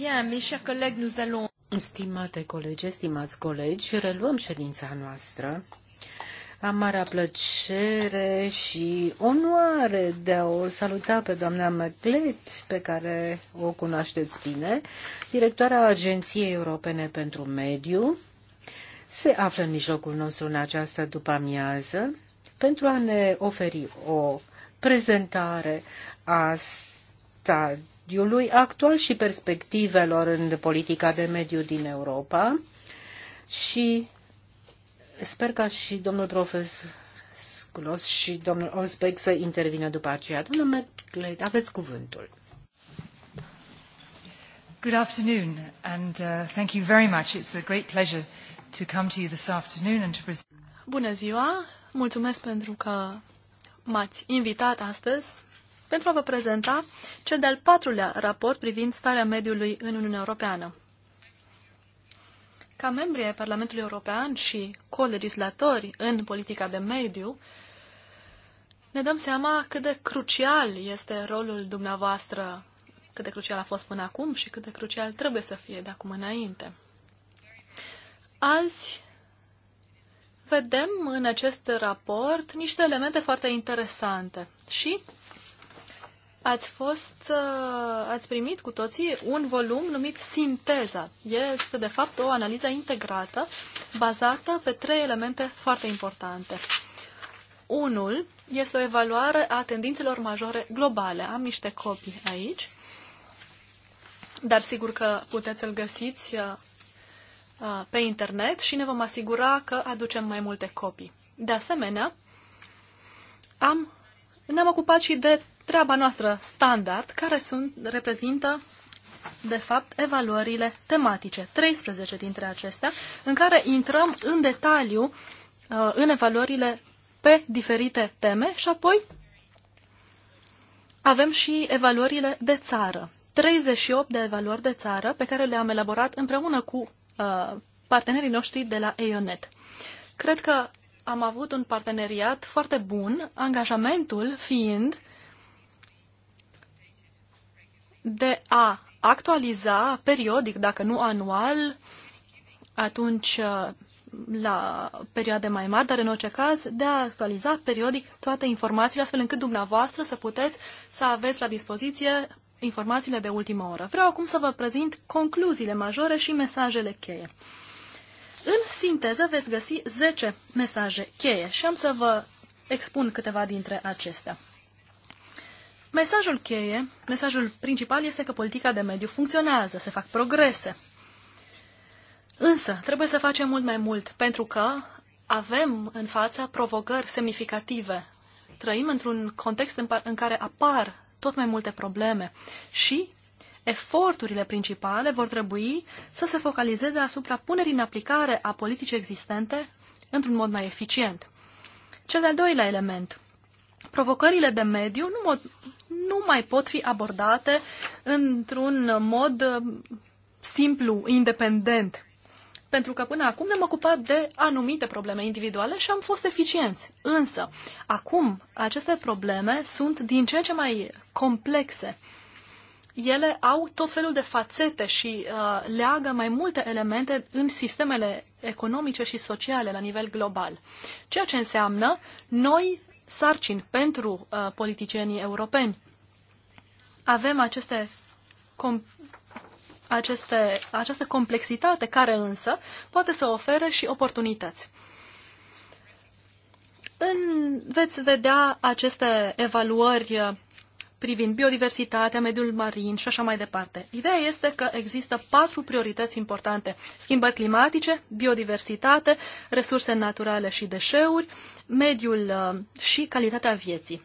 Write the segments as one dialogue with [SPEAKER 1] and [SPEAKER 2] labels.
[SPEAKER 1] Bien, mes chers collègues, nous allons... Stimate colegi, stimați colegi, reluăm ședința noastră. Am marea plăcere și onoare de a o saluta pe doamna Măclet, pe care o cunoașteți bine, directoarea Agenției Europene pentru Mediu. Se află în mijlocul nostru în această după-amiază pentru a ne oferi o prezentare a mediului actual și perspectivelor în politica de mediu din Europa și sper ca și domnul profesor Sculos și domnul Osbeck să intervină după aceea. Domnul McLeod, aveți cuvântul.
[SPEAKER 2] Good afternoon and uh, thank you very much. It's a great pleasure to come to you this afternoon and to present.
[SPEAKER 3] Bună ziua. Mulțumesc pentru că m-ați invitat astăzi pentru a vă prezenta cel de-al patrulea raport privind starea mediului în Uniunea Europeană. Ca membri ai Parlamentului European și co-legislatori în politica de mediu, ne dăm seama cât de crucial este rolul dumneavoastră, cât de crucial a fost până acum și cât de crucial trebuie să fie de acum înainte. Azi vedem în acest raport niște elemente foarte interesante și ați fost, uh, ați primit cu toții un volum numit Sinteza. Este, de fapt, o analiză integrată bazată pe trei elemente foarte importante. Unul este o evaluare a tendințelor majore globale. Am niște copii aici, dar sigur că puteți să-l găsiți uh, uh, pe internet și ne vom asigura că aducem mai multe copii. De asemenea, am, ne-am ocupat și de treaba noastră standard, care sunt, reprezintă, de fapt, evaluările tematice, 13 dintre acestea, în care intrăm în detaliu uh, în evaluările pe diferite teme și apoi avem și evaluările de țară. 38 de evaluări de țară pe care le-am elaborat împreună cu uh, partenerii noștri de la EONET. Cred că am avut un parteneriat foarte bun, angajamentul fiind de a actualiza periodic, dacă nu anual, atunci uh, la perioade mai mari, dar în orice caz, de a actualiza periodic toate informațiile, astfel încât dumneavoastră să puteți să aveți la dispoziție informațiile de ultimă oră. Vreau acum să vă prezint concluziile majore și mesajele cheie. În sinteză veți găsi 10 mesaje cheie și am să vă expun câteva dintre acestea. Mesajul cheie, mesajul principal este că politica de mediu funcționează, se fac progrese. Însă, trebuie să facem mult mai mult, pentru că avem în fața provocări semnificative. Trăim într-un context în care apar tot mai multe probleme și eforturile principale vor trebui să se focalizeze asupra punerii în aplicare a politicii existente într-un mod mai eficient. Cel de-al doilea element. Provocările de mediu nu, mod, nu mai pot fi abordate într-un mod uh, simplu, independent. Pentru că până acum ne-am ocupat de anumite probleme individuale și am fost eficienți. Însă, acum, aceste probleme sunt din ce în ce mai complexe. Ele au tot felul de fațete și uh, leagă mai multe elemente în sistemele economice și sociale la nivel global. Ceea ce înseamnă noi sarcini pentru uh, politicienii europeni. Avem aceste com- aceste, această complexitate care însă poate să ofere și oportunități. În, veți vedea aceste evaluări uh, privind biodiversitatea, mediul marin și așa mai departe. Ideea este că există patru priorități importante. Schimbări climatice, biodiversitate, resurse naturale și deșeuri, mediul uh, și calitatea vieții.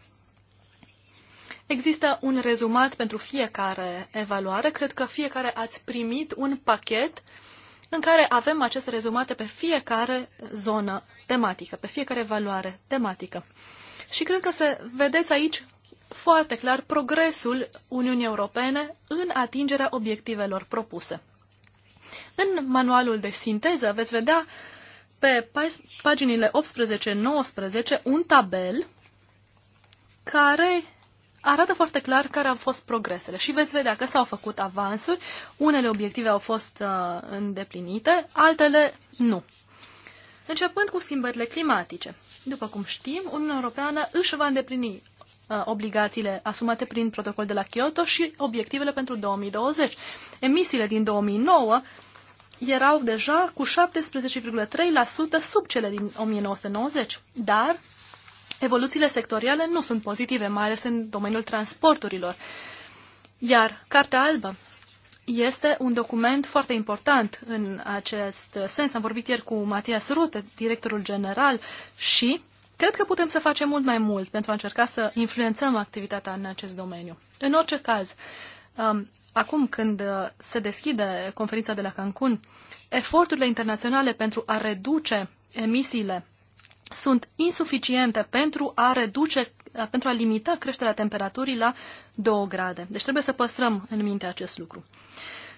[SPEAKER 3] Există un rezumat pentru fiecare evaluare. Cred că fiecare ați primit un pachet în care avem aceste rezumate pe fiecare zonă tematică, pe fiecare evaluare tematică. Și cred că se vedeți aici foarte clar progresul Uniunii Europene în atingerea obiectivelor propuse. În manualul de sinteză veți vedea pe paginile 18-19 un tabel care arată foarte clar care au fost progresele și veți vedea că s-au făcut avansuri, unele obiective au fost uh, îndeplinite, altele nu. Începând cu schimbările climatice. După cum știm, Uniunea Europeană își va îndeplini Uh, obligațiile asumate prin protocol de la Kyoto și obiectivele pentru 2020. Emisiile din 2009 erau deja cu 17,3% sub cele din 1990, dar evoluțiile sectoriale nu sunt pozitive, mai ales în domeniul transporturilor. Iar Cartea Albă este un document foarte important în acest sens. Am vorbit ieri cu Matias Rute, directorul general, și Cred că putem să facem mult mai mult pentru a încerca să influențăm activitatea în acest domeniu. În orice caz, um, acum când uh, se deschide conferința de la Cancun, eforturile internaționale pentru a reduce emisiile sunt insuficiente pentru a reduce, uh, pentru a limita creșterea temperaturii la 2 grade. Deci trebuie să păstrăm în minte acest lucru.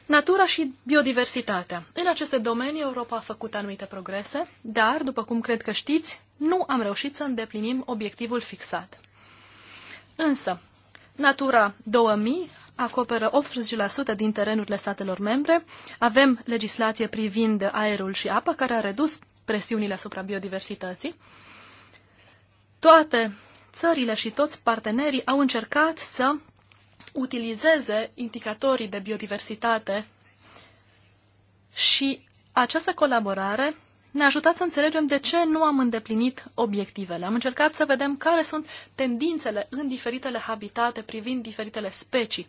[SPEAKER 3] Natura și biodiversitatea. În aceste domenii Europa a făcut anumite progrese, dar, după cum cred că știți, nu am reușit să îndeplinim obiectivul fixat. Însă, Natura 2000 acoperă 18% din terenurile statelor membre, avem legislație privind aerul și apa, care a redus presiunile asupra biodiversității. Toate țările și toți partenerii au încercat să utilizeze indicatorii de biodiversitate și această colaborare ne-a ajutat să înțelegem de ce nu am îndeplinit obiectivele. Am încercat să vedem care sunt tendințele în diferitele habitate privind diferitele specii.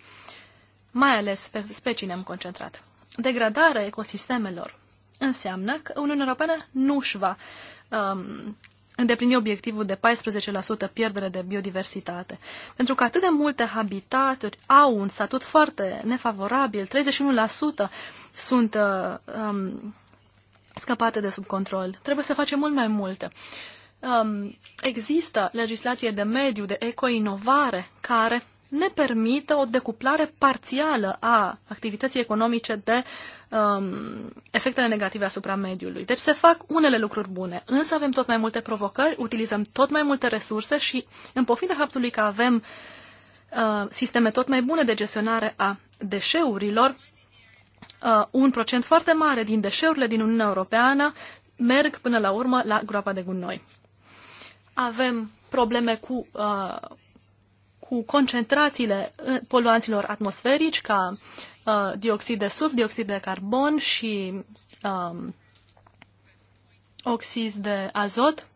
[SPEAKER 3] Mai ales pe specii ne-am concentrat. Degradarea ecosistemelor înseamnă că Uniunea Europeană nu își va um, îndeplini obiectivul de 14% pierdere de biodiversitate. Pentru că atât de multe habitaturi au un statut foarte nefavorabil, 31% sunt uh, um, scăpate de sub control. Trebuie să facem mult mai multe. Um, există legislație de mediu, de ecoinovare, care ne permită o decuplare parțială a activității economice de um, efectele negative asupra mediului. Deci se fac unele lucruri bune, însă avem tot mai multe provocări, utilizăm tot mai multe resurse și, în pofida faptului că avem uh, sisteme tot mai bune de gestionare a deșeurilor, uh, un procent foarte mare din deșeurile din Uniunea Europeană merg până la urmă la groapa de gunoi. Avem probleme cu uh, cu concentrațiile poluanților atmosferici, ca uh, dioxid de sulf, dioxid de carbon și um, oxizi de azot,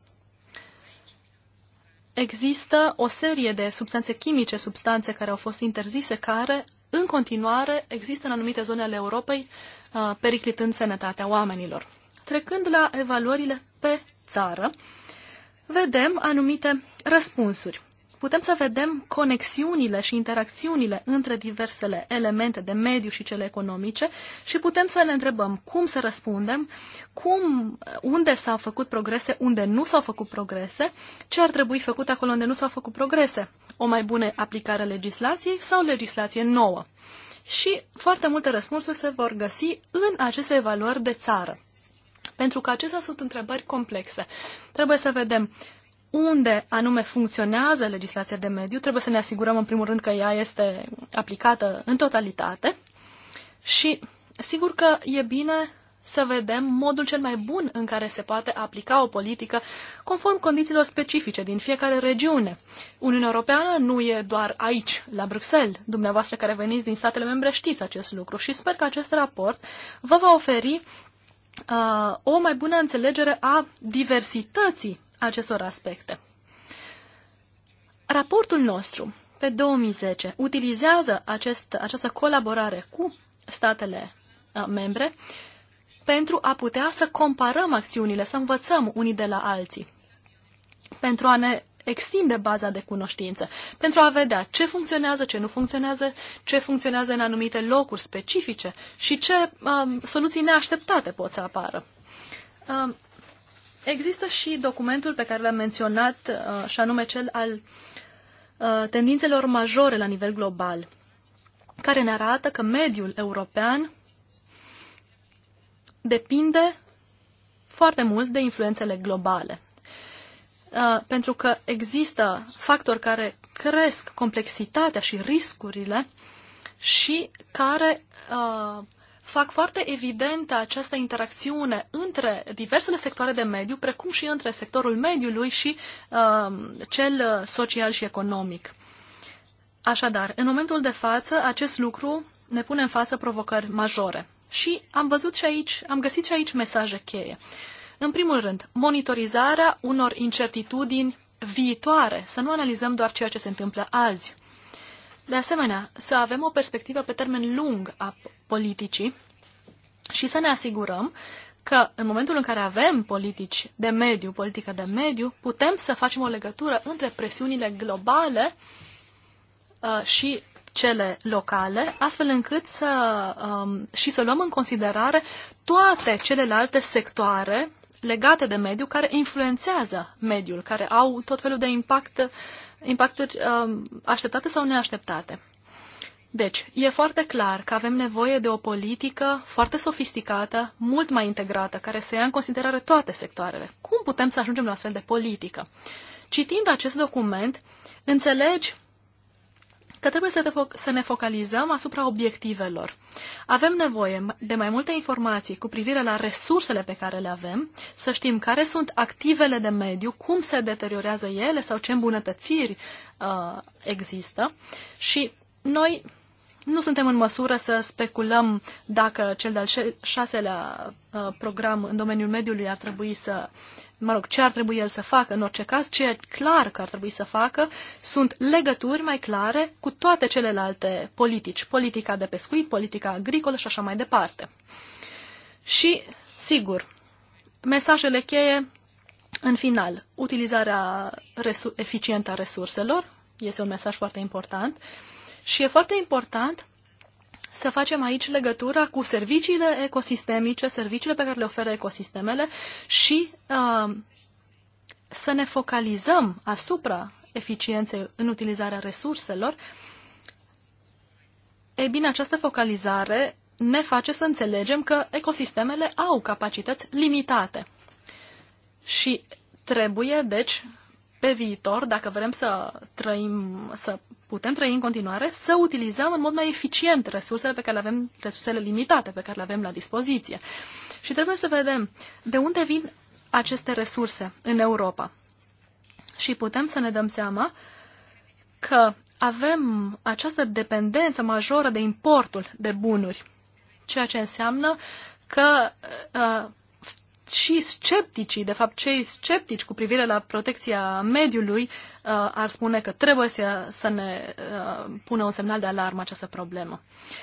[SPEAKER 3] există o serie de substanțe chimice, substanțe care au fost interzise, care în continuare există în anumite zone ale Europei, uh, periclitând sănătatea oamenilor. Trecând la evaluările pe țară, vedem anumite răspunsuri putem să vedem conexiunile și interacțiunile între diversele elemente de mediu și cele economice și putem să ne întrebăm cum să răspundem, cum, unde s-au făcut progrese, unde nu s-au făcut progrese, ce ar trebui făcut acolo unde nu s-au făcut progrese, o mai bună aplicare a legislației sau legislație nouă. Și foarte multe răspunsuri se vor găsi în aceste evaluări de țară. Pentru că acestea sunt întrebări complexe. Trebuie să vedem unde anume funcționează legislația de mediu, trebuie să ne asigurăm în primul rând că ea este aplicată în totalitate și sigur că e bine să vedem modul cel mai bun în care se poate aplica o politică conform condițiilor specifice din fiecare regiune. Uniunea Europeană nu e doar aici, la Bruxelles. Dumneavoastră care veniți din statele membre știți acest lucru și sper că acest raport vă va oferi uh, o mai bună înțelegere a diversității acestor aspecte. Raportul nostru pe 2010 utilizează acest, această colaborare cu statele membre pentru a putea să comparăm acțiunile, să învățăm unii de la alții, pentru a ne extinde baza de cunoștință, pentru a vedea ce funcționează, ce nu funcționează, ce funcționează în anumite locuri specifice și ce um, soluții neașteptate pot să apară. Um, Există și documentul pe care l-am menționat, uh, și anume cel al uh, tendințelor majore la nivel global, care ne arată că mediul european depinde foarte mult de influențele globale. Uh, pentru că există factori care cresc complexitatea și riscurile și care uh, fac foarte evidentă această interacțiune între diversele sectoare de mediu, precum și între sectorul mediului și um, uh, cel social și economic. Așadar, în momentul de față, acest lucru ne pune în față provocări majore. Și am văzut și aici, am găsit și aici mesaje cheie. În primul rând, monitorizarea unor incertitudini viitoare, să nu analizăm doar ceea ce se întâmplă azi. De asemenea, să avem o perspectivă pe termen lung a politicii și să ne asigurăm că în momentul în care avem politici de mediu, politică de mediu, putem să facem o legătură între presiunile globale uh, și cele locale, astfel încât să um, și să luăm în considerare toate celelalte sectoare legate de mediu care influențează mediul, care au tot felul de impact impacturi um, așteptate sau neașteptate. Deci, e foarte clar că avem nevoie de o politică foarte sofisticată, mult mai integrată, care să ia în considerare toate sectoarele. Cum putem să ajungem la astfel de politică? Citind acest document, înțelegi că trebuie să, te să ne focalizăm asupra obiectivelor. Avem nevoie de mai multe informații cu privire la resursele pe care le avem, să știm care sunt activele de mediu, cum se deteriorează ele sau ce îmbunătățiri uh, există și noi nu suntem în măsură să speculăm dacă cel de-al șaselea uh, program în domeniul mediului ar trebui să mă rog, ce ar trebui el să facă în orice caz, ce e clar că ar trebui să facă, sunt legături mai clare cu toate celelalte politici, politica de pescuit, politica agricolă și așa mai departe. Și, sigur, mesajele cheie în final, utilizarea eficientă a resurselor este un mesaj foarte important și e foarte important să facem aici legătura cu serviciile ecosistemice, serviciile pe care le oferă ecosistemele și uh, să ne focalizăm asupra eficienței în utilizarea resurselor. E bine, această focalizare ne face să înțelegem că ecosistemele au capacități limitate. Și trebuie, deci, pe viitor, dacă vrem să trăim, să putem trăi în continuare, să utilizăm în mod mai eficient resursele pe care le avem, resursele limitate pe care le avem la dispoziție. Și trebuie să vedem de unde vin aceste resurse în Europa. Și putem să ne dăm seama că avem această dependență majoră de importul de bunuri, ceea ce înseamnă că uh, și scepticii, de fapt cei sceptici cu privire la protecția mediului, uh, ar spune că trebuie să, să ne uh, pună un semnal de alarmă această problemă.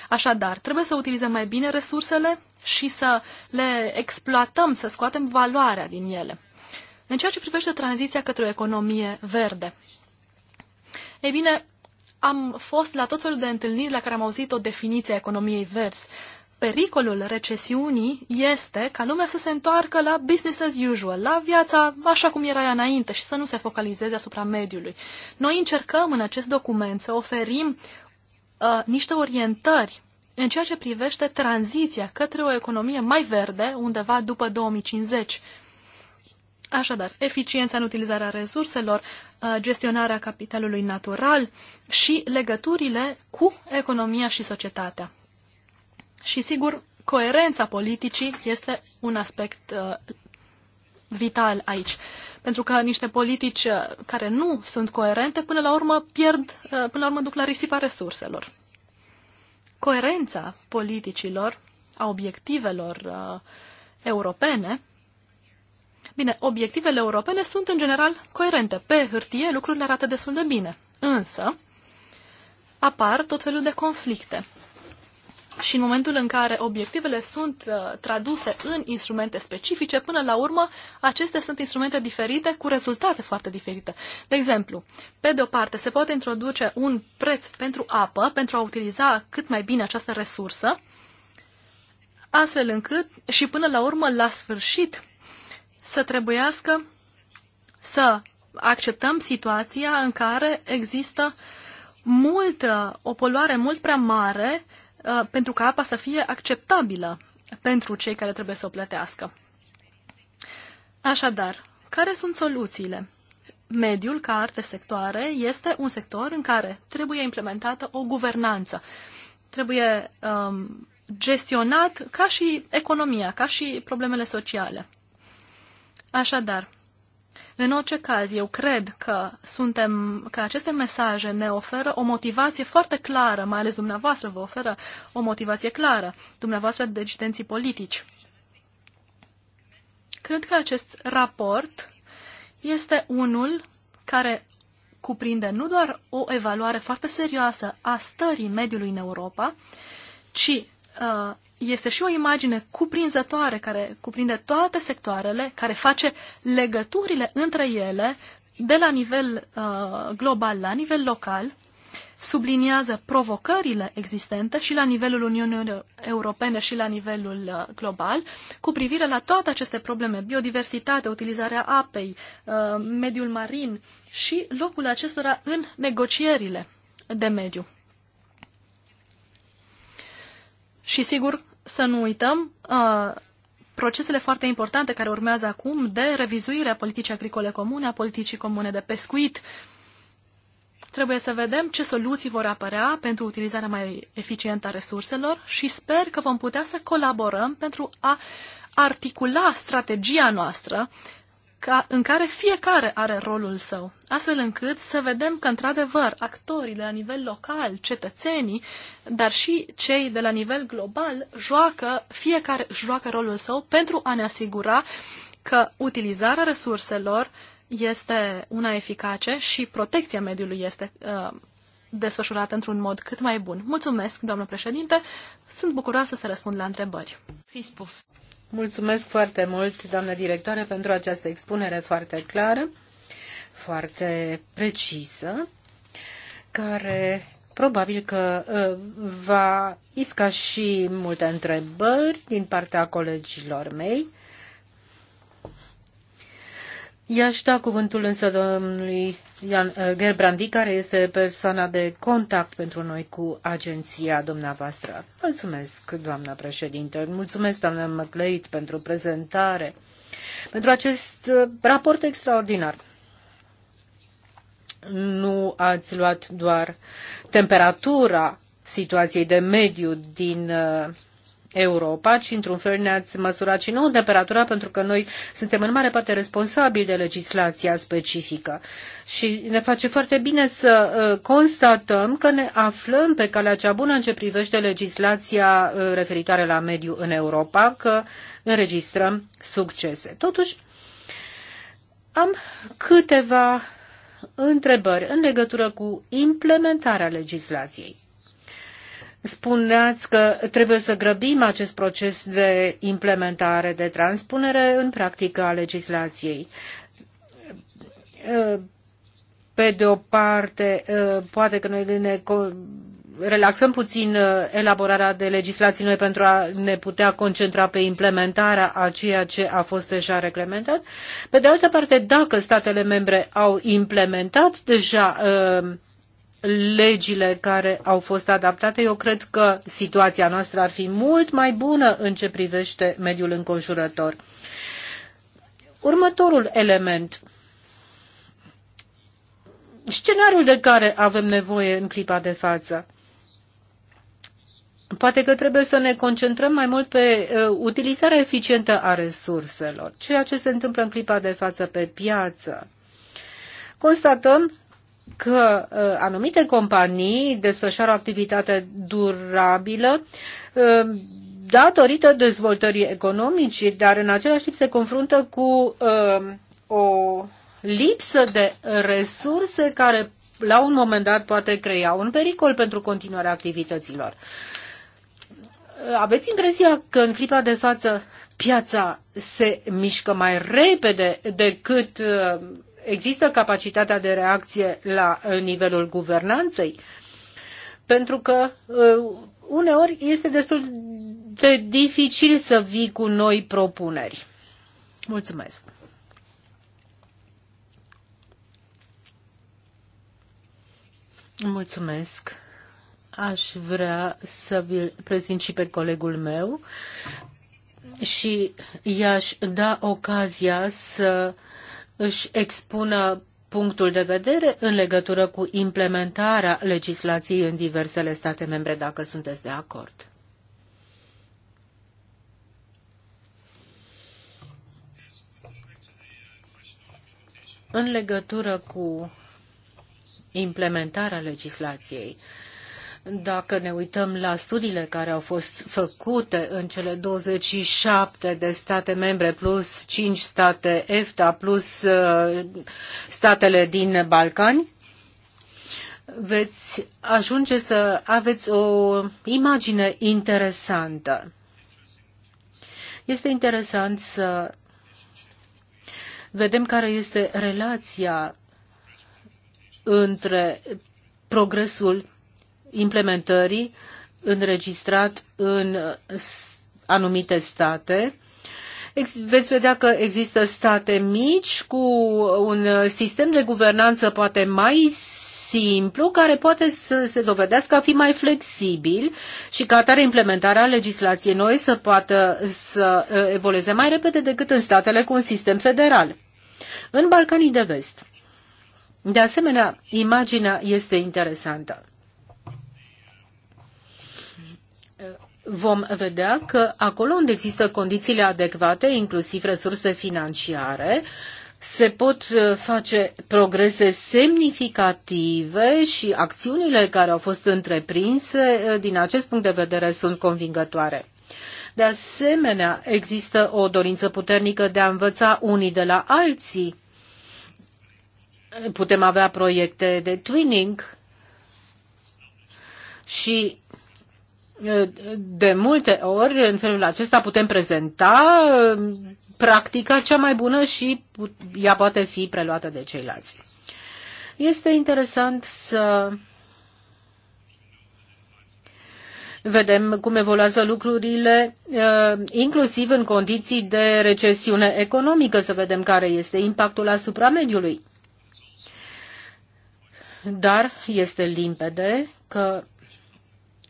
[SPEAKER 3] Așadar, trebuie să utilizăm mai bine resursele și să le exploatăm, să scoatem valoarea din ele. În ceea ce privește tranziția către o economie verde, ei bine, am fost la tot felul de întâlniri la care am auzit o definiție a economiei verzi pericolul recesiunii este ca lumea să se întoarcă la business as usual, la viața așa cum era ea înainte și să nu se focalizeze asupra mediului. Noi încercăm în acest document să oferim uh, niște orientări în ceea ce privește tranziția către o economie mai verde, undeva după 2050. Așadar, eficiența în utilizarea resurselor, uh, gestionarea capitalului natural și legăturile cu economia și societatea. Și sigur, coerența politicii este un aspect uh, vital aici. Pentru că niște politici uh, care nu sunt coerente, până la urmă pierd, uh, până la urmă duc la risipa resurselor. Coerența politicilor, a obiectivelor uh, europene, bine, obiectivele europene sunt în general coerente. Pe hârtie lucrurile arată destul de bine. Însă, apar tot felul de conflicte și în momentul în care obiectivele sunt uh, traduse în instrumente specifice, până la urmă, acestea sunt instrumente diferite cu rezultate foarte diferite. De exemplu, pe de o parte, se poate introduce un preț pentru apă, pentru a utiliza cât mai bine această resursă, astfel încât și până la urmă, la sfârșit, să trebuiască să acceptăm situația în care există multă, o poluare mult prea mare Uh, pentru ca apa să fie acceptabilă pentru cei care trebuie să o plătească. Așadar, care sunt soluțiile? Mediul, ca arte sectoare, este un sector în care trebuie implementată o guvernanță. Trebuie um, gestionat ca și economia, ca și problemele sociale. Așadar, în orice caz, eu cred că suntem, că aceste mesaje ne oferă o motivație foarte clară, mai ales dumneavoastră vă oferă o motivație clară, dumneavoastră decidenții politici. Cred că acest raport este unul care cuprinde nu doar o evaluare foarte serioasă a stării mediului în Europa, ci uh, este și o imagine cuprinzătoare care cuprinde toate sectoarele, care face legăturile între ele de la nivel uh, global la nivel local, subliniază provocările existente și la nivelul Uniunii Europene și la nivelul uh, global cu privire la toate aceste probleme, biodiversitate, utilizarea apei, uh, mediul marin și locul acestora în negocierile de mediu. Și sigur, să nu uităm uh, procesele foarte importante care urmează acum de revizuirea politicii agricole comune, a politicii comune de pescuit. Trebuie să vedem ce soluții vor apărea pentru utilizarea mai eficientă a resurselor și sper că vom putea să colaborăm pentru a articula strategia noastră ca, în care fiecare are rolul său, astfel încât să vedem că, într-adevăr, actorii de la nivel local, cetățenii, dar și cei de la nivel global, joacă, fiecare își joacă rolul său pentru a ne asigura că utilizarea resurselor este una eficace și protecția mediului este uh, desfășurată într-un mod cât mai bun. Mulțumesc, doamnă președinte, sunt bucuroasă să răspund la întrebări. Fiți spus.
[SPEAKER 1] Mulțumesc foarte mult, doamnă directoare, pentru această expunere foarte clară, foarte precisă, care probabil că ă, va isca și multe întrebări din partea colegilor mei. I-aș da cuvântul însă domnului Ian uh, Gerbrandi, care este persoana de contact pentru noi cu agenția dumneavoastră. Mulțumesc, doamna președinte. Mulțumesc, doamna McLeod, pentru prezentare, pentru acest uh, raport extraordinar. Nu ați luat doar temperatura situației de mediu din uh, Europa ci într-un fel ne-ați măsurat și nouă temperatura pentru că noi suntem în mare parte responsabili de legislația specifică și ne face foarte bine să uh, constatăm că ne aflăm pe calea cea bună în ce privește legislația uh, referitoare la mediu în Europa, că înregistrăm succese. Totuși, am câteva întrebări în legătură cu implementarea legislației spuneați că trebuie să grăbim acest proces de implementare, de transpunere în practică a legislației. Uh, pe de o parte, uh, poate că noi ne relaxăm puțin uh, elaborarea de legislații noi pentru a ne putea concentra pe implementarea a ceea ce a fost deja reglementat. Pe de altă parte, dacă statele membre au implementat deja uh, legile care au fost adaptate, eu cred că situația noastră ar fi mult mai bună în ce privește mediul înconjurător. Următorul element. Scenariul de care avem nevoie în clipa de față. Poate că trebuie să ne concentrăm mai mult pe uh, utilizarea eficientă a resurselor, ceea ce se întâmplă în clipa de față pe piață. Constatăm că uh, anumite companii desfășoară activitate durabilă uh, datorită dezvoltării economice, dar în același timp se confruntă cu uh, o lipsă de resurse care la un moment dat poate crea un pericol pentru continuarea activităților. Aveți impresia că în clipa de față piața se mișcă mai repede decât există capacitatea de reacție la uh, nivelul guvernanței, pentru că uh, uneori este destul de dificil să vii cu noi propuneri. Mulțumesc! Mulțumesc! Aș vrea să vi prezint și pe colegul meu și i-aș da ocazia să uh, își expună punctul de vedere în legătură cu implementarea legislației în diversele state membre, dacă sunteți de acord. În legătură cu implementarea legislației, uh, dacă ne uităm la studiile care au fost făcute în cele 27 de state membre, plus 5 state EFTA, plus uh, statele din Balcani, veți ajunge să aveți o imagine interesantă. Este interesant să vedem care este relația între progresul implementării înregistrat în anumite state. Veți vedea că există state mici cu un sistem de guvernanță poate mai simplu, care poate să se dovedească a fi mai flexibil și ca atare implementarea legislației noi să poată să evolueze mai repede decât în statele cu un sistem federal. În Balcanii de Vest. De asemenea, imaginea este interesantă. vom vedea că acolo unde există condițiile adecvate, inclusiv resurse financiare, se pot uh, face progrese semnificative și acțiunile care au fost întreprinse uh, din acest punct de vedere sunt convingătoare. De asemenea, există o dorință puternică de a învăța unii de la alții. Putem avea proiecte de twinning și de multe ori, în felul acesta, putem prezenta uh, practica cea mai bună și ea poate fi preluată de ceilalți. Este interesant să vedem cum evoluează lucrurile, uh, inclusiv în condiții de recesiune economică, să vedem care este impactul asupra mediului. Dar este limpede că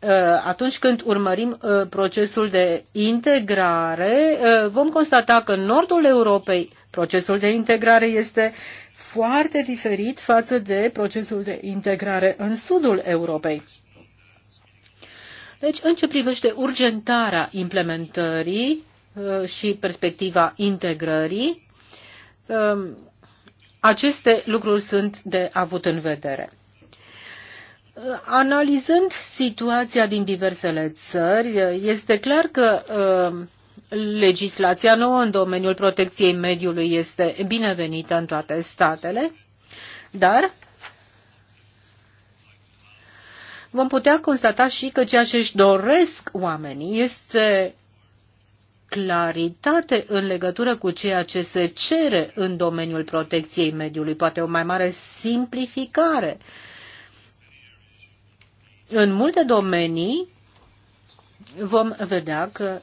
[SPEAKER 1] Uh, atunci când urmărim uh, procesul de integrare, uh, vom constata că în nordul Europei procesul de integrare este foarte diferit față de procesul de integrare în sudul Europei. Deci, în ce privește urgentarea implementării și perspectiva integrării, aceste lucruri sunt de avut în vedere. Uh, analizând situația din diversele țări, uh, este clar că uh, legislația nouă în domeniul protecției mediului este binevenită în toate statele, dar vom putea constata și că ceea ce își doresc oamenii este claritate în legătură cu ceea ce se cere în domeniul protecției mediului, poate o mai mare simplificare uh, în multe domenii vom vedea că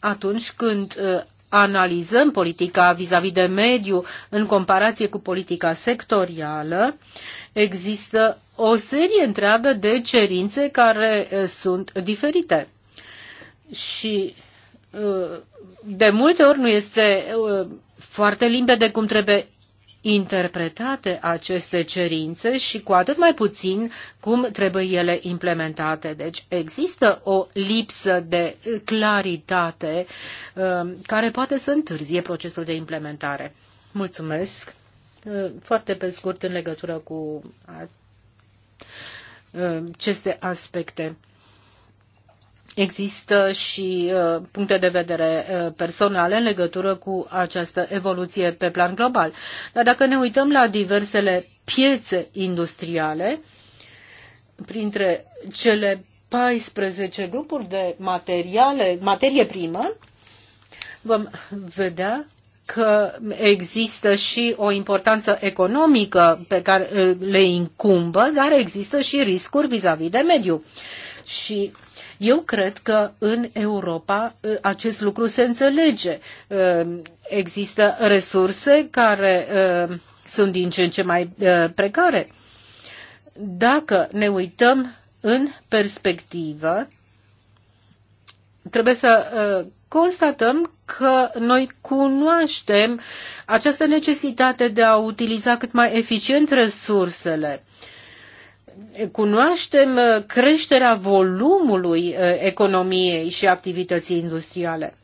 [SPEAKER 1] atunci când uh, analizăm politica vis-a-vis -vis de mediu în comparație cu politica sectorială, există o serie întreagă de cerințe care uh, sunt diferite. Și uh, de multe ori nu este foarte limpede cum trebuie interpretate aceste cerințe și cu atât mai puțin cum trebuie ele implementate. Deci există o lipsă de claritate um, care poate să întârzie procesul de implementare. Mulțumesc. Uh, foarte pe scurt în legătură cu uh, aceste aspecte. Există și uh, puncte de vedere uh, personale în legătură cu această evoluție pe plan global. Dar dacă ne uităm la diversele piețe industriale, printre cele 14 grupuri de materiale, materie primă, vom vedea că există și o importanță economică pe care uh, le incumbă, dar există și riscuri vis-a-vis -vis de mediu. Și eu cred că în Europa ă, acest lucru se înțelege. Ă, există resurse care ă, sunt din ce în ce mai precare. Dacă ne uităm în perspectivă, trebuie să constatăm că noi cunoaștem această necesitate de a utiliza cât mai eficient resursele cunoaștem uh, creșterea volumului uh, economiei și activității industriale.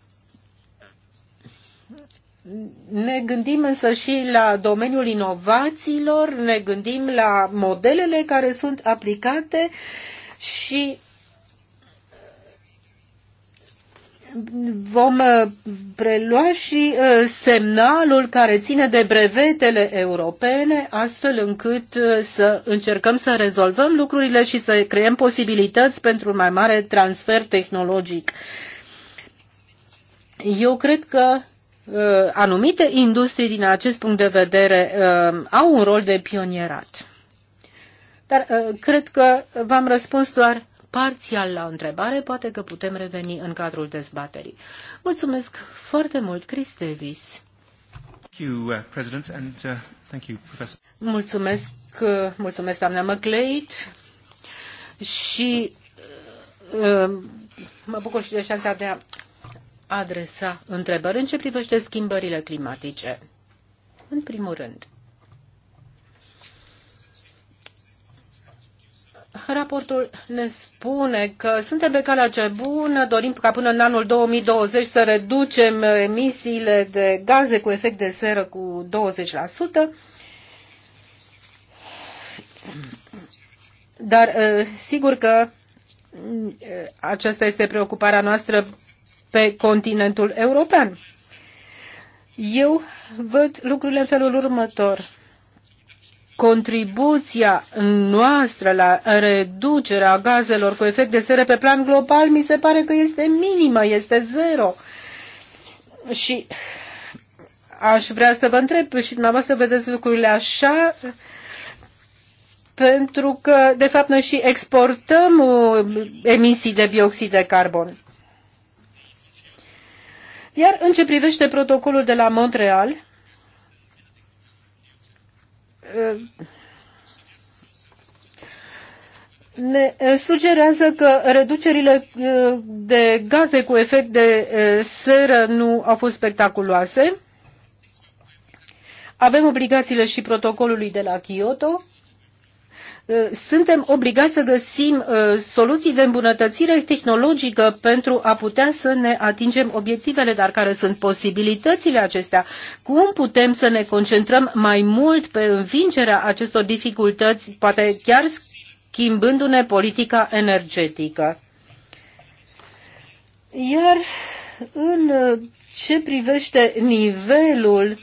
[SPEAKER 1] Ne gândim însă și la domeniul inovațiilor, ne gândim la modelele care sunt aplicate și vom uh, prelua și uh, semnalul care ține de brevetele europene, astfel încât uh, să încercăm să rezolvăm lucrurile și să creăm posibilități pentru un mai mare transfer tehnologic. Eu cred că anumite industrii din acest punct de vedere au un rol de pionierat. Dar cred că v-am răspuns doar parțial la întrebare, poate că putem reveni în cadrul dezbaterii. Mulțumesc foarte mult, Chris Davis. Uh, uh, mulțumesc, uh, mulțumesc doamna McLeod și mă bucur și de șansa de a adresa întrebări în ce privește schimbările climatice. În primul rând, Raportul ne spune că suntem pe calea cea bună, dorim ca până în anul 2020 să reducem emisiile de gaze cu efect de seră cu 20%. Dar sigur că aceasta este preocuparea noastră pe continentul european. Eu văd lucrurile în felul următor contribuția noastră la reducerea gazelor cu efect de seră pe plan global mi se pare că este minimă, este zero. Și aș vrea să vă întreb și dumneavoastră vedeți lucrurile așa, pentru că, de fapt, noi și exportăm uh, emisii de bioxid de carbon. Iar în ce privește protocolul de la Montreal, ne sugerează că reducerile de gaze cu efect de seră nu au fost spectaculoase. Avem obligațiile și protocolului de la Kyoto Uh, suntem obligați să găsim uh, soluții de îmbunătățire tehnologică pentru a putea să ne atingem obiectivele, dar care sunt posibilitățile acestea? Cum putem să ne concentrăm mai mult pe învingerea acestor dificultăți, poate chiar schimbându-ne politica energetică? Iar în uh, ce privește nivelul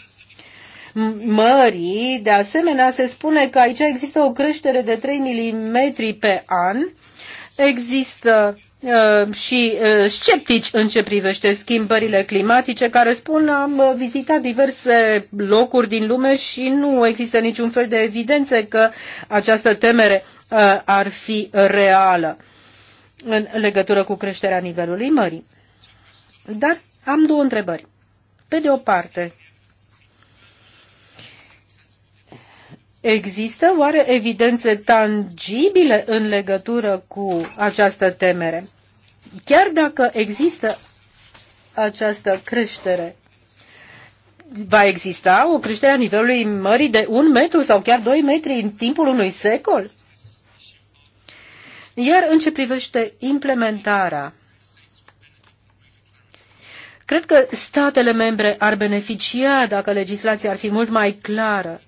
[SPEAKER 1] mării. De asemenea, se spune că aici există o creștere de 3 mm pe an. Există uh, și uh, sceptici în ce privește schimbările climatice, care spun am uh, vizitat diverse locuri din lume și nu există niciun fel de evidențe că această temere ar fi reală în legătură cu creșterea nivelului mării. Dar am două întrebări. Pe de o parte, Există oare evidențe tangibile în legătură cu această temere? Chiar dacă există această creștere, va exista o creștere a nivelului mării de un metru sau chiar doi metri în timpul unui secol? Iar în ce privește implementarea, cred că statele membre ar beneficia dacă legislația ar fi mult mai clară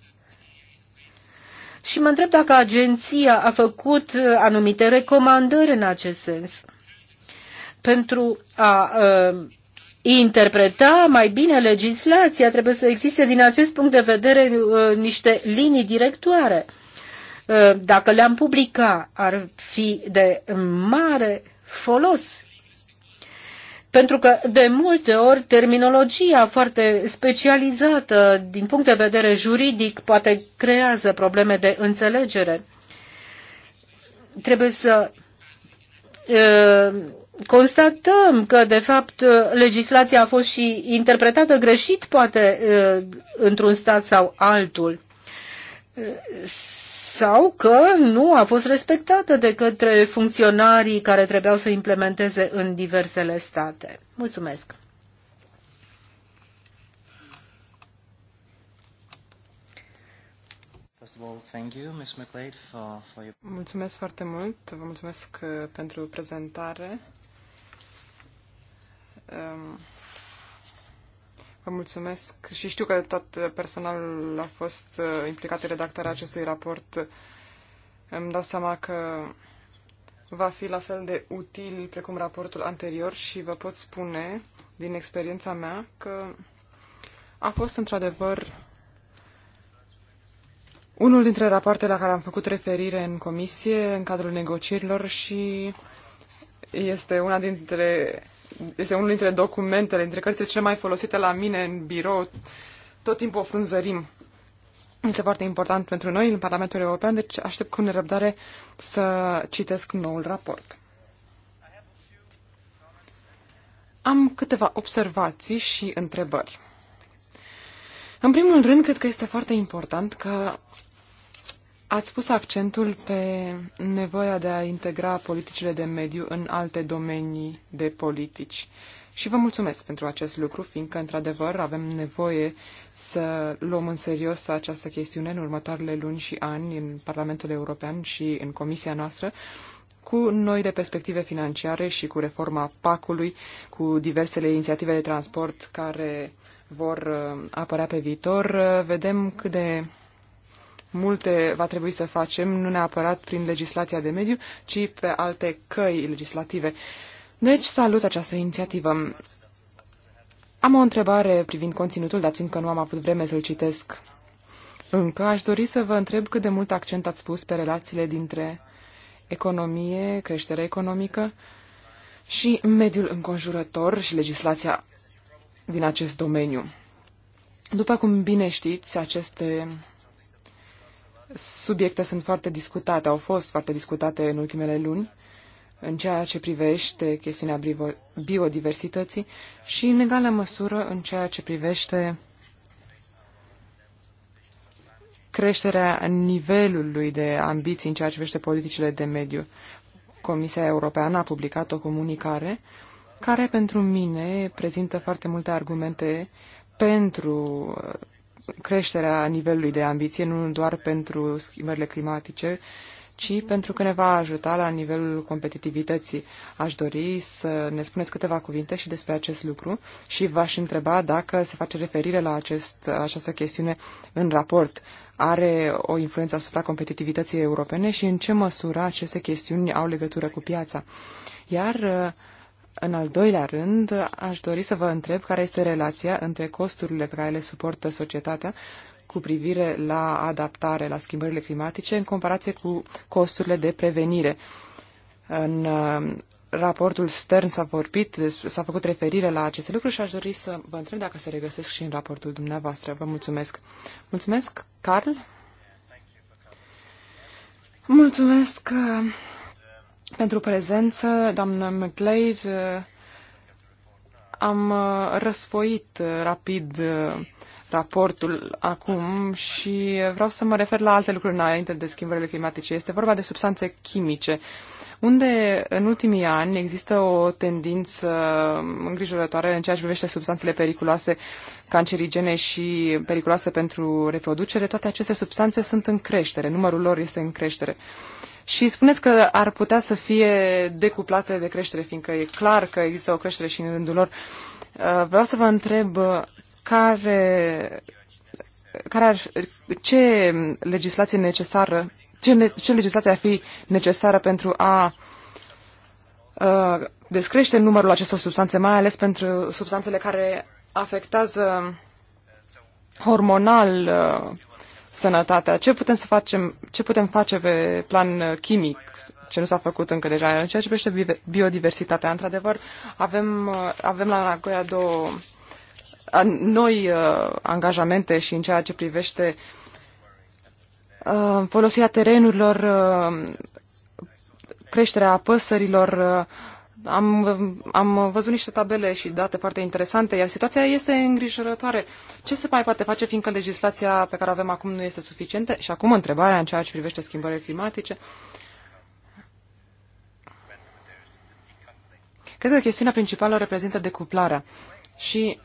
[SPEAKER 1] și mă întreb dacă agenția a făcut uh, anumite recomandări în acest sens pentru a uh, interpreta mai bine legislația, trebuie să existe din acest punct de vedere uh, niște linii directoare. Uh, dacă le-am publica, ar fi de mare folos pentru că de multe ori terminologia foarte specializată din punct de vedere juridic poate creează probleme de înțelegere. Trebuie să constatăm că, de fapt, legislația a fost și interpretată greșit, poate, într-un stat sau altul sau că nu a fost respectată de către funcționarii care trebuiau să implementeze în diversele state.
[SPEAKER 2] Mulțumesc! Mulțumesc foarte mult, vă mulțumesc uh, pentru prezentare. Um, Vă mulțumesc și știu că tot personalul a fost uh, implicat în redactarea acestui raport. Îmi dau seama că va fi la fel de util precum raportul anterior și vă pot spune din experiența mea că a fost într-adevăr unul dintre rapoartele la care am făcut referire în comisie în cadrul negocierilor și este una dintre este unul dintre documentele, dintre cărțile cele mai folosite la mine în birou. Tot timpul o frunzărim. Este foarte important pentru noi în Parlamentul European, deci aștept cu nerăbdare să citesc noul raport. Am câteva observații și întrebări. În primul rând, cred că este foarte important că Ați pus accentul pe nevoia de a integra politicile de mediu în alte domenii de politici. Și vă mulțumesc pentru acest lucru, fiindcă, într-adevăr, avem nevoie să luăm în serios această chestiune în următoarele luni și ani în Parlamentul European și în Comisia noastră, cu noi de perspective financiare și cu reforma PAC-ului, cu diversele inițiative de transport care vor uh, apărea pe viitor. Uh, vedem cât de multe va trebui să facem, nu neapărat prin legislația de mediu, ci pe alte căi legislative. Deci salut această inițiativă. Am o întrebare privind conținutul, dar fiindcă nu am avut vreme să-l citesc încă, aș dori să vă întreb cât de mult accent ați pus pe relațiile dintre economie, creștere economică și mediul înconjurător și legislația din acest domeniu. După cum bine știți, aceste subiecte sunt foarte discutate, au fost foarte discutate în ultimele luni în ceea ce privește chestiunea biodiversității și în egală măsură în ceea ce privește creșterea nivelului de ambiții în ceea ce privește politicile de mediu. Comisia Europeană a publicat o comunicare care pentru mine prezintă foarte multe argumente pentru creșterea nivelului de ambiție, nu doar pentru schimbările climatice, ci pentru că ne va ajuta la nivelul competitivității. Aș dori să ne spuneți câteva cuvinte și despre acest lucru și v-aș întreba dacă se face referire la acest, această chestiune în raport. Are o influență asupra competitivității europene și în ce măsură aceste chestiuni au legătură cu piața. Iar uh, în al doilea rând, aș dori să vă întreb care este relația între costurile pe care le suportă societatea cu privire la adaptare la schimbările climatice în comparație cu costurile de prevenire. În uh, raportul Stern s-a vorbit, s-a făcut referire la aceste lucruri și aș dori să vă întreb dacă se regăsesc și în raportul dumneavoastră. Vă mulțumesc. Mulțumesc, Carl. Mulțumesc uh, pentru prezență, doamnă McLeod. Am uh, răsfoit uh, rapid uh, raportul acum și vreau să mă refer la alte lucruri înainte de schimbările climatice. Este vorba de substanțe chimice, unde în ultimii ani există o tendință îngrijorătoare în ceea ce privește substanțele periculoase, cancerigene și periculoase pentru reproducere. Toate aceste substanțe sunt în creștere, numărul lor este în creștere. Uh, și spuneți că ar putea să fie decuplate de creștere, fiindcă e clar că există o creștere și în rândul lor. Uh, vreau să vă întreb uh, care, care ar, ce legislație necesară, ce, ce legislație ar fi necesară pentru a uh, descrește numărul acestor substanțe, mai ales pentru substanțele care afectează hormonal uh, sănătatea. Ce putem, să facem, ce putem face pe plan uh, chimic, ce nu s-a făcut încă deja, în ceea ce privește biodiversitatea? Într-adevăr, avem, uh, avem la Nagoya două uh, noi uh, angajamente și în ceea ce privește uh, folosirea terenurilor, uh, creșterea păsărilor, uh, am, am văzut niște tabele și date foarte interesante, iar situația este îngrijorătoare. Ce se mai poate face, fiindcă legislația pe care avem acum nu este suficientă? Și acum întrebarea în ceea ce privește schimbările climatice. Cred că chestiunea principală reprezintă decuplarea. Și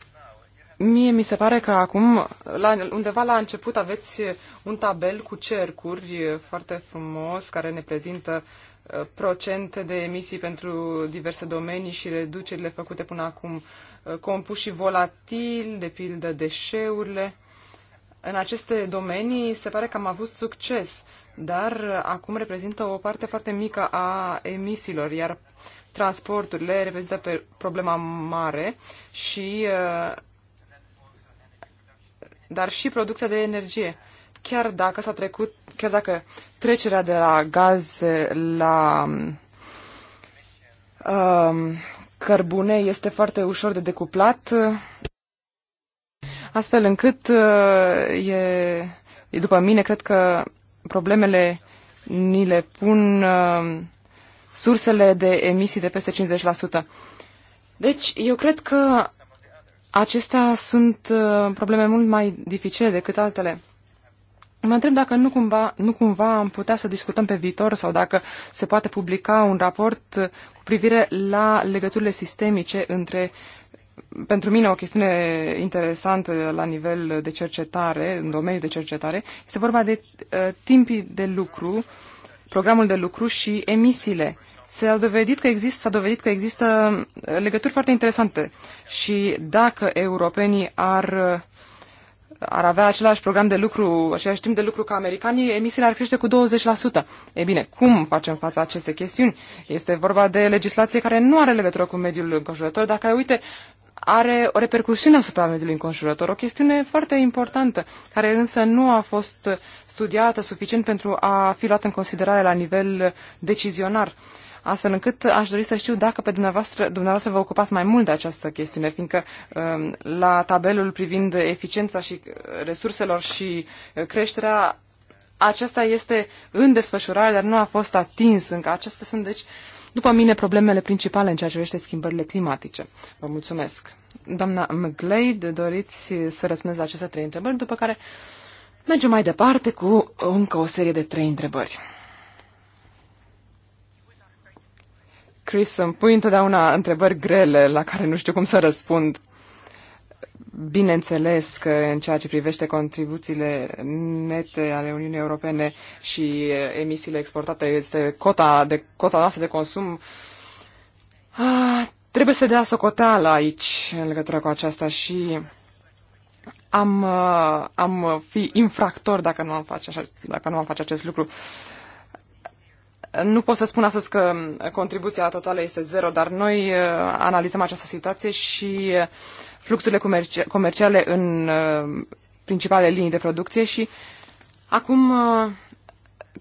[SPEAKER 2] mie mi se pare că acum, la, undeva la început, aveți un tabel cu cercuri foarte frumos care ne prezintă uh, procente de emisii pentru diverse domenii și reducerile făcute până acum, compuși și volatil, de pildă deșeurile. În aceste domenii se pare că am avut succes, dar acum reprezintă o parte foarte mică a emisiilor, iar transporturile reprezintă pe problema mare și uh, dar și producția de energie chiar dacă s-a trecut, chiar dacă trecerea de la gaze la um, cărbune este foarte ușor de decuplat, astfel încât uh, e, e, după mine, cred că problemele ni le pun uh, sursele de emisii de peste 50%. Deci, eu cred că acestea sunt uh, probleme mult mai dificile decât altele. Mă întreb dacă nu cumva, nu cumva am putea să discutăm pe viitor sau dacă se poate publica un raport cu privire la legăturile sistemice între pentru mine o chestiune interesantă la nivel de cercetare, în domeniul de cercetare, este vorba de uh, timpii de lucru, programul de lucru și emisiile. S-a dovedit că există, s-a dovedit că există legături foarte interesante și dacă europenii ar uh, ar avea același program de lucru, același timp de lucru ca americanii, emisiile ar crește cu 20%. E bine, cum facem față aceste chestiuni? Este vorba de legislație care nu are legătură cu mediul înconjurător, dar care, uite, are o repercusiune asupra mediului înconjurător, o chestiune foarte importantă, care însă nu a fost studiată suficient pentru a fi luată în considerare la nivel decizionar. Uh, astfel încât aș dori să știu dacă pe dumneavoastră, dumneavoastră vă ocupați mai mult de această chestiune, fiindcă um, la tabelul privind eficiența și uh, resurselor și uh, creșterea, aceasta este în desfășurare, dar nu a fost atins încă. Acestea sunt, deci, după mine, problemele principale în ceea ce privește schimbările climatice. Vă mulțumesc. Doamna McGlade, doriți să răspundeți la aceste trei întrebări, după care mergem mai departe cu încă o serie de trei întrebări. Chris, îmi pui întotdeauna întrebări grele la care nu știu cum să răspund. Bineînțeles că în ceea ce privește contribuțiile nete ale Uniunii Europene și emisiile exportate, este cota, de, cota noastră de consum. Ah, trebuie să dea socoteală aici în legătură cu aceasta și am, am fi infractor dacă nu am face, așa, dacă nu am face acest lucru. Uh, nu pot să spun astăzi că contribuția totală este zero, dar noi uh, analizăm această situație și uh, fluxurile comerci comerciale în uh, principalele linii de producție și acum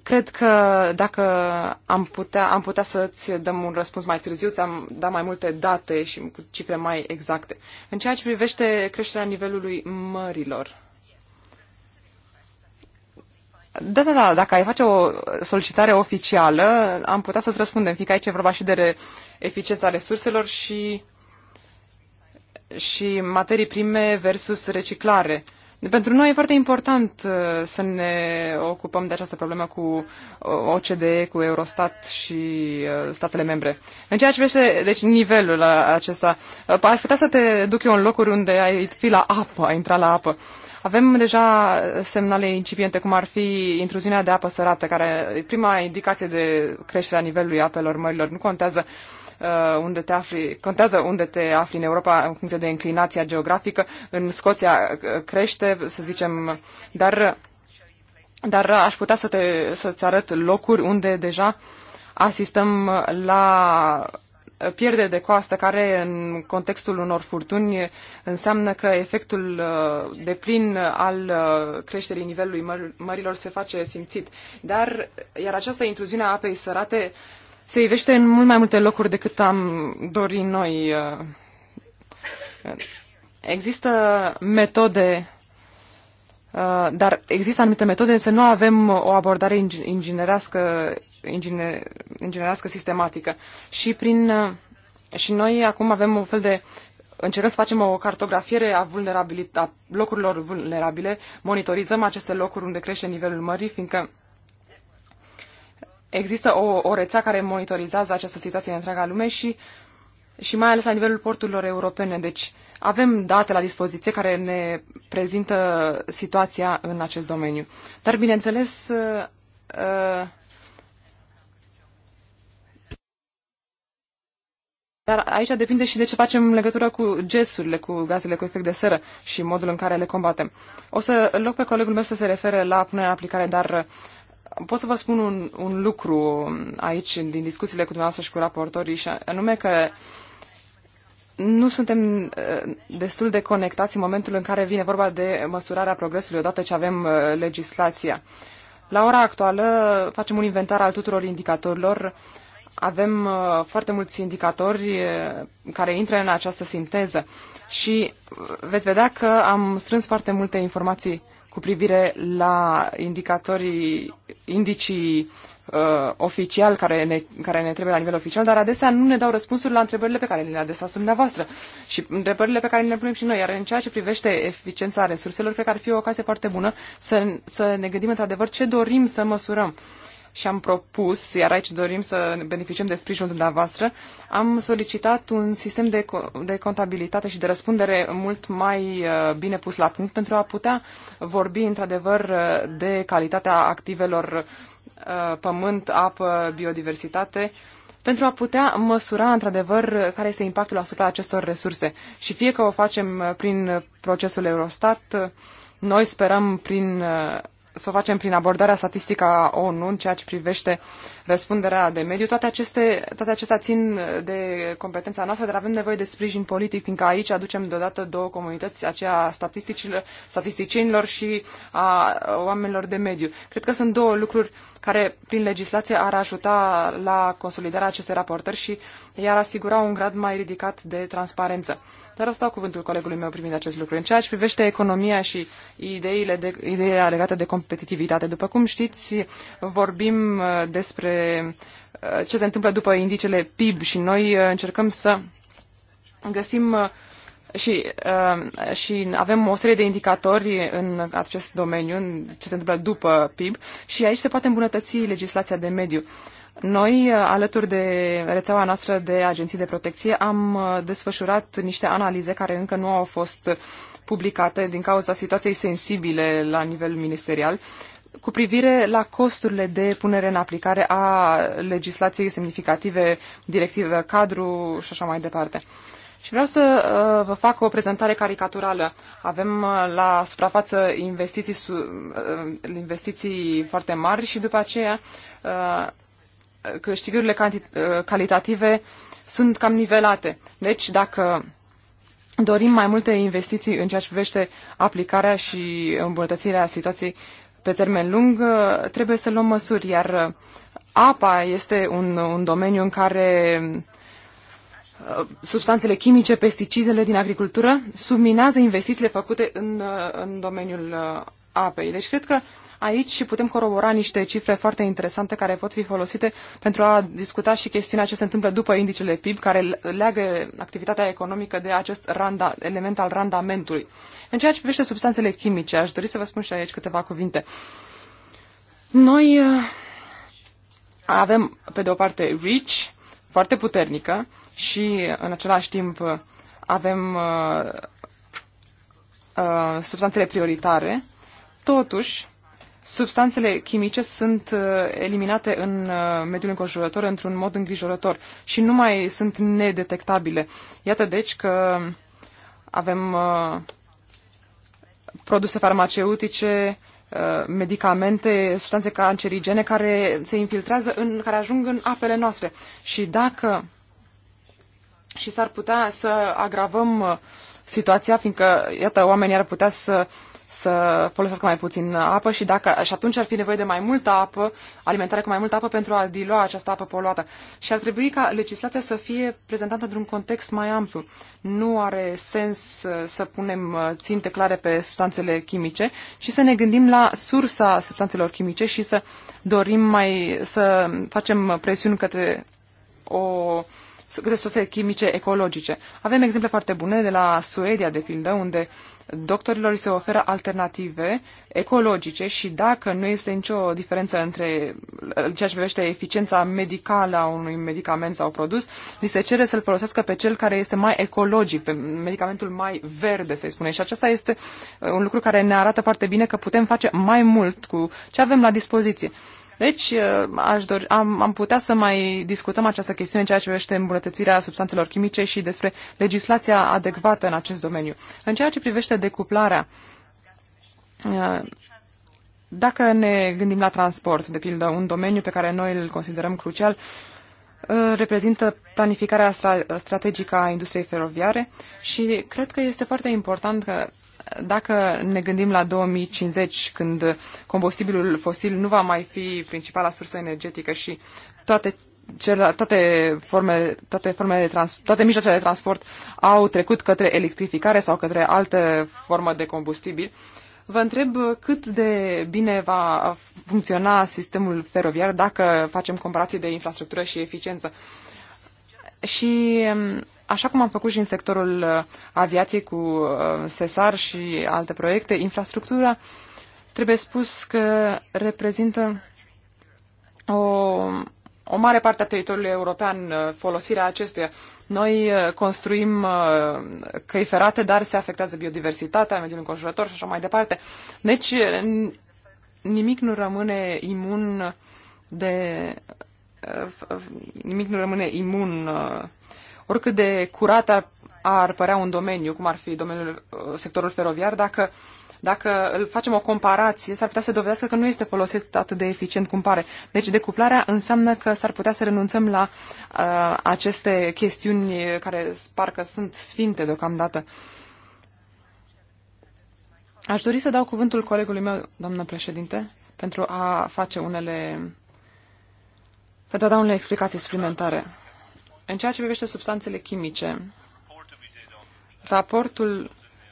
[SPEAKER 2] cred că dacă am putea, am putea să-ți dăm un răspuns mai târziu, ți-am dat mai multe date și cu cifre mai exacte. În ceea ce privește creșterea nivelului mărilor, da, da, da, dacă ai face o solicitare oficială, am putea să-ți răspundem, fiindcă aici e vorba și de re- eficiența resurselor și, și materii prime versus reciclare. Pentru noi e foarte important uh, să ne ocupăm de această problemă cu uh, OCDE, cu Eurostat și uh, statele membre. În ceea ce privește deci, nivelul acesta, aș putea să te duc eu în locuri unde ai fi la apă, ai intra la apă. Avem deja semnale incipiente, cum ar fi intruziunea de apă sărată, care e prima indicație de creșterea nivelului apelor mărilor. Nu contează uh, unde te afli, contează unde te afli în Europa în funcție de inclinația geografică. În Scoția uh, crește, să zicem, dar, dar aș putea să te, să-ți arăt locuri unde deja asistăm la pierdere de coastă care în contextul unor furtuni înseamnă că efectul uh, de plin al uh, creșterii nivelului măr- mărilor se face simțit. Dar, iar această intruziune a apei sărate se ivește în mult mai multe locuri decât am dori noi. Uh, există metode dar există anumite metode, însă nu avem o abordare inginerească inginer, inginerească sistematică. Și prin uh, și noi acum avem un fel de încercăm să facem o cartografiere a, a locurilor vulnerabile, monitorizăm aceste locuri unde crește nivelul mării, fiindcă există o, o rețea care monitorizează această situație în întreaga lume și, și mai ales la nivelul porturilor europene. Deci avem date la dispoziție care ne prezintă situația în acest domeniu. Dar, bineînțeles, uh, uh, Dar aici depinde și de ce facem în legătură cu gesurile, cu gazele cu efect de seră și modul în care le combatem. O să loc pe colegul meu să se refere la punerea în aplicare, dar uh, pot să vă spun un, un lucru aici din discuțiile cu dumneavoastră și cu raportorii, și anume că nu suntem uh, destul de conectați în momentul în care vine vorba de măsurarea progresului odată ce avem uh, legislația. La ora actuală facem un inventar al tuturor indicatorilor avem uh, foarte mulți indicatori uh, care intră în această sinteză și uh, veți vedea că am strâns foarte multe informații cu privire la indicatorii, indicii uh, oficial care ne, care ne trebuie la nivel oficial, dar adesea nu ne dau răspunsuri la întrebările pe care le adresați dumneavoastră și întrebările pe care le punem și noi. Iar în ceea ce privește eficiența resurselor, cred că ar fi o ocazie foarte bună să, să ne gândim într-adevăr ce dorim să măsurăm. Uh, și am propus, iar aici dorim să beneficiem de sprijinul dumneavoastră, am solicitat un sistem de, de contabilitate și de răspundere mult mai uh, bine pus la punct pentru a putea vorbi într-adevăr uh, de calitatea activelor uh, pământ, apă, biodiversitate, pentru a putea măsura într-adevăr care este impactul asupra acestor resurse. Și fie că o facem prin procesul Eurostat, noi sperăm prin să o facem prin abordarea statistică a ONU în ceea ce privește răspunderea de mediu. Toate, aceste, toate acestea țin de competența noastră, dar avem nevoie de sprijin politic, fiindcă aici aducem deodată două comunități, aceea statisticienilor și a oamenilor de mediu. Cred că sunt două lucruri care, prin legislație, ar ajuta la consolidarea acestei raportări și i-ar asigura un grad mai ridicat de transparență. Dar o să cuvântul colegului meu privind acest lucru. În ceea ce privește economia și ideile de, ideea legată de competitivitate, după cum știți, vorbim uh, despre uh, ce se întâmplă după indicele PIB și noi uh, încercăm să găsim și, și avem o serie de indicatori în acest domeniu, în ce se întâmplă după PIB, și aici se poate îmbunătăți legislația de mediu. Noi, uh, alături de rețeaua noastră de agenții de protecție, am uh, desfășurat niște analize care încă nu au fost publicate din cauza situației sensibile la nivel ministerial cu privire la costurile de punere în aplicare a legislației semnificative, directive cadru și așa mai departe. Și vreau să uh, vă fac o prezentare caricaturală. Avem la suprafață investiții, investiții foarte mari și după aceea câștigurile calitative sunt cam nivelate. Deci, dacă dorim mai multe investiții în ceea ce privește aplicarea și îmbunătățirea situației pe termen lung, trebuie să luăm măsuri, iar apa este un, un domeniu în care uh, substanțele chimice, pesticidele din agricultură subminează investițiile făcute în, uh, în domeniul uh, apei. Deci cred că aici și putem corobora niște cifre foarte interesante care pot fi folosite pentru a discuta și chestiunea ce se întâmplă după indicele PIB, care leagă activitatea economică de acest randa, element al randamentului. În ceea ce privește substanțele chimice, aș dori să vă spun și aici câteva cuvinte. Noi uh, avem, pe de o parte, REACH, foarte puternică, și în același timp avem uh, uh, substanțele prioritare. Totuși, substanțele chimice sunt uh, eliminate în uh, mediul înconjurător într-un mod îngrijorător și nu mai sunt nedetectabile. Iată deci că avem uh, produse farmaceutice, medicamente, substanțe cancerigene care se infiltrează, în, care ajung în apele noastre. Și dacă și s-ar putea să agravăm situația, fiindcă, iată, oamenii ar putea să uh, să folosească mai puțin apă și, dacă, și atunci ar fi nevoie de mai multă apă, alimentare cu mai multă apă pentru a dilua această apă poluată. Și ar trebui ca legislația să fie prezentată într-un context mai amplu. Nu are sens uh, să punem uh, ținte clare pe substanțele chimice și să ne gândim la sursa substanțelor chimice și să dorim mai să facem presiuni către o către chimice ecologice. Avem exemple foarte bune de la Suedia, de pildă, unde uh, doctorilor se oferă alternative ecologice și dacă nu este nicio diferență între ceea ce privește eficiența medicală a unui medicament sau produs, li se cere să-l folosească pe cel care este mai ecologic, pe medicamentul mai verde, să-i spunem. Și acesta este uh, un lucru care ne arată foarte bine că putem face mai mult cu ce avem la dispoziție. Deci, uh, aș dori, am, am putea să mai discutăm această chestiune în ceea ce privește îmbunătățirea substanțelor chimice și despre legislația adecvată în acest domeniu. În ceea ce privește decuplarea, uh, dacă ne gândim la transport, de pildă, un domeniu pe care noi îl considerăm crucial, uh, reprezintă planificarea strategică a industriei feroviare și cred că este foarte important că dacă ne gândim la 2050, când combustibilul fosil nu va mai fi principala sursă energetică și toate cele, toate, formele, toate, formele de trans, toate mijloacele de transport au trecut către electrificare sau către altă formă de combustibil, vă întreb cât de bine va funcționa sistemul feroviar dacă facem comparații de infrastructură și eficiență. Și Așa cum am făcut și în sectorul uh, aviației cu uh, SESAR și alte proiecte, infrastructura trebuie spus că reprezintă o, o mare parte a teritoriului european, uh, folosirea acestuia. Noi construim căi ferate, dar se afectează biodiversitatea, mediul înconjurător și așa mai departe. Deci nimic nu rămâne imun de nimic nu rămâne imun oricât de curat ar, ar părea un domeniu, cum ar fi domeniul uh, sectorul feroviar, dacă dacă îl facem o comparație, s-ar putea să dovedească că nu este folosit atât de eficient cum pare. Deci decuplarea înseamnă că s-ar putea să renunțăm la uh, aceste chestiuni care parcă sunt sfinte deocamdată. Aș dori să dau cuvântul colegului meu, doamnă președinte, pentru a face unele pentru a da unele explicații suplimentare. În ceea ce privește substanțele chimice, raportul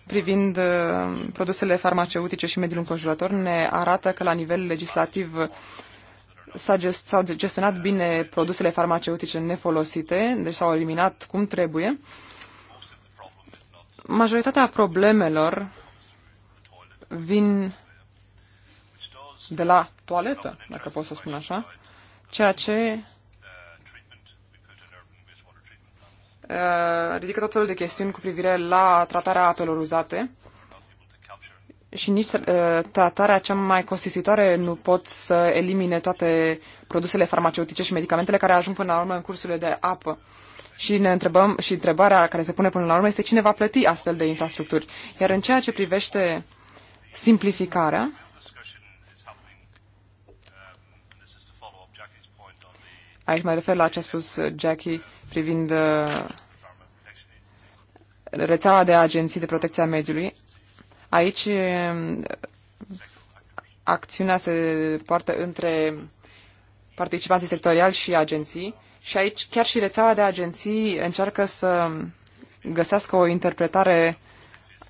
[SPEAKER 2] privind uh, produsele farmaceutice și mediul înconjurător ne arată că la nivel legislativ s-au gestionat bine produsele farmaceutice nefolosite, deci s-au eliminat cum trebuie. Majoritatea problemelor vin de la toaletă, dacă pot să spun așa, ceea ce Uh, ridică tot felul de chestiuni cu privire la tratarea apelor uzate și nici uh, tratarea cea mai costisitoare nu pot să elimine toate produsele farmaceutice și medicamentele care ajung până la urmă în cursurile de apă. Și ne întrebăm și întrebarea care se pune până la urmă este cine va plăti astfel de infrastructuri. Iar în ceea ce privește simplificarea, aici mă refer la ce a spus Jackie privind uh, rețeaua de agenții de protecție a mediului. Aici um, acțiunea se poartă între participanții sectoriali și agenții și aici chiar și rețeaua de agenții încearcă să găsească o interpretare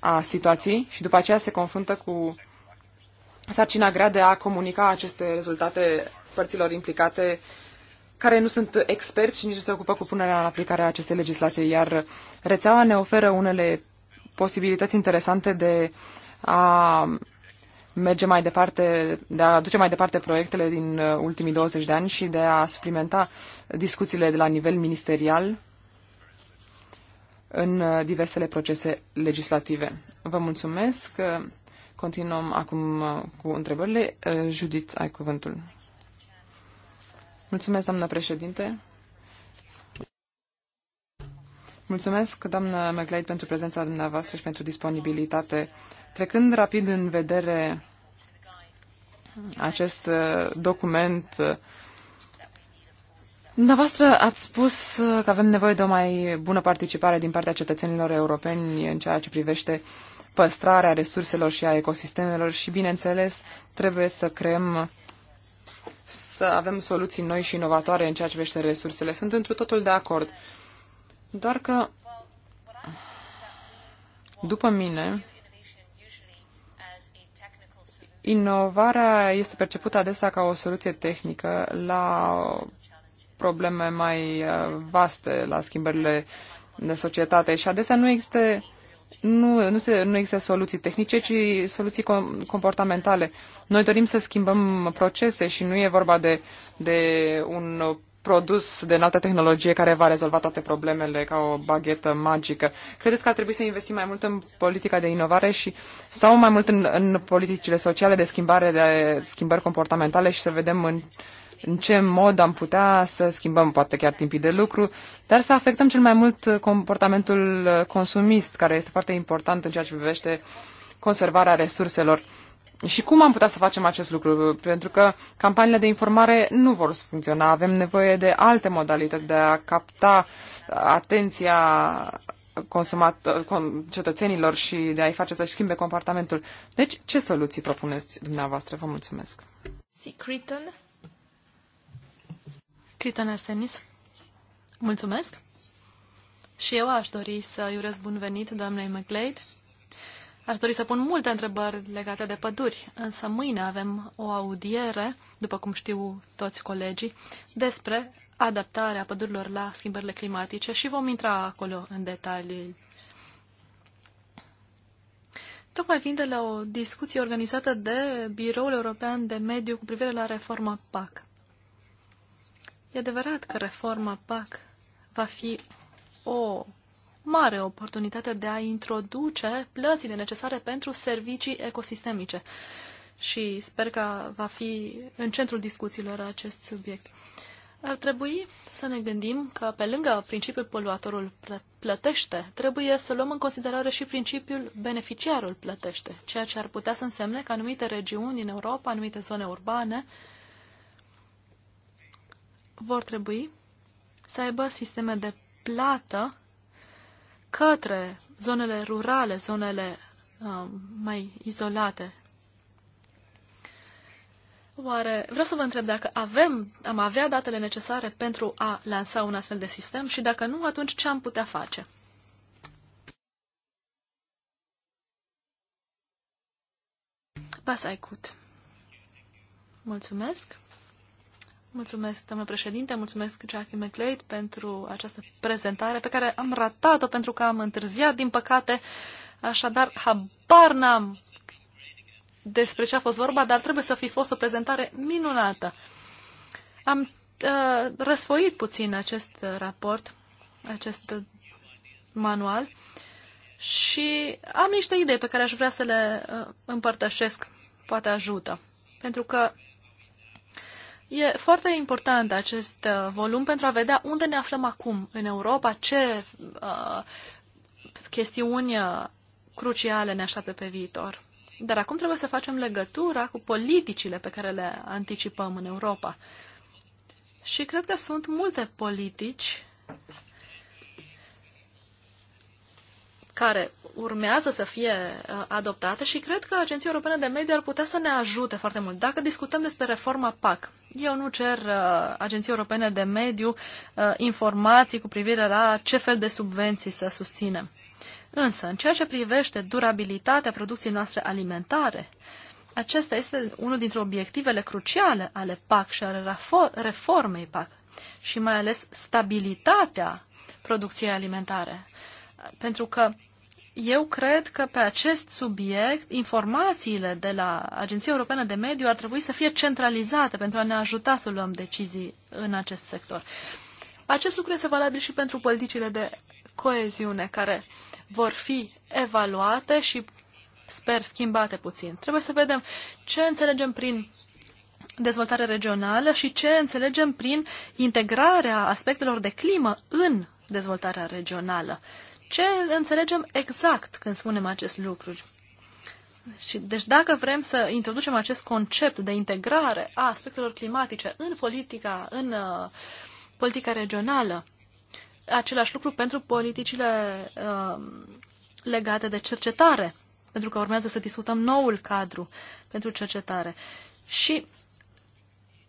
[SPEAKER 2] a situației și după aceea se confruntă cu sarcina grea de a comunica aceste rezultate părților implicate care nu sunt experți și nici nu se ocupă cu punerea în aplicare a acestei legislații, iar rețeaua ne oferă unele posibilități interesante de a merge mai departe, de a duce mai departe proiectele din uh, ultimii 20 de ani și de a suplimenta discuțiile de la nivel ministerial în uh, diversele procese legislative. Vă mulțumesc. Uh, continuăm acum cu întrebările. Judith, ai cuvântul. Mulțumesc, doamnă președinte. Mulțumesc, doamnă McLeod, pentru prezența dumneavoastră și pentru disponibilitate. Trecând rapid în vedere acest uh, document, uh, dumneavoastră ați spus uh, că avem nevoie de o mai bună participare din partea cetățenilor europeni în ceea ce privește păstrarea resurselor și a ecosistemelor și, bineînțeles, trebuie să creăm să avem soluții noi și inovatoare în ceea ce privește resursele. Sunt întru totul de acord. Doar că,
[SPEAKER 3] după mine,
[SPEAKER 2] inovarea este percepută adesea ca o soluție tehnică la probleme mai uh, vaste, la schimbările de societate și adesea nu există nu, nu, se, nu există soluții tehnice, ci soluții com- comportamentale. Noi dorim să schimbăm procese și nu e vorba de, de un produs de înaltă tehnologie care va rezolva toate problemele ca o baghetă magică. Credeți că ar trebui să investim mai mult în politica de inovare și sau mai mult în, în politicile sociale de schimbare, de schimbări comportamentale și să vedem în în ce mod am putea să schimbăm poate chiar timpii de lucru, dar să afectăm cel mai mult uh, comportamentul uh, consumist, care este foarte important în ceea ce privește conservarea resurselor. Și cum am putea să facem acest lucru? Pentru că campaniile de informare nu vor funcționa. Avem nevoie de alte modalități de a capta uh, atenția consumat, cetățenilor și de a-i face să-și schimbe comportamentul. Deci, ce soluții propuneți dumneavoastră? Vă mulțumesc.
[SPEAKER 3] Criton Arsenis, mulțumesc! Și eu aș dori să-i urez bun venit doamnei McLeod. Aș dori să pun multe întrebări legate de păduri, însă mâine avem o audiere, după cum știu toți colegii, despre adaptarea pădurilor la schimbările climatice și vom intra acolo în detalii. Tocmai vin de la o discuție organizată de Biroul European de Mediu cu privire la reforma PAC. E adevărat că reforma PAC va fi o mare oportunitate de a introduce plățile necesare pentru servicii ecosistemice. Și sper că va fi în centrul discuțiilor acest subiect. Ar trebui să ne gândim că, pe lângă principiul poluatorul plătește, trebuie să luăm în considerare și principiul beneficiarul plătește, ceea ce ar putea să însemne că anumite regiuni din Europa, anumite zone urbane, vor trebui să aibă sisteme de plată către zonele rurale, zonele uh, mai izolate. Oare, vreau să vă întreb dacă avem, am avea datele necesare pentru a lansa un astfel de sistem și dacă nu, atunci ce am putea face? Basaicut. Mulțumesc. Mulțumesc, domnule președinte, mulțumesc Jackie McLeod pentru această prezentare pe care am ratat-o pentru că am întârziat, din păcate. Așadar, habar n-am despre ce a fost vorba, dar trebuie să fi fost o prezentare minunată. Am uh, răsfoit puțin acest raport, acest manual și am niște idei pe care aș vrea să le uh, împărtășesc, poate ajută. Pentru că E foarte important acest uh, volum pentru a vedea unde ne aflăm acum în Europa, ce uh, chestiuni uh, cruciale ne așteaptă pe viitor. Dar acum trebuie să facem legătura cu politicile pe care le anticipăm în Europa. Și cred că sunt multe politici care urmează să fie uh, adoptate și cred că Agenția Europeană de Mediu ar putea să ne ajute foarte mult. Dacă discutăm despre reforma PAC, eu nu cer uh, Agenției Europene de Mediu uh, informații cu privire la ce fel de subvenții să susținem. Însă, în ceea ce privește durabilitatea producției noastre alimentare, acesta este unul dintre obiectivele cruciale ale PAC și ale reformei PAC și mai ales stabilitatea producției alimentare. Pentru că eu cred că pe acest subiect informațiile de la Agenția Europeană de Mediu ar trebui să fie centralizate pentru a ne ajuta să luăm decizii în acest sector. Acest lucru este valabil și pentru politicile de coeziune care vor fi evaluate și sper schimbate puțin. Trebuie să vedem ce înțelegem prin dezvoltare regională și ce înțelegem prin integrarea aspectelor de climă în dezvoltarea regională ce înțelegem exact când spunem acest lucru. Și, deci dacă vrem să introducem acest concept de integrare a aspectelor climatice în politica, în uh, politica regională, același lucru pentru politicile uh, legate de cercetare, pentru că urmează să discutăm noul cadru pentru cercetare. Și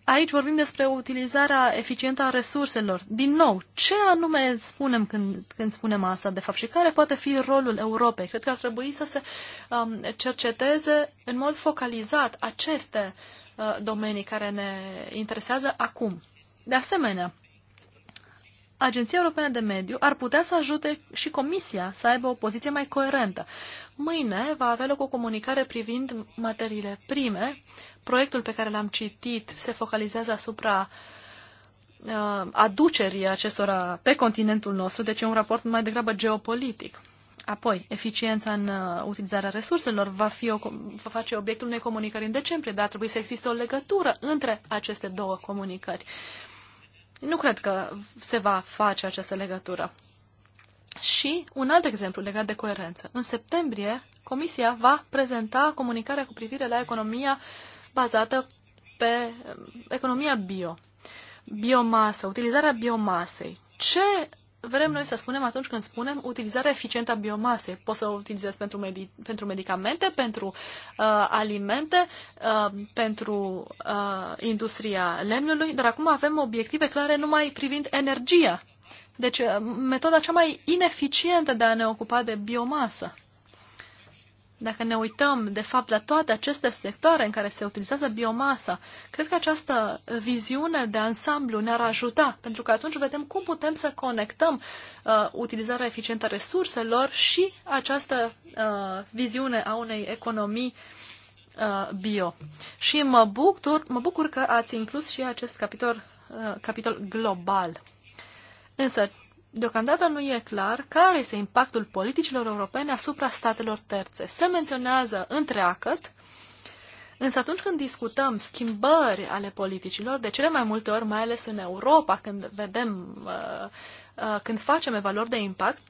[SPEAKER 3] Aici vorbim despre utilizarea eficientă a resurselor. Din nou, ce anume spunem când, când spunem asta, de fapt, și care poate fi rolul Europei? Cred că ar trebui să se um, cerceteze în mod focalizat aceste uh, domenii care ne interesează acum. De asemenea, Agenția Europeană de Mediu ar putea să ajute și Comisia să aibă o poziție mai coerentă. Mâine va avea loc o comunicare privind materiile prime proiectul pe care l-am citit se focalizează asupra uh, aducerii acestora pe continentul nostru, deci e un raport mai degrabă geopolitic. Apoi, eficiența în uh, utilizarea resurselor va, fi o, va face obiectul unei comunicări în decembrie, dar trebuie să existe o legătură între aceste două comunicări. Nu cred că se va face această legătură. Și un alt exemplu legat de coerență. În septembrie, Comisia va prezenta comunicarea cu privire la economia uh, bazată pe eh, economia bio. Biomasă, utilizarea biomasei. Ce vrem noi să spunem atunci când spunem utilizarea eficientă a biomasei? Poți să o utilizezi pentru, medi- pentru medicamente, pentru uh, alimente, uh, pentru uh, industria lemnului, dar acum avem obiective clare numai privind energia. Deci, metoda cea mai ineficientă de a ne ocupa de biomasă. Dacă ne uităm, de fapt, la toate aceste sectoare în care se utilizează biomasa, cred că această viziune de ansamblu ne-ar ajuta, pentru că atunci vedem cum putem să conectăm uh, utilizarea eficientă a resurselor și această uh, viziune a unei economii uh, bio. Și mă bucur, mă bucur că ați inclus și acest capitol, uh, capitol global. Însă, Deocamdată nu e clar care este impactul politicilor europene asupra statelor terțe. Se menționează întreacăt, însă atunci când discutăm schimbări ale politicilor, de cele mai multe ori, mai ales în Europa, când vedem, uh, uh, când facem evaluări de impact,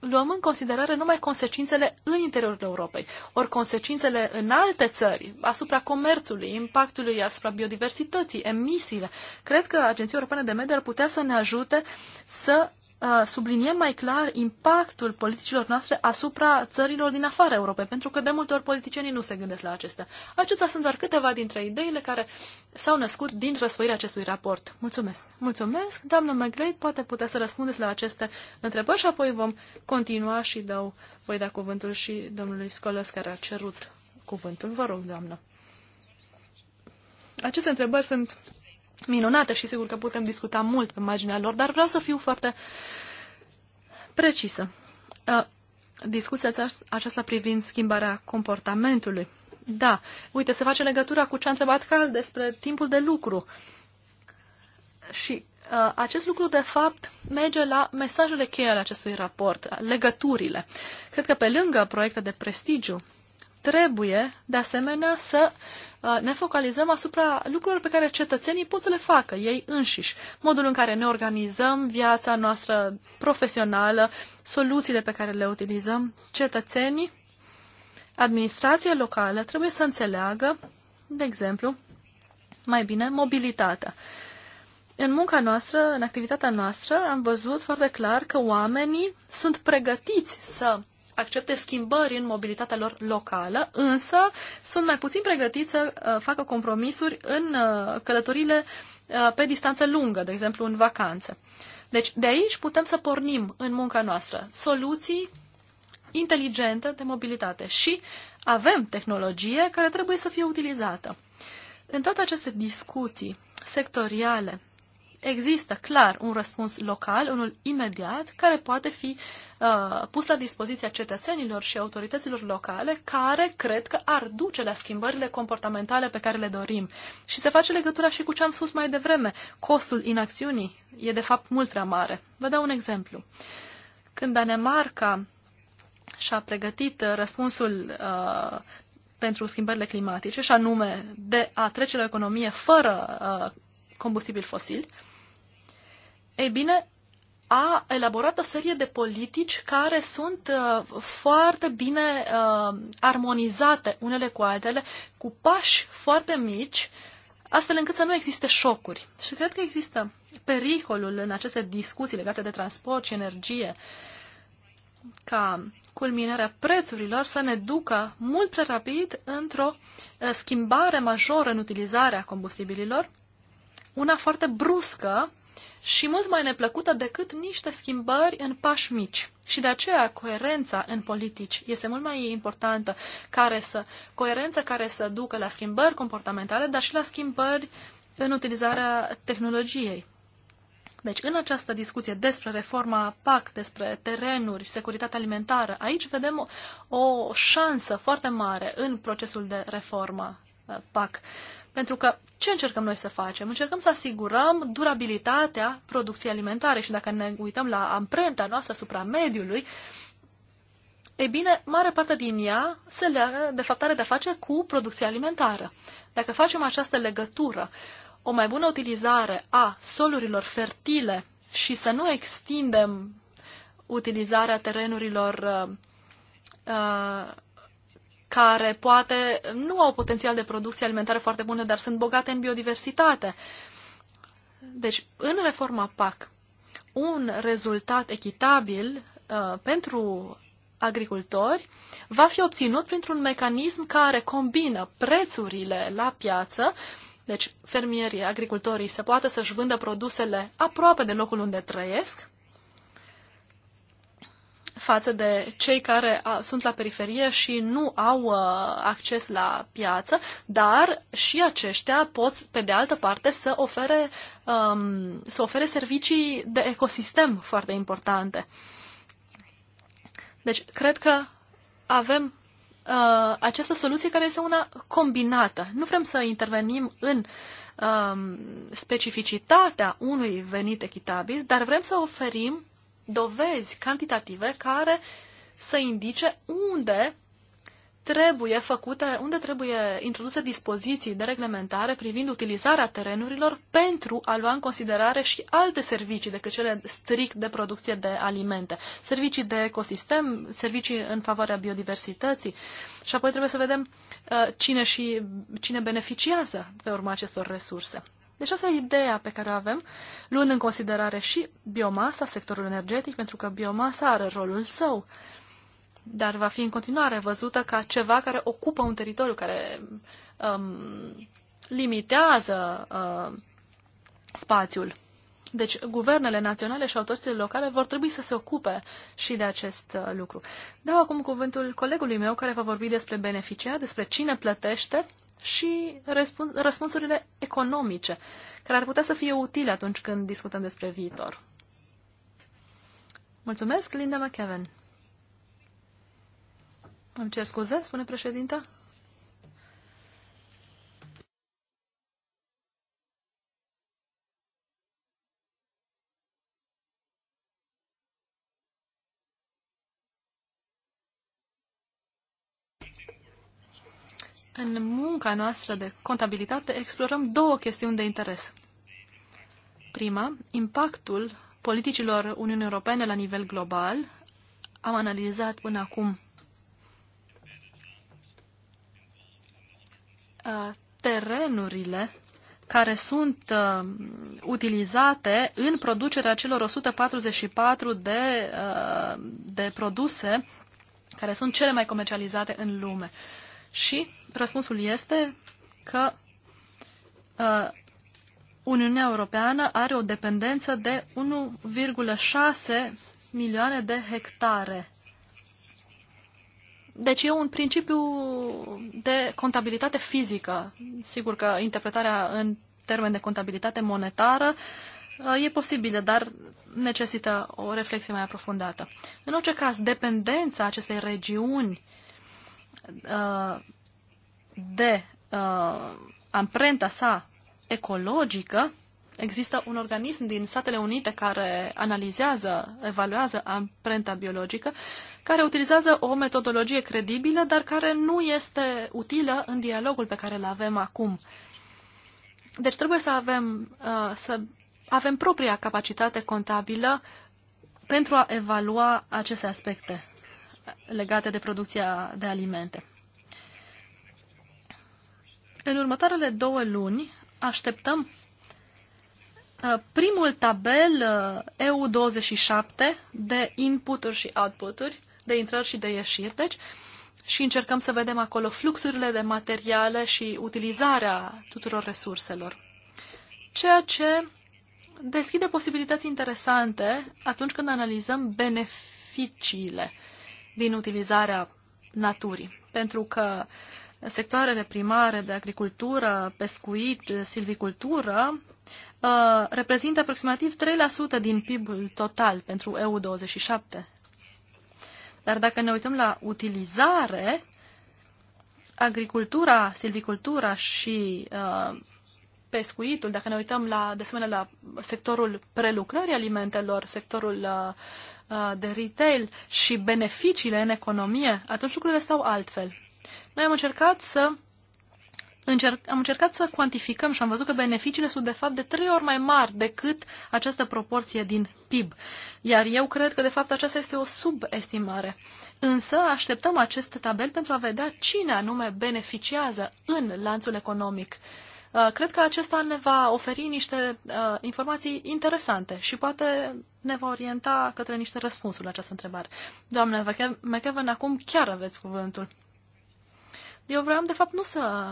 [SPEAKER 3] luăm în considerare numai consecințele în interiorul Europei, ori consecințele în alte țări, asupra comerțului, impactului asupra biodiversității, emisiile. Cred că Agenția Europeană de Mediu ar putea să ne ajute să Uh, subliniem mai clar impactul politicilor noastre asupra țărilor din afara Europei, pentru că de multe ori politicienii nu se gândesc la acestea. Acestea sunt doar câteva dintre ideile care s-au născut din răsfăirea acestui raport. Mulțumesc! Mulțumesc! Doamnă McGlade, poate puteți să răspundeți la aceste întrebări și apoi vom continua și dau, voi da cuvântul și domnului Scolas care a cerut cuvântul. Vă rog, doamnă! Aceste întrebări sunt minunate și sigur că putem discuta mult pe marginea lor, dar vreau să fiu foarte precisă. Discuția aceasta privind schimbarea comportamentului. Da, uite, se face legătura cu ce a întrebat Carl despre timpul de lucru. Și uh, acest lucru, de fapt, merge la mesajele cheie ale acestui raport, legăturile. Cred că pe lângă proiecte de prestigiu, trebuie, de asemenea, să uh, Uh, ne focalizăm asupra lucrurilor pe care cetățenii pot să le facă ei înșiși. Modul în care ne organizăm viața noastră profesională, soluțiile pe care le utilizăm, cetățenii, administrația locală trebuie să înțeleagă, de exemplu, mai bine mobilitatea. În munca noastră, în activitatea noastră, am văzut foarte clar că oamenii sunt pregătiți să accepte schimbări în mobilitatea lor locală, însă sunt mai puțin pregătiți să uh, facă compromisuri în uh, călătorile uh, pe distanță lungă, de exemplu în vacanță. Deci de aici putem să pornim în munca noastră soluții inteligente de mobilitate și avem tehnologie care trebuie să fie utilizată. În toate aceste discuții sectoriale există clar un răspuns local, unul imediat, care poate fi uh, pus la dispoziția cetățenilor și autorităților locale, care cred că ar duce la schimbările comportamentale pe care le dorim. Și se face legătura și cu ce am spus mai devreme. Costul inacțiunii e, de fapt, mult prea mare. Vă dau un exemplu. Când Danemarca și-a pregătit uh, răspunsul uh, pentru schimbările climatice, și anume de a trece la o economie fără uh, combustibil fosil, ei bine, a elaborat o serie de politici care sunt uh, foarte bine uh, armonizate unele cu altele, cu pași foarte mici, astfel încât să nu existe șocuri. Și cred că există pericolul în aceste discuții legate de transport și energie ca culminarea prețurilor să ne ducă mult prea rapid într-o uh, schimbare majoră în utilizarea combustibililor, una foarte bruscă, și mult mai neplăcută decât niște schimbări în pași mici. Și de aceea coerența în politici este mult mai importantă, care să, coerența care să ducă la schimbări comportamentale, dar și la schimbări în utilizarea tehnologiei. Deci, în această discuție despre reforma PAC, despre terenuri, securitate alimentară, aici vedem o, o șansă foarte mare în procesul de reformă uh, PAC. Pentru că ce încercăm noi să facem? Încercăm să asigurăm durabilitatea producției alimentare și dacă ne uităm la amprenta noastră asupra mediului, e bine, mare parte din ea se leagă, de fapt, are de-a face cu producția alimentară. Dacă facem această legătură, o mai bună utilizare a solurilor fertile și să nu extindem utilizarea terenurilor uh, uh, care poate nu au potențial de producție alimentară foarte bună, dar sunt bogate în biodiversitate. Deci, în reforma PAC, un rezultat echitabil uh, pentru agricultori va fi obținut printr-un mecanism care combină prețurile la piață, deci fermierii, agricultorii se poate să-și vândă produsele aproape de locul unde trăiesc, față de cei care sunt la periferie și nu au uh, acces la piață, dar și aceștia pot, pe de altă parte, să ofere, um, să ofere servicii de ecosistem foarte importante. Deci, cred că avem uh, această soluție care este una combinată. Nu vrem să intervenim în um, specificitatea unui venit echitabil, dar vrem să oferim dovezi cantitative care să indice unde trebuie făcute, unde trebuie introduse dispoziții de reglementare privind utilizarea terenurilor pentru a lua în considerare și alte servicii decât cele strict de producție de alimente. Servicii de ecosistem, servicii în favoarea biodiversității și apoi trebuie să vedem uh, cine și cine beneficiază pe urma acestor resurse. Deci asta e ideea pe care o avem, luând în considerare și biomasa, sectorul energetic, pentru că biomasa are rolul său, dar va fi în continuare văzută ca ceva care ocupă un teritoriu, care um, limitează uh, spațiul. Deci, guvernele naționale și autoritățile locale vor trebui să se ocupe și de acest uh, lucru. Dau acum cuvântul colegului meu care va vorbi despre beneficiar, despre cine plătește și răspun, răspunsurile economice, care ar putea să fie utile atunci când discutăm despre viitor. Mulțumesc, Linda McKeven. Îmi cer scuze, spune președinta. În munca noastră de contabilitate explorăm două chestiuni de interes. Prima, impactul politicilor Uniunii Europene la nivel global. Am analizat până acum terenurile care sunt uh, utilizate în producerea celor 144 de, uh, de produse care sunt cele mai comercializate în lume. Și Răspunsul este că uh, Uniunea Europeană are o dependență de 1,6 milioane de hectare. Deci e un principiu de contabilitate fizică. Sigur că interpretarea în termen de contabilitate monetară uh, e posibilă, dar necesită o reflexie mai aprofundată. În orice caz, dependența acestei regiuni uh, de uh, amprenta sa ecologică, există un organism din Statele Unite care analizează, evaluează amprenta biologică, care utilizează o metodologie credibilă, dar care nu este utilă în dialogul pe care îl avem acum. Deci trebuie să avem, uh, să avem propria capacitate contabilă pentru a evalua aceste aspecte legate de producția de alimente. În următoarele două luni așteptăm uh, primul tabel uh, EU27 de inputuri și outputuri, de intrări și de ieșiri, deci, și încercăm să vedem acolo fluxurile de materiale și utilizarea tuturor resurselor. Ceea ce deschide posibilități interesante atunci când analizăm beneficiile din utilizarea naturii. Pentru că uh, sectoarele primare de agricultură, pescuit, silvicultură, uh, reprezintă aproximativ 3% din PIB-ul total pentru EU27. Dar dacă ne uităm la utilizare, agricultura, silvicultura și uh, pescuitul, dacă ne uităm la, de asemenea la sectorul prelucrării alimentelor, sectorul uh, de retail și beneficiile în economie, atunci lucrurile stau altfel. Noi am încercat să încerc, am încercat să cuantificăm și am văzut că beneficiile sunt de fapt de trei ori mai mari decât această proporție din PIB. Iar eu cred că de fapt aceasta este o subestimare. Însă așteptăm acest tabel pentru a vedea cine anume beneficiază în lanțul economic. Uh, cred că acesta ne va oferi niște uh, informații interesante și poate ne va orienta către niște răspunsuri la această întrebare. Doamne McEvan, acum chiar aveți cuvântul. Eu vreau, de fapt, nu să...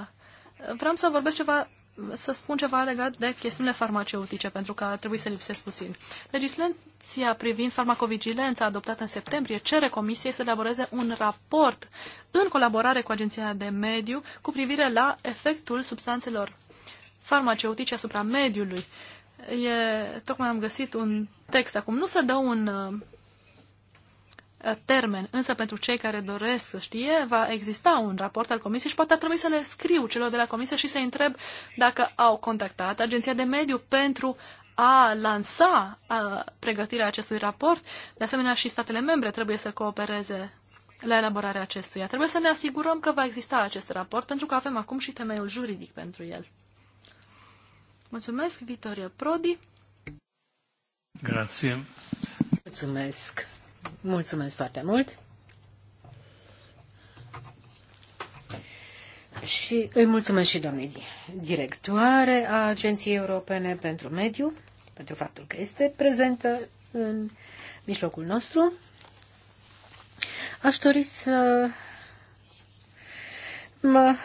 [SPEAKER 3] Vreau să vorbesc ceva, să spun ceva legat de chestiunile farmaceutice, pentru că ar trebui să lipsesc puțin. Legislația privind farmacovigilența adoptată în septembrie cere Comisiei să elaboreze un raport în colaborare cu Agenția de Mediu cu privire la efectul substanțelor farmaceutice asupra mediului. E, tocmai am găsit un text acum. Nu se dă un Uh, termen. Însă pentru cei care doresc să știe, va exista un raport al Comisiei și poate ar trebui să le scriu celor de la Comisie și să întreb dacă au contactat Agenția de Mediu pentru a lansa a, uh, pregătirea acestui raport. De asemenea, și statele membre trebuie să coopereze la elaborarea acestuia. Trebuie să ne asigurăm că va exista acest raport, pentru că avem acum și temeiul juridic pentru el. Mulțumesc, Vitoria Prodi.
[SPEAKER 2] Grație.
[SPEAKER 3] Mulțumesc.
[SPEAKER 1] Mulțumesc foarte mult. Și îi mulțumesc și doamnei directoare a Agenției Europene pentru Mediu, pentru faptul că este prezentă în mijlocul nostru. Aș dori să mă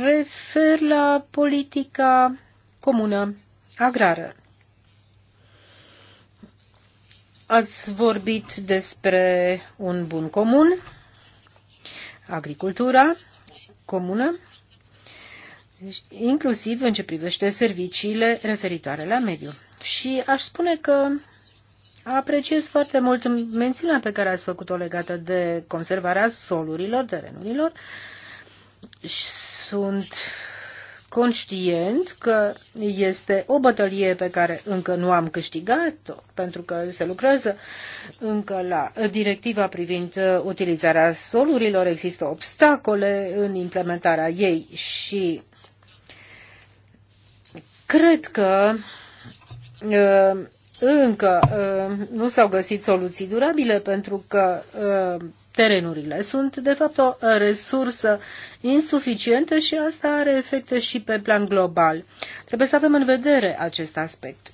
[SPEAKER 1] refer la politica comună agrară. Ați vorbit despre un bun comun, agricultura comună, inclusiv în ce privește serviciile referitoare la mediu. Și aș spune că apreciez foarte mult mențiunea pe care ați făcut-o legată de conservarea solurilor, terenurilor. Sunt conștient că este o bătălie pe care încă nu am câștigat-o, pentru că se lucrează încă la directiva privind uh, utilizarea solurilor, există obstacole în implementarea ei și cred că uh, încă uh, nu s-au găsit soluții durabile pentru că terenurile sunt, de fapt, o uh, resursă insuficientă și asta are efecte și pe plan global. Trebuie să avem în vedere acest aspect.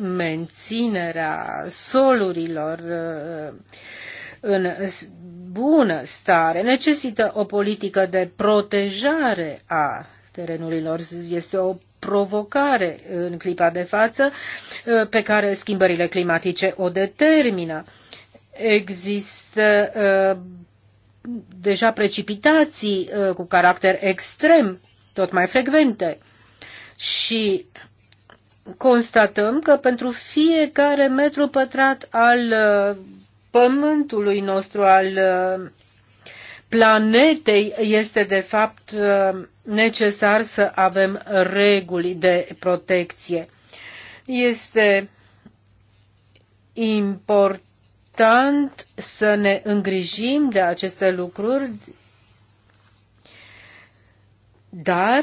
[SPEAKER 1] Menținerea solurilor uh, în bună stare necesită o politică de protejare a terenurilor. Este o provocare în clipa de față uh, pe care schimbările climatice o determină. Există uh, deja precipitații uh, cu caracter extrem tot mai frecvente și constatăm că pentru fiecare metru pătrat al pământului nostru, al planetei este de fapt necesar să avem reguli de protecție. Este important să ne îngrijim de aceste lucruri, dar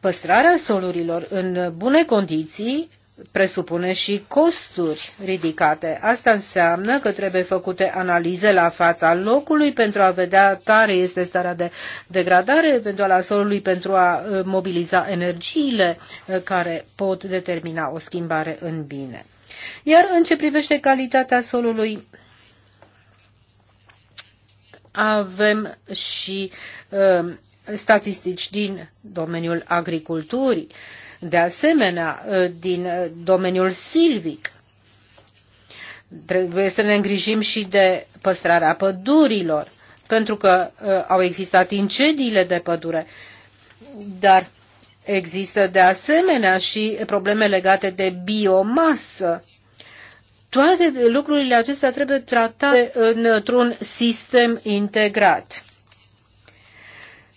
[SPEAKER 1] păstrarea solurilor în bune condiții presupune și costuri ridicate. Asta înseamnă că trebuie făcute analize la fața locului pentru a vedea care este starea de degradare eventuală a solului pentru a uh, mobiliza energiile uh, care pot determina o schimbare în bine. Iar în ce privește calitatea solului, avem și uh, statistici din domeniul agriculturii. Uh, de asemenea ă, din ă, domeniul silvic. Trebuie să ne îngrijim și de păstrarea pădurilor, pentru că ă, au existat incendiile de pădure, dar există de asemenea și probleme legate de biomasă. Toate lucrurile acestea trebuie tratate într-un sistem integrat.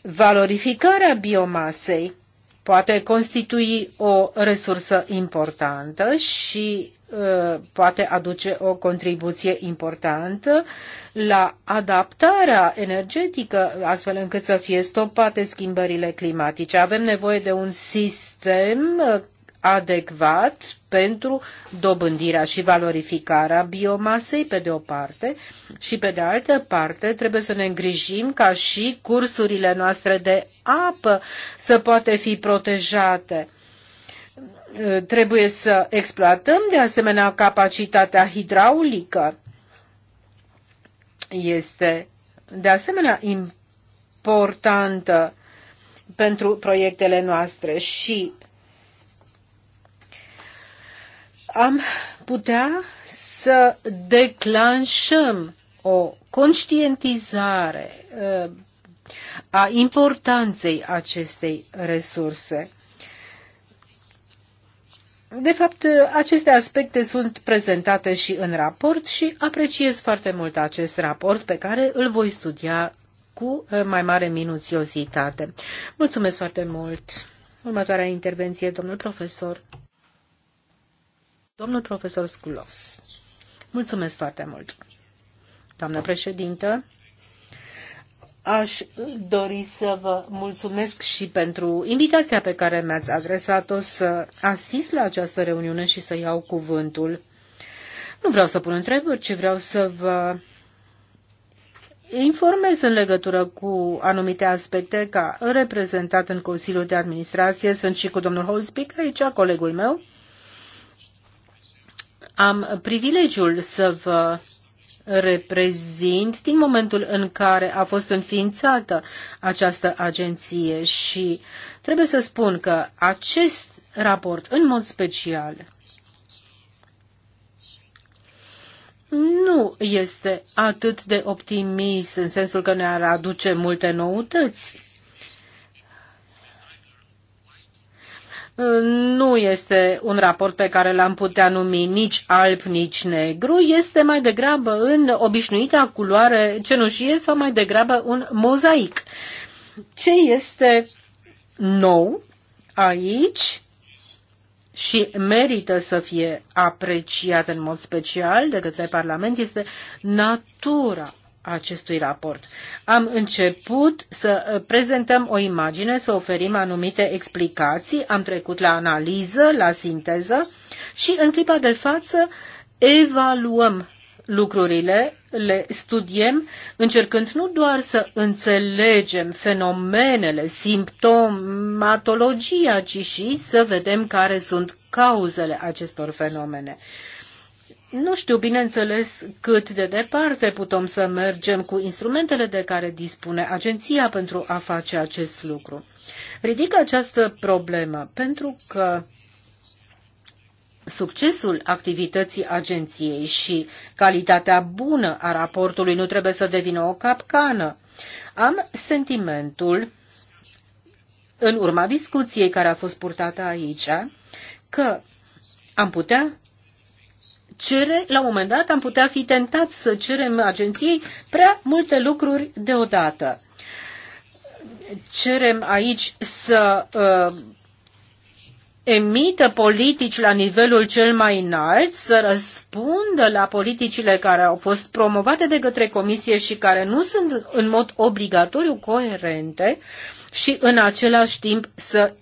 [SPEAKER 1] Valorificarea biomasei poate constitui o resursă importantă și uh, poate aduce o contribuție importantă la adaptarea energetică, astfel încât să fie stopate schimbările climatice. Avem nevoie de un sistem uh, adecvat pentru dobândirea și valorificarea biomasei, pe de o parte, și pe de altă parte trebuie să ne îngrijim ca și cursurile noastre de apă să poate fi protejate trebuie să exploatăm de asemenea capacitatea hidraulică. Este de asemenea importantă pentru proiectele noastre și am putea să declanșăm o conștientizare uh, a importanței acestei resurse. De fapt, aceste aspecte sunt prezentate și în raport și apreciez foarte mult acest raport pe care îl voi studia cu mai mare minuțiozitate. Mulțumesc foarte mult! Următoarea intervenție, domnul profesor. Domnul profesor Sculos. Mulțumesc foarte mult. Doamnă președintă, aș dori să vă mulțumesc și pentru invitația pe care mi-ați adresat-o să asist la această reuniune și să iau cuvântul. Nu vreau să pun întrebări, ci vreau să vă informez în legătură cu anumite aspecte ca reprezentat în Consiliul de Administrație. Sunt și cu domnul Holzbic aici, colegul meu. Am privilegiul să vă reprezint din momentul în care a fost înființată această agenție și trebuie să spun că acest raport, în mod special, nu este atât de optimist în sensul că ne-ar aduce multe noutăți. nu este un raport pe care l-am putea numi nici alb, nici negru, este mai degrabă în obișnuita culoare cenușie sau mai degrabă un mozaic. Ce este nou aici și merită să fie apreciat în mod special de către Parlament este natura acestui raport. Am început să uh, prezentăm o imagine, să oferim anumite explicații, am trecut la analiză, la sinteză și în clipa de față evaluăm lucrurile, le studiem, încercând nu doar să înțelegem fenomenele, simptomatologia, ci și să vedem care sunt cauzele acestor fenomene. Nu știu, bineînțeles, cât de departe putem să mergem cu instrumentele de care dispune agenția pentru a face acest lucru. Ridic această problemă pentru că Succesul activității agenției și calitatea bună a raportului nu trebuie să devină o capcană. Am sentimentul, în urma discuției care a fost purtată aici, că am putea cere, la un moment dat am putea fi tentat să cerem agenției prea multe lucruri deodată. Cerem aici să uh, emită politici la nivelul cel mai înalt, să răspundă la politicile care au fost promovate de către comisie și care nu sunt în mod obligatoriu coerente și în același timp să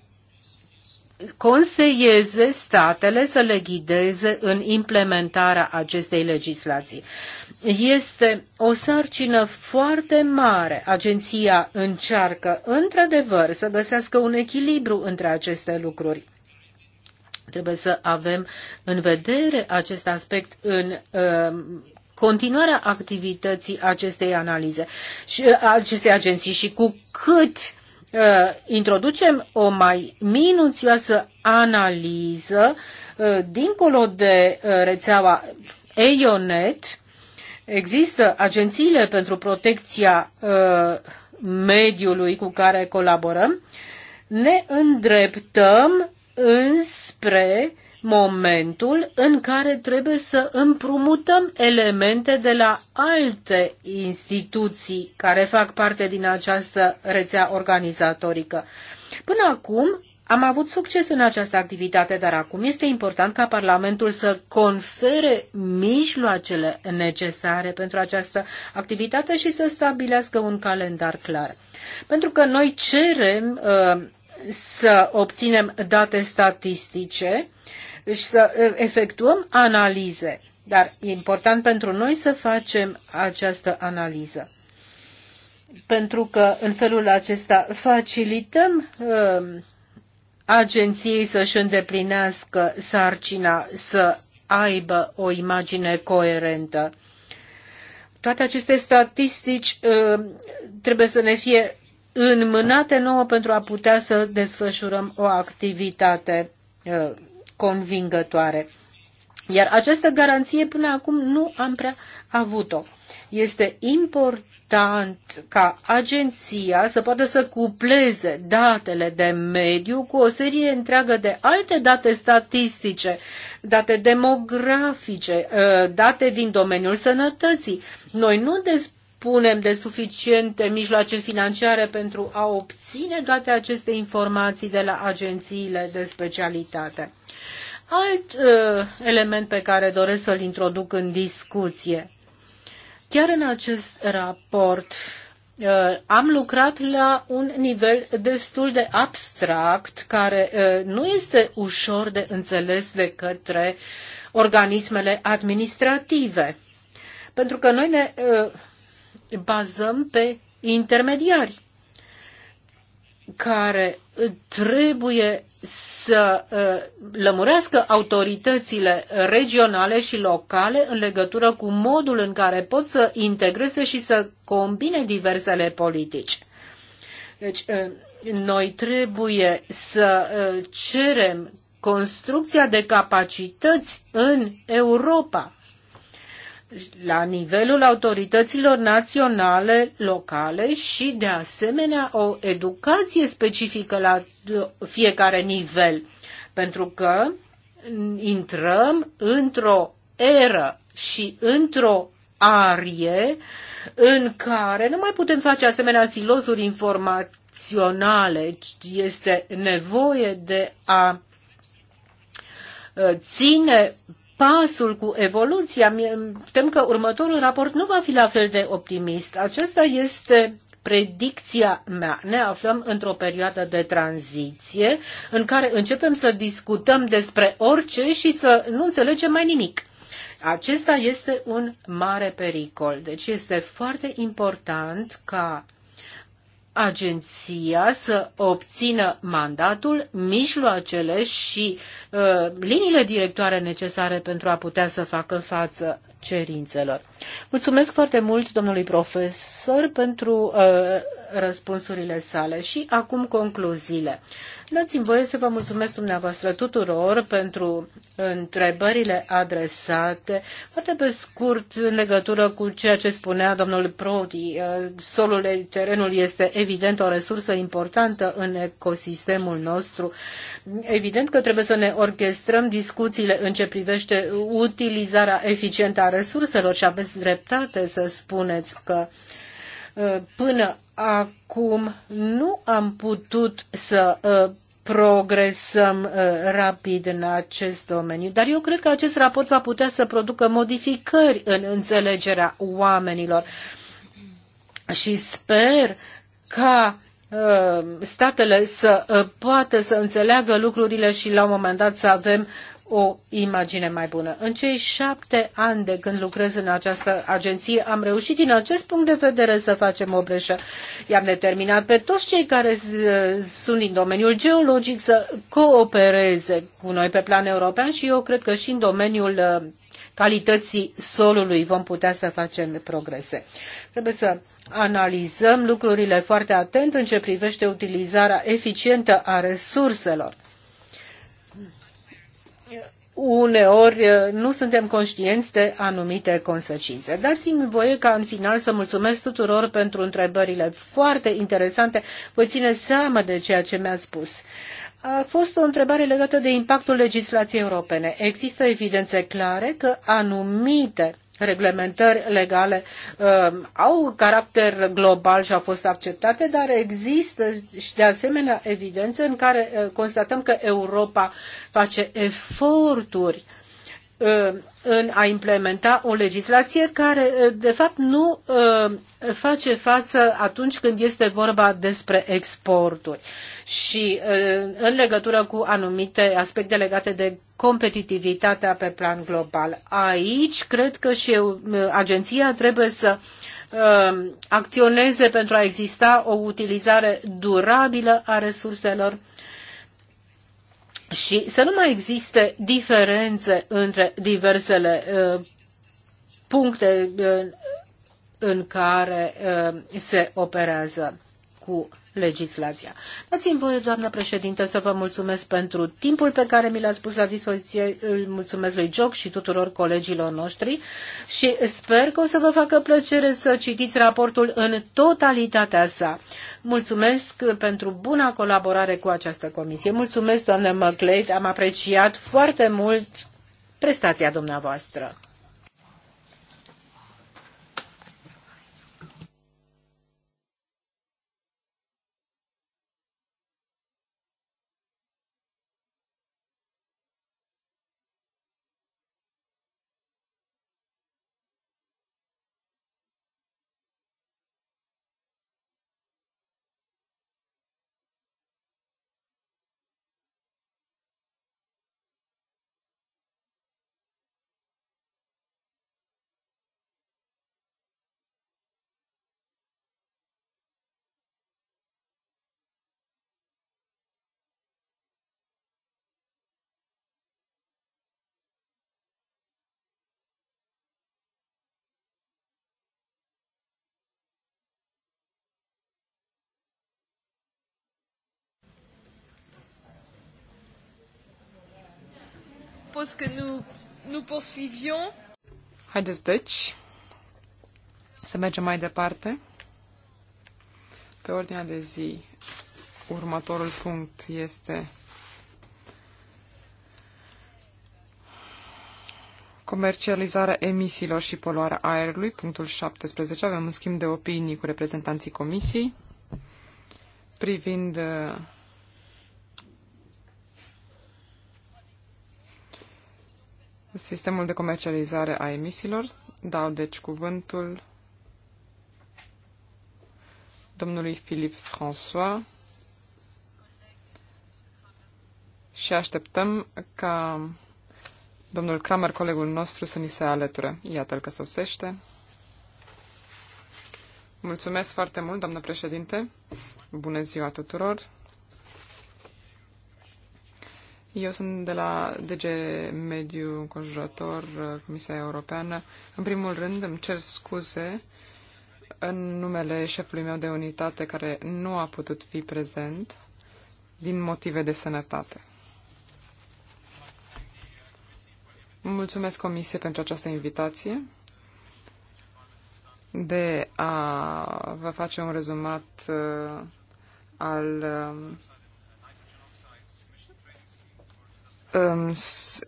[SPEAKER 1] conseieze statele să le ghideze în implementarea acestei legislații. Este o sarcină foarte mare. Agenția încearcă într-adevăr să găsească un echilibru între aceste lucruri. Trebuie să avem în vedere acest aspect în uh, continuarea activității acestei analize și uh, acestei agenții și cu cât uh, Uh, introducem o mai minuțioasă analiză uh, dincolo de uh, rețeaua EONET. Există agențiile pentru protecția mediului cu care colaborăm. Ne îndreptăm înspre momentul în care trebuie să împrumutăm elemente de la alte instituții care fac parte din această rețea organizatorică. Până acum am avut succes în această activitate, dar acum este important ca Parlamentul să confere mijloacele necesare pentru această activitate și să stabilească un calendar clar. Pentru că noi cerem uh, să obținem date statistice uh, și deci să efectuăm analize. Dar e important pentru noi să facem această analiză. Pentru că în felul acesta facilităm um, agenției să-și îndeplinească sarcina să aibă o imagine coerentă. Toate aceste statistici um, trebuie să ne fie înmânate nouă pentru a putea să desfășurăm o activitate uh, convingătoare. Iar această garanție până acum nu am prea avut-o. Este important ca agenția să poată să cupleze datele de mediu cu o serie întreagă de alte date statistice, date demografice, uh, date din domeniul sănătății. Noi nu dispunem de suficiente mijloace financiare pentru a obține toate aceste informații de la agențiile de specialitate alt uh, element pe care doresc să-l introduc în discuție. Chiar în acest raport uh, am lucrat la un nivel destul de abstract, care uh, nu este ușor de înțeles de către organismele administrative. Pentru că noi ne uh, bazăm pe intermediari care trebuie să uh, lămurească autoritățile regionale și locale în legătură cu modul în care pot să integreze și să combine diversele politici. Deci, uh, noi trebuie să uh, cerem construcția de capacități în Europa la nivelul autorităților naționale, locale și, de asemenea, o educație specifică la fiecare nivel. Pentru că intrăm într-o eră și într-o arie în care nu mai putem face asemenea silozuri informaționale. Este nevoie de a ă, ține pasul cu evoluția. Tem că următorul raport nu va fi la fel de optimist. Aceasta este predicția mea. Ne aflăm într-o perioadă de tranziție în care începem să discutăm despre orice și să nu înțelegem mai nimic. Acesta este un mare pericol. Deci este foarte important ca agenția să obțină mandatul, mijloacele și uh, liniile directoare necesare pentru a putea să facă față cerințelor. Mulțumesc foarte mult domnului profesor pentru uh, răspunsurile sale și acum concluziile. Dați-mi voie să vă mulțumesc dumneavoastră tuturor pentru întrebările adresate, foarte pe scurt în legătură cu ceea ce spunea domnul Prodi. Uh, solul, terenul este evident o resursă importantă în ecosistemul nostru. Evident că trebuie să ne orchestrăm discuțiile în ce privește utilizarea eficientă a resurselor și aveți dreptate să spuneți că uh, până acum nu am putut să uh, progresăm uh, rapid în acest domeniu, dar eu cred că acest raport va putea să producă modificări în înțelegerea oamenilor și sper ca uh, statele să uh, poată să înțeleagă lucrurile și la un moment dat să avem o imagine mai bună. În cei șapte ani de când lucrez în această agenție, am reușit din acest punct de vedere să facem o breșă. I-am determinat pe toți cei care sunt din domeniul geologic să coopereze cu noi pe plan european și eu cred că și în domeniul uh, calității solului vom putea să facem progrese. Trebuie să analizăm lucrurile foarte atent în ce privește utilizarea eficientă a resurselor uneori eh, nu suntem conștienți de anumite consecințe. Dați-mi voie ca în final să mulțumesc tuturor pentru întrebările foarte interesante. Voi ține seama de ceea ce mi-a spus. A fost o întrebare legată de impactul legislației europene. Există evidențe clare că anumite reglementări legale um, au caracter global și au fost acceptate, dar există și de asemenea evidențe în care uh, constatăm că Europa face eforturi Uh, în a implementa o legislație care, uh, de fapt, nu uh, face față atunci când este vorba despre exporturi și în legătură cu anumite aspecte legate de competitivitatea pe plan global. Aici, cred că și agenția trebuie să acționeze pentru a exista o utilizare durabilă a resurselor și să nu mai existe diferențe între diversele uh, puncte uh, în care uh, se operează cu legislația. Dați-mi voie, doamnă președintă, să vă mulțumesc pentru timpul pe care mi l-ați pus la dispoziție. Îl mulțumesc lui Joc și tuturor colegilor noștri și sper că o să vă facă plăcere să citiți raportul în totalitatea sa. Mulțumesc pentru buna colaborare cu această comisie. Mulțumesc, doamnă McLeod, am apreciat foarte mult prestația dumneavoastră.
[SPEAKER 3] propose que nous, nous poursuivions.
[SPEAKER 2] Haideți, deci, să mergem mai departe. Pe ordinea de zi, următorul punct este comercializarea emisiilor și poluarea aerului, punctul 17. Avem un schimb de opinii cu reprezentanții comisiei privind uh, sistemul de comercializare a emisiilor. Dau deci cuvântul domnului Philippe François și așteptăm ca domnul Kramer, colegul nostru, să ni se alăture. Iată-l că sosește. Mulțumesc foarte mult, doamnă președinte. Bună ziua tuturor. Eu sunt de la DG Mediu Conjurător, uh, Comisia Europeană. În primul rând îmi cer scuze în numele șefului meu de unitate care nu a putut fi prezent din motive de sănătate. Mulțumesc Comisie pentru această invitație de a vă face un rezumat uh, al uh,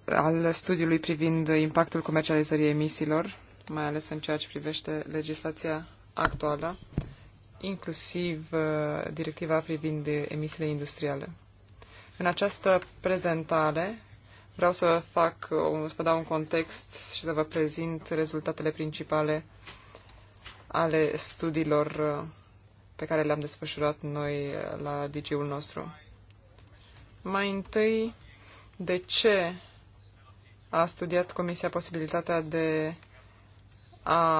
[SPEAKER 2] al studiului privind impactul comercializării emisiilor, mai ales în ceea ce privește legislația actuală, inclusiv uh, directiva privind emisiile industriale. În această prezentare vreau să fac, să vă dau un context și să vă prezint rezultatele principale ale studiilor uh, pe care le-am desfășurat noi uh, la DG-ul nostru. Mai întâi, de ce a studiat Comisia posibilitatea de a,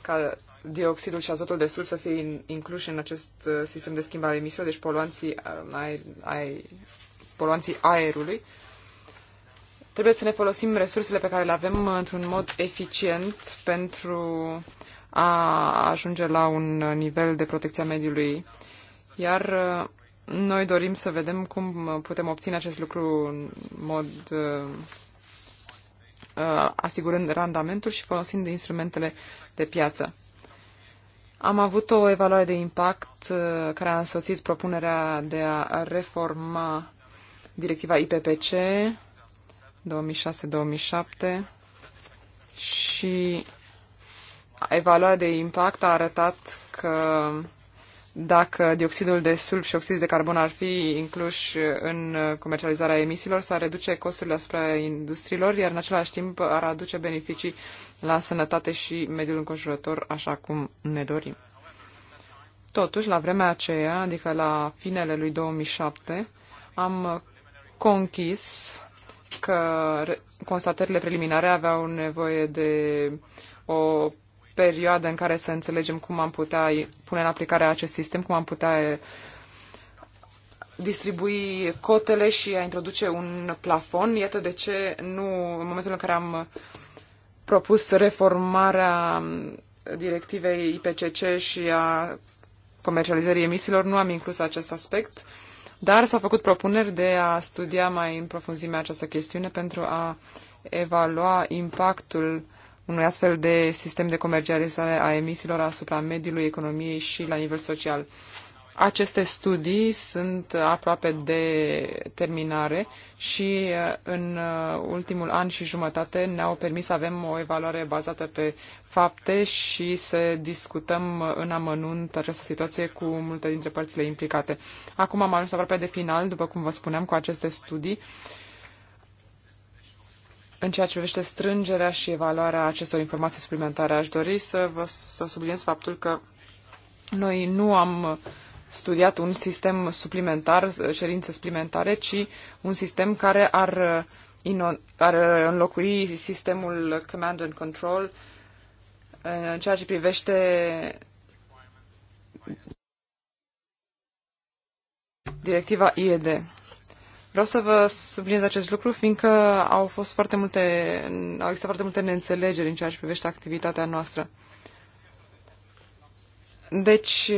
[SPEAKER 2] ca dioxidul și azotul de sur să fie incluși în acest uh, sistem de schimbare a emisiilor, deci poluanții, aer, uh, aer, poluanții aerului. Trebuie să ne folosim resursele pe care le avem într-un mod eficient pentru a ajunge la un nivel de protecție a mediului. Iar uh, noi dorim să vedem cum putem obține acest lucru în mod uh, uh, asigurând randamentul și folosind instrumentele de piață. Am avut o evaluare de impact uh, care a însoțit propunerea de a reforma directiva IPPC 2006-2007 și evaluarea de impact a arătat că dacă dioxidul de sulf și oxid de carbon ar fi incluși în comercializarea emisiilor, s-ar reduce costurile asupra industriilor, iar în același timp ar aduce beneficii la sănătate și mediul înconjurător, așa cum ne dorim. Totuși, la vremea aceea, adică la finele lui 2007, am conchis că constatările preliminare aveau nevoie de o perioadă în care să înțelegem cum am putea pune în aplicare acest sistem, cum am putea eh, distribui cotele și a introduce un plafon. Iată de ce nu, în momentul în care am propus reformarea mm, directivei IPCC și a comercializării emisiilor, nu am inclus acest aspect, dar s-au făcut propuneri de a studia mai în profunzime această chestiune pentru a evalua impactul unui astfel de sistem de comercializare a emisiilor asupra mediului, economiei și la nivel social. Aceste studii sunt aproape de terminare și uh, în uh, ultimul an și jumătate ne-au permis să avem o evaluare bazată pe fapte și să discutăm în amănunt această situație cu multe dintre părțile implicate. Acum am ajuns aproape de final, după cum vă spuneam, cu aceste studii în ceea ce privește strângerea și evaluarea acestor informații suplimentare, aș dori să vă să subliniez faptul că noi nu am studiat un sistem suplimentar, cerințe suplimentare, ci un sistem care ar, ino- ar înlocui sistemul command and control în ceea ce privește directiva IED. Vreau să vă subliniez acest lucru, fiindcă au fost foarte multe, au existat foarte multe neînțelegeri în ceea ce privește activitatea noastră. Deci,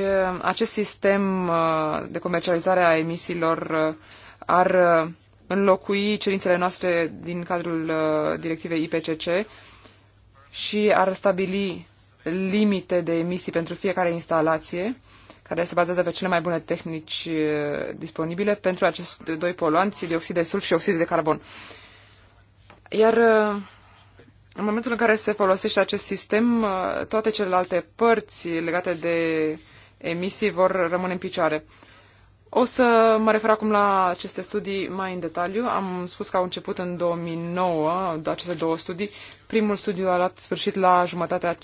[SPEAKER 2] acest sistem uh, de comercializare a emisiilor uh, ar uh, înlocui cerințele noastre din cadrul directivei IPCC și ar stabili limite de emisii pentru fiecare instalație care se bazează pe cele mai bune tehnici uh, disponibile pentru aceste doi poluanți, dioxid de sulf și oxid de carbon. Iar uh, în momentul în care se folosește acest sistem, uh, toate celelalte părți legate de emisii vor rămâne în picioare. O să mă refer acum la aceste studii mai în detaliu. Am spus că au început în 2009 aceste două studii. Primul studiu a luat sfârșit la jumătatea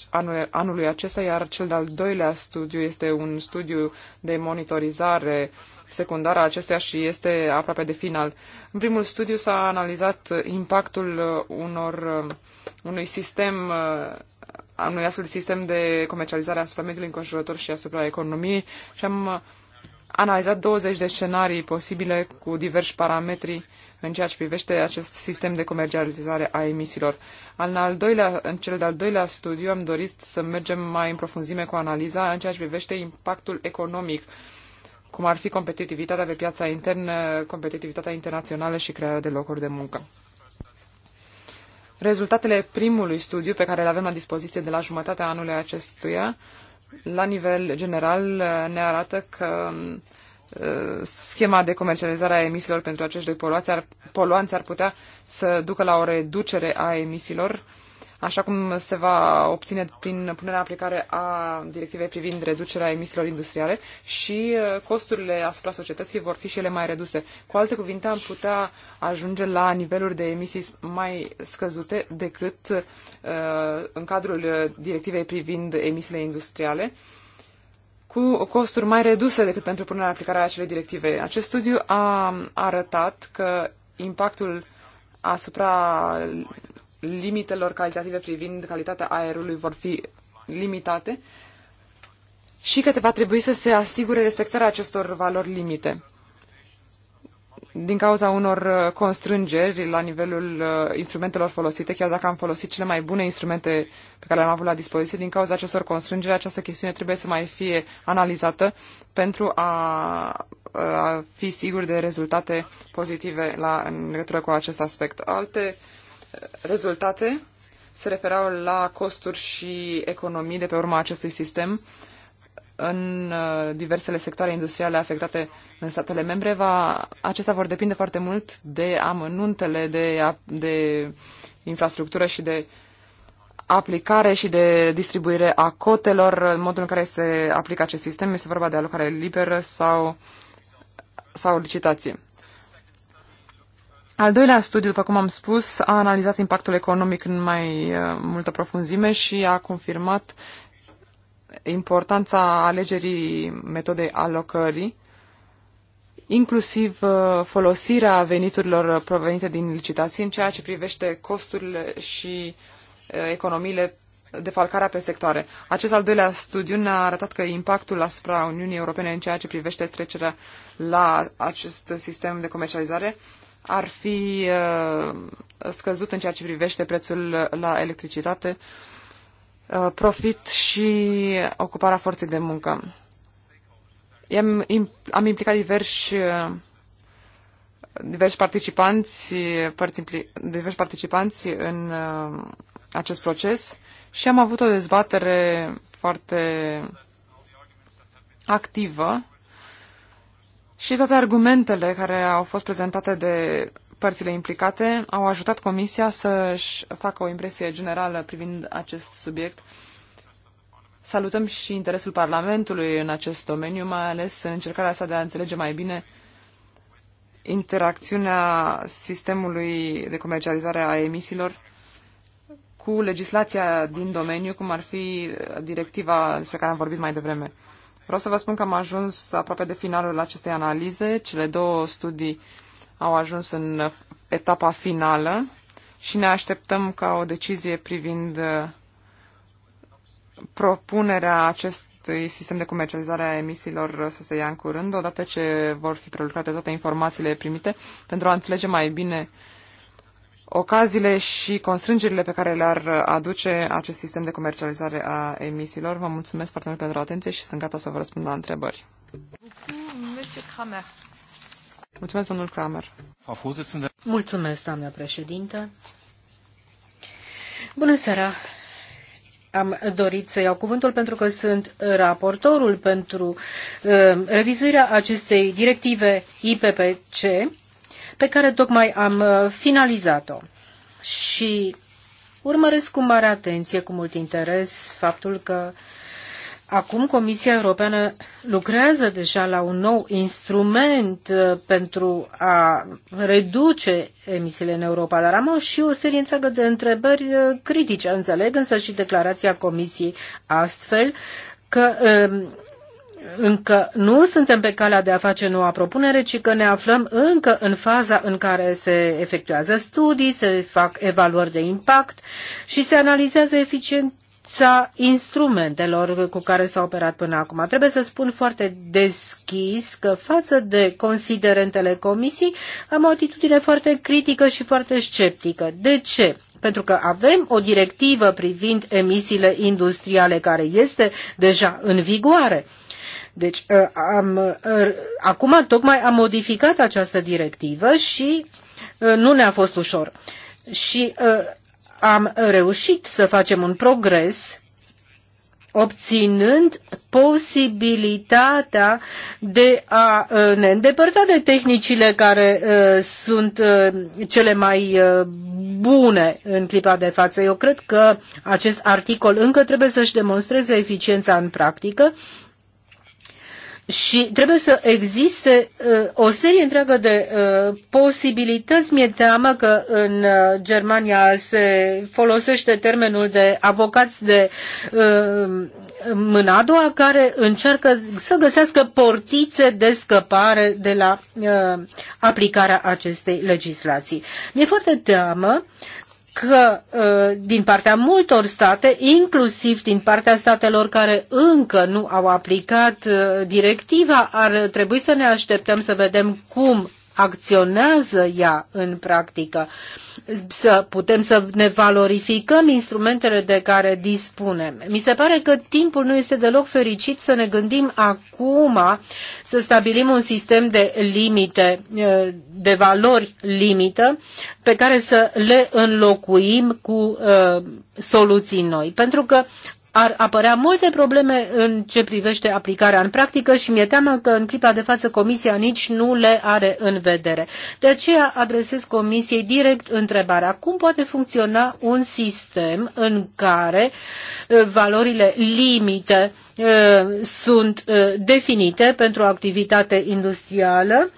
[SPEAKER 2] anului acesta, iar cel de-al doilea studiu este un studiu de monitorizare secundară a acestuia și este aproape de final. În primul studiu s-a analizat impactul unor, unui sistem unui astfel de sistem de comercializare asupra mediului înconjurător și asupra economiei și am analizat 20 de scenarii posibile cu diversi parametri în ceea ce privește acest sistem de comercializare a emisiilor. În, al doilea, în cel de-al doilea studiu am dorit să mergem mai în profunzime cu analiza în ceea ce privește impactul economic, cum ar fi competitivitatea pe piața internă, competitivitatea internațională și crearea de locuri de muncă. Rezultatele primului studiu pe care le avem la dispoziție de la jumătatea anului acestuia la nivel general ne arată că uh, schema de comercializare a emisiilor pentru acești doi poluanți ar, putea să ducă la o reducere a emisiilor așa cum se va obține prin punerea în aplicare a directivei privind reducerea emisiilor industriale și uh, costurile asupra societății vor fi și ele mai reduse. Cu alte cuvinte, am putea ajunge la niveluri de emisii mai scăzute decât uh, în cadrul directivei privind emisiile industriale cu costuri mai reduse decât pentru punerea în aplicare a acelei directive. Acest studiu a arătat că impactul asupra limitelor calitative privind calitatea aerului vor fi limitate și că va trebui să se asigure respectarea acestor valori limite din cauza unor uh, constrângeri la nivelul uh, instrumentelor folosite, chiar dacă am folosit cele mai bune instrumente pe care le-am avut la dispoziție, din cauza acestor constrângeri, această chestiune trebuie să mai fie analizată pentru a, uh, a fi sigur de rezultate pozitive la, în legătură cu acest aspect. Alte uh, rezultate se referau la costuri și economii de pe urma acestui sistem în uh, diversele sectoare industriale afectate în statele membre. Va, acestea vor depinde foarte mult de amănuntele de, de infrastructură și de aplicare și de distribuire a cotelor, în modul în care se aplică acest sistem. Este vorba de alocare liberă sau, sau licitație. Al doilea studiu, după cum am spus, a analizat impactul economic în mai uh, multă profunzime și a confirmat importanța alegerii metodei alocării, inclusiv uh, folosirea veniturilor provenite din licitații în ceea ce privește costurile și uh, economiile defalcarea pe sectoare. Acest al doilea studiu ne-a arătat că impactul asupra Uniunii Europene în ceea ce privește trecerea la acest sistem de comercializare ar fi uh, scăzut în ceea ce privește prețul la electricitate, uh, profit și ocuparea forței de muncă. Am, am implicat diversi, uh, diversi participanți, părți, diversi participanți în acest proces și am avut o dezbatere foarte activă și toate argumentele care au fost prezentate de părțile implicate au ajutat Comisia să-și facă o impresie generală privind acest subiect. Salutăm și interesul Parlamentului în acest domeniu, mai ales în încercarea sa de a înțelege mai bine interacțiunea sistemului de comercializare a emisiilor cu legislația din domeniu, cum ar fi directiva despre care am vorbit mai devreme. Vreau să vă spun că am ajuns aproape de finalul acestei analize. Cele două studii au ajuns în etapa finală și ne așteptăm ca o decizie privind uh, propunerea acestui sistem de comercializare a emisiilor să se ia în curând, odată ce vor fi prelucrate toate informațiile primite, pentru a înțelege mai bine uh, ocaziile și constrângerile pe care le-ar aduce acest sistem de comercializare a emisiilor. Vă mulțumesc foarte mult pentru atenție și sunt gata să vă răspund la întrebări. Mulțumesc, domnul Kramer. Mulțumesc, doamna
[SPEAKER 1] președintă. Bună seara! Am dorit să iau cuvântul pentru că sunt raportorul pentru uh, revizuirea acestei directive IPPC pe care tocmai am uh, finalizat-o. Și urmăresc cu mare atenție, cu mult interes, faptul că Acum Comisia Europeană lucrează deja la un nou instrument uh, pentru a reduce emisiile în Europa, dar am și o serie întreagă de întrebări uh, critice. Înțeleg însă și declarația Comisiei astfel că um, încă nu suntem pe calea de a face noua propunere, ci că ne aflăm încă în faza în care se efectuează studii, se fac evaluări de impact și se analizează eficiența instrumentelor cu care s-a operat până acum. Trebuie să spun foarte deschis că față de considerentele comisii am o atitudine foarte critică și foarte sceptică. De ce? pentru că avem o directivă privind emisiile industriale care este deja în vigoare. Deci uh, am, uh, acum tocmai am modificat această directivă și uh, nu ne-a fost ușor. Și am reușit să facem un progres obținând posibilitatea de a ne îndepărta de tehnicile care sunt cele mai bune în clipa de față. Eu cred că acest articol încă trebuie să-și demonstreze eficiența în practică și trebuie să existe uh, o serie întreagă de uh, posibilități. Mi-e teamă că în uh, Germania se folosește termenul de avocați de uh, mâna a doua care încearcă să găsească portițe de scăpare de la uh, aplicarea acestei legislații. Mi-e foarte teamă uh, că ă, din partea multor state, inclusiv din partea statelor care încă nu au aplicat ă, directiva, ar trebui să ne așteptăm să vedem cum acționează ea în practică, să putem să ne valorificăm instrumentele de care dispunem. Mi se pare că timpul nu este deloc fericit să ne gândim acum să stabilim un sistem de limite, eh, de valori limită, pe care să le înlocuim cu eh, soluții noi. Pentru că ar apărea multe probleme în ce privește aplicarea în practică și mi-e teamă că în clipa de față Comisia nici nu le are în vedere. De aceea adresez Comisiei direct întrebarea cum poate funcționa un sistem în care uh, valorile limite uh, sunt uh, definite pentru o activitate industrială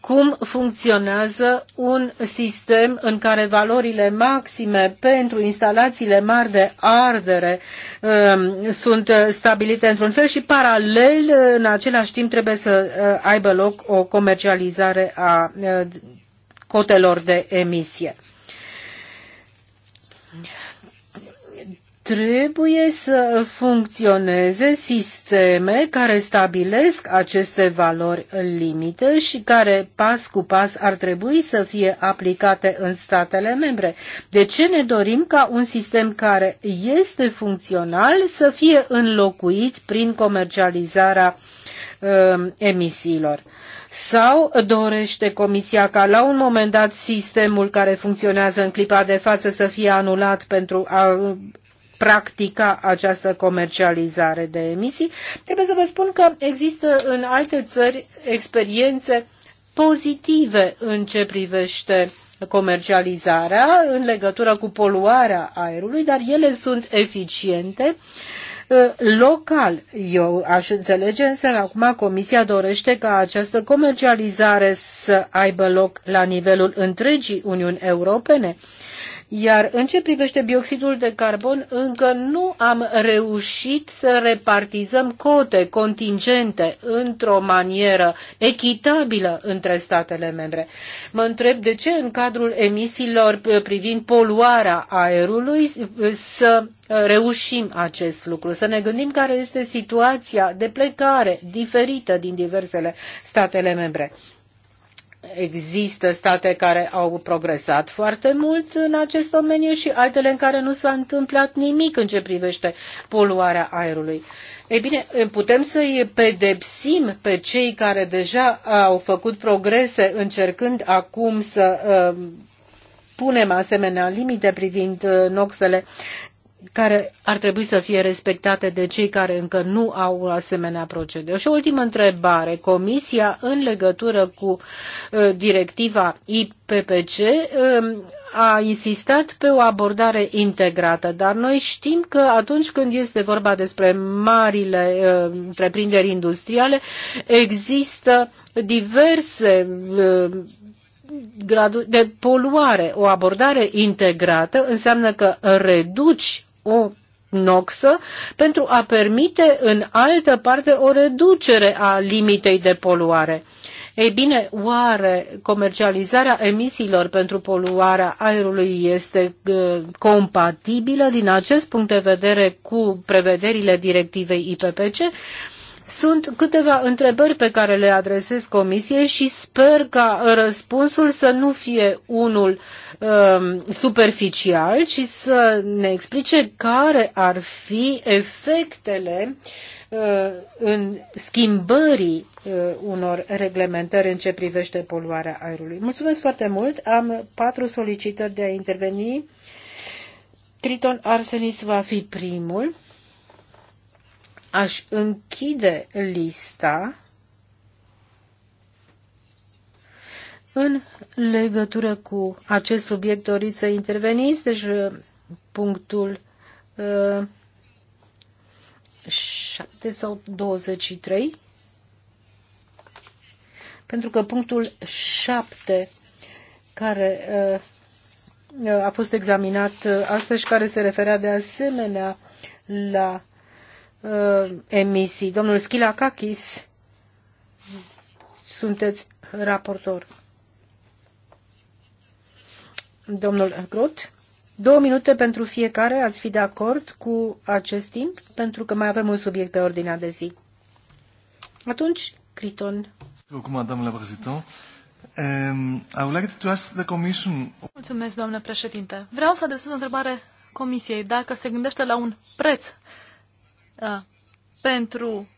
[SPEAKER 1] cum funcționează un sistem în care valorile maxime pentru instalațiile mari de ardere um, sunt uh, stabilite într-un fel și paralel uh, în același timp trebuie să uh, aibă loc o comercializare a cotelor de emisie. trebuie să funcționeze sisteme care stabilesc aceste valori limite și care pas cu pas ar trebui să fie aplicate în statele membre. De ce ne dorim ca un sistem care este funcțional să fie înlocuit prin comercializarea uh, emisiilor? Sau dorește Comisia ca la un moment dat sistemul care funcționează în clipa de față să fie anulat pentru a practica această comercializare de emisii. Trebuie să vă spun că există în alte țări experiențe pozitive în ce privește comercializarea în legătură cu poluarea aerului, dar ele sunt eficiente uh, local. Eu aș înțelege însă că acum Comisia dorește ca această comercializare să aibă loc la nivelul întregii Uniuni Europene iar în ce privește bioxidul de carbon, încă nu am reușit să repartizăm cote contingente într-o manieră echitabilă între statele membre. Mă întreb de ce în cadrul emisiilor privind poluarea aerului să reușim acest lucru, să ne gândim care este situația de plecare diferită din diversele statele membre. Există state care au progresat foarte mult în acest domeniu și altele în care nu s-a întâmplat nimic în ce privește poluarea aerului. Ei bine, putem să-i pedepsim pe cei care deja au făcut progrese încercând acum să uh, punem asemenea limite privind uh, noxele care ar trebui să fie respectate de cei care încă nu au asemenea procedură. Și o ultimă întrebare. Comisia, în legătură cu uh, directiva IPPC, um, a insistat pe o abordare integrată, dar noi știm că atunci când este vorba despre marile uh, întreprinderi industriale, există diverse uh, de poluare. O abordare integrată înseamnă că reduci o noxă pentru a permite în altă parte o reducere a limitei de poluare. Ei bine, oare comercializarea emisiilor pentru poluarea aerului este uh, compatibilă din acest punct de vedere cu prevederile directivei IPPC? Sunt câteva întrebări pe care le adresez comisiei și sper ca răspunsul să nu fie unul um, superficial, ci să ne explice care ar fi efectele uh, în schimbării uh, unor reglementări în ce privește poluarea aerului. Mulțumesc foarte mult. Am patru solicitări de a interveni. Triton Arsenis va fi primul. Aș închide lista În legătură cu acest subiect doriți să interveniți, deci punctul uh, 7 sau 23, pentru că punctul 7 care uh, a fost examinat uh, astăzi, care se referea de asemenea la Uh, emisii. Domnul Schilakakis, sunteți raportor. Domnul Grot, două minute pentru fiecare, ați fi de acord cu acest timp, pentru că mai avem un subiect pe ordinea de zi. Atunci, Criton. Acum, doamna președinte, Um, I would like to ask the commission...
[SPEAKER 3] Mulțumesc, doamnă președinte. Vreau să adresez o întrebare comisiei. Dacă se gândește la un preț Uh, pentru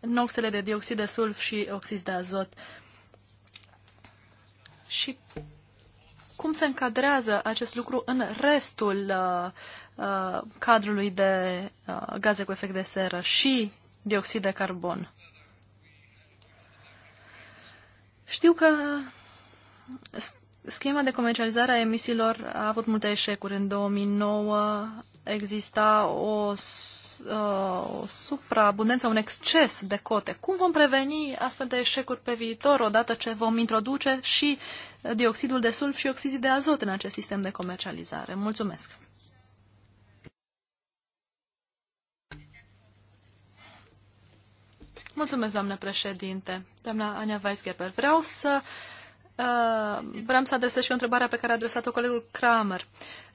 [SPEAKER 3] noxele de dioxid de sulf și oxid de azot. Și cum se încadrează acest lucru în restul uh, uh, cadrului de uh, gaze cu efect de seră și dioxid de carbon? Știu că schema de comercializare a emisiilor a avut multe eșecuri. În 2009 exista o o uh, supraabundență, un exces de cote. Cum vom preveni astfel de eșecuri pe viitor, odată ce vom introduce și dioxidul de sulf și oxizii de azot în acest sistem de comercializare? Mulțumesc! Mulțumesc, doamnă președinte. Doamna Ania Weisgeber, vreau să uh, vreau să adresez și o întrebare pe care a adresat-o colegul Kramer.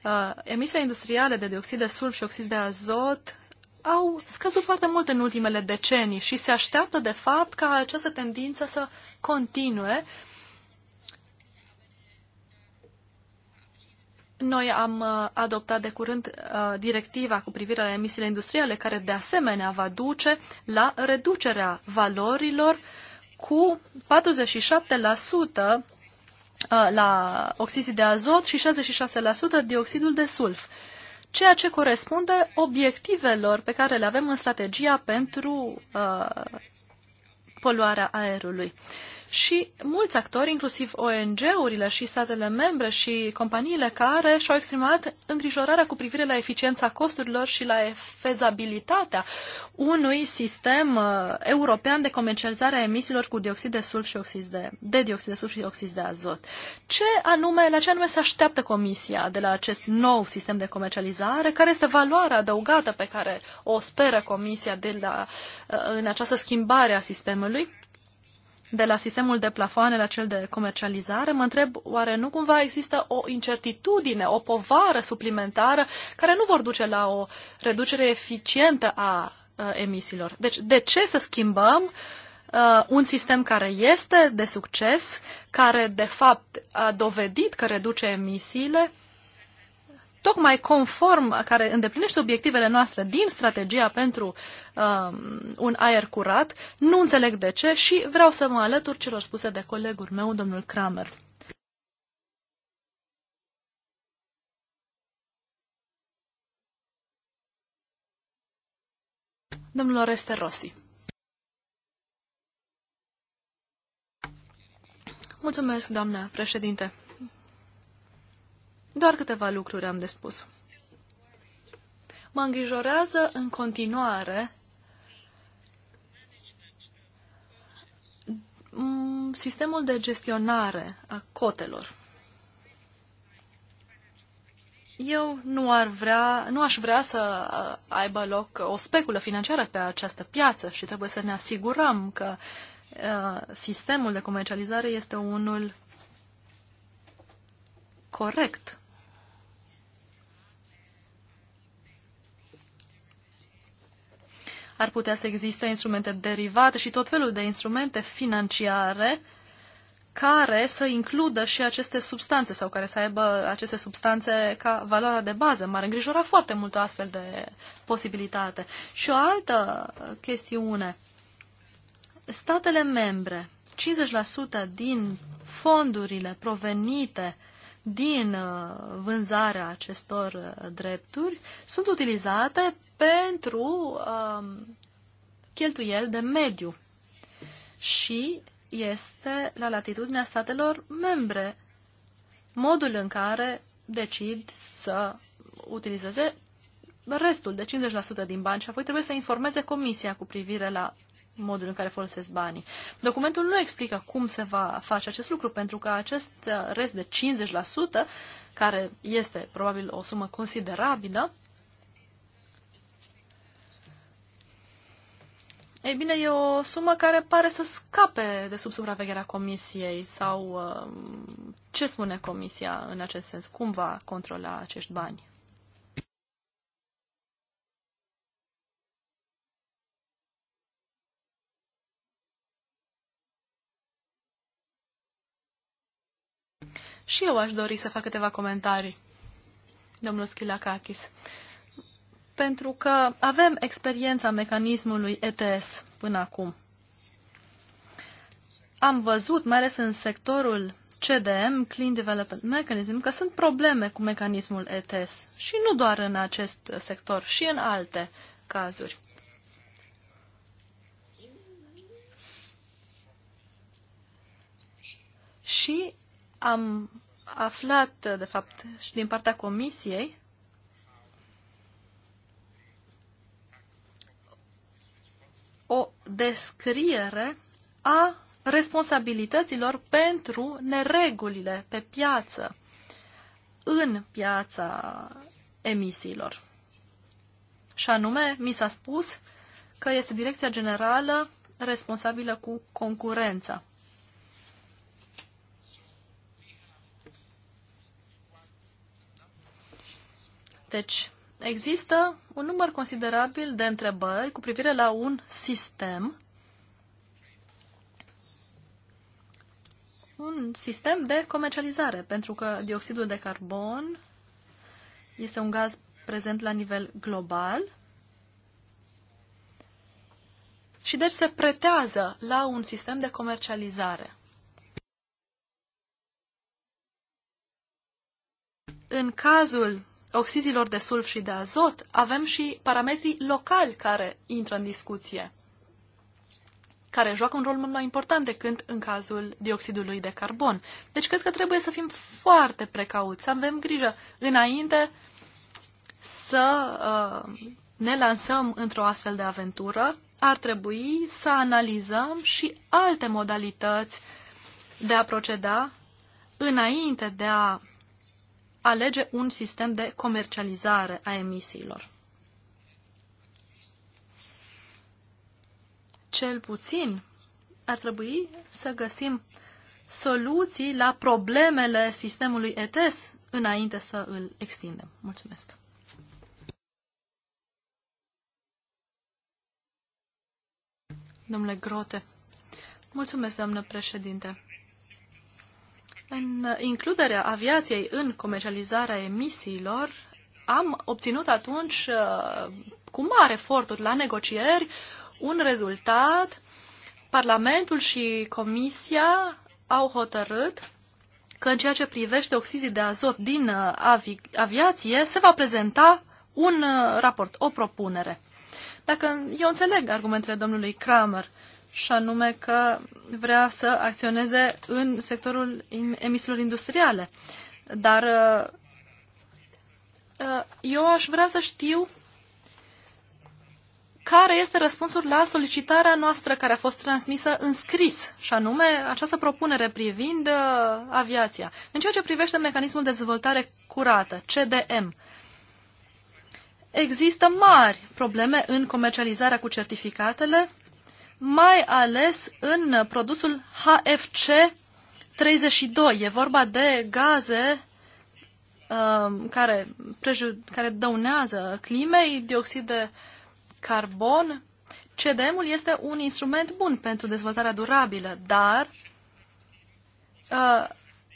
[SPEAKER 3] Uh, emisia industrială de dioxid de sulf și oxid de azot au scăzut foarte mult în ultimele decenii și se așteaptă, de fapt, ca această tendință să continue. Noi am uh, adoptat de curând uh, directiva cu privire la emisiile industriale, care de asemenea va duce la reducerea valorilor cu 47% la uh, oxizii de azot și 66% dioxidul de sulf ceea ce corespunde obiectivelor pe care le avem în strategia pentru uh, poluarea aerului și mulți actori, inclusiv ONG-urile și statele membre și companiile care și-au exprimat îngrijorarea cu privire la eficiența costurilor și la fezabilitatea unui sistem uh, european de comercializare a emisiilor cu dioxid de sulf și oxid de, de dioxid de sulf și oxid de azot. Ce anume, la ce anume se așteaptă Comisia de la acest nou sistem de comercializare? Care este valoarea adăugată pe care o speră Comisia de la, uh, în această schimbare a sistemului? de la sistemul de plafoane la cel de comercializare, mă întreb oare nu cumva există o incertitudine, o povară suplimentară care nu vor duce la o reducere eficientă a uh, emisiilor. Deci, de ce să schimbăm uh, un sistem care este de succes, care de fapt a dovedit că reduce emisiile, tocmai conform, care îndeplinește obiectivele noastre din strategia pentru um, un aer curat, nu înțeleg de ce și vreau să mă alătur celor spuse de colegul meu, domnul Kramer. Domnul Oreste Rossi. Mulțumesc, doamnă președinte. Doar câteva lucruri am de spus. Mă îngrijorează în continuare sistemul de gestionare a cotelor. Eu nu, ar vrea, nu aș vrea să aibă loc o speculă financiară pe această piață și trebuie să ne asigurăm că sistemul de comercializare este unul corect. ar putea să existe instrumente derivate și tot felul de instrumente financiare care să includă și aceste substanțe sau care să aibă aceste substanțe ca valoarea de bază. M-ar îngrijora foarte mult o astfel de posibilitate. Și o altă chestiune. Statele membre, 50% din fondurile provenite din uh, vânzarea acestor uh, drepturi sunt utilizate pentru um, cheltuiel de mediu și este la latitudinea statelor membre modul în care decid să utilizeze restul de 50% din bani și apoi trebuie să informeze comisia cu privire la modul în care folosesc banii. Documentul nu explică cum se va face acest lucru, pentru că acest rest de 50%, care este probabil o sumă considerabilă, Ei bine, e o sumă care pare să scape de sub supravegherea comisiei sau um, ce spune comisia în acest sens? Cum va controla acești bani? Și eu aș dori să fac câteva comentarii, domnul Schilacakis. Uh, pentru că avem experiența mecanismului ETS până acum. Am văzut, mai ales în sectorul CDM, Clean Development Mechanism, că sunt probleme cu mecanismul ETS și nu doar în acest sector, și în alte cazuri. Și am aflat, de fapt, și din partea Comisiei o descriere a responsabilităților pentru neregulile pe piață, în piața emisiilor. Și anume, mi s-a spus că este Direcția Generală responsabilă cu concurența. Deci, există un număr considerabil de întrebări cu privire la un sistem un sistem de comercializare, pentru că dioxidul de carbon este un gaz prezent la nivel global și deci se pretează la un sistem de comercializare. În cazul oxizilor de sulf și de azot, avem și parametrii locali care intră în discuție, care joacă un rol mult mai important decât în cazul dioxidului de carbon. Deci cred că trebuie să fim foarte precauți, să avem grijă înainte să uh, ne lansăm într-o astfel de aventură, ar trebui să analizăm și alte modalități de a proceda înainte de a alege un sistem de comercializare a emisiilor. Cel puțin ar trebui să găsim soluții la problemele sistemului ETS înainte să îl extindem. Mulțumesc! Domnule Grote, mulțumesc, doamnă președinte. În includerea aviației în comercializarea emisiilor, am obținut atunci, uh, cu mare eforturi la negocieri, un rezultat. Parlamentul și Comisia au hotărât că în ceea ce privește oxizii de azot din uh, avi- aviație se va prezenta un uh, raport, o propunere. Dacă eu înțeleg argumentele domnului Kramer, uh, și anume că vrea să acționeze în sectorul emisiilor industriale. Dar uh, eu aș vrea să știu care este răspunsul la solicitarea noastră care a fost transmisă în scris, și anume această propunere privind uh, aviația. În ceea ce privește mecanismul de dezvoltare curată, CDM, există mari probleme în comercializarea cu certificatele mai ales în produsul HFC 32. E vorba de gaze um, care, preju- care dăunează climei, dioxid de carbon. CDM-ul este un instrument bun pentru dezvoltarea durabilă, dar uh,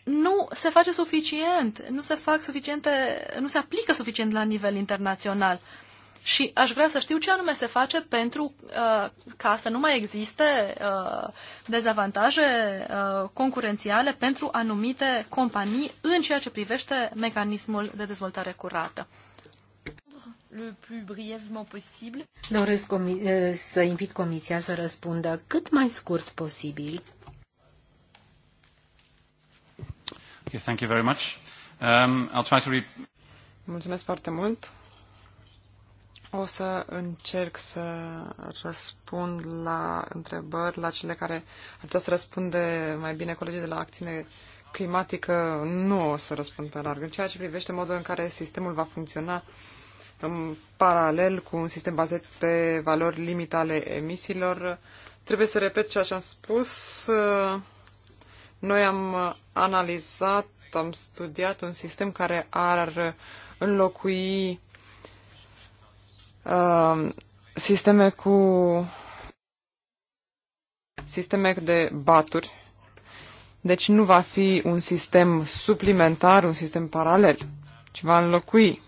[SPEAKER 3] nu se face suficient, nu se fac suficiente, nu se aplică suficient la nivel internațional. Uh, și aș vrea să știu ce anume se face pentru uh, ca să nu mai existe uh, dezavantaje uh, concurențiale pentru anumite companii în ceea ce privește mecanismul de dezvoltare curată le plus brièvement posibil.
[SPEAKER 1] Doresc eh, să invit comisia să răspundă cât mai scurt
[SPEAKER 2] posibil. Okay, thank you very much. Um, I'll try to re- Mulțumesc foarte mult. O să încerc să răspund la întrebări, la cele care ar putea să răspunde mai bine colegii de la acțiune climatică. Nu o să răspund pe larg. În ceea ce privește modul în care sistemul va funcționa în paralel cu un sistem bazat pe valori limite ale emisiilor, trebuie să repet ceea ce am spus. Noi am analizat, am studiat un sistem care ar înlocui Uh, sisteme cu sisteme de baturi. Deci nu va fi un sistem suplimentar, un sistem paralel, ci va înlocui.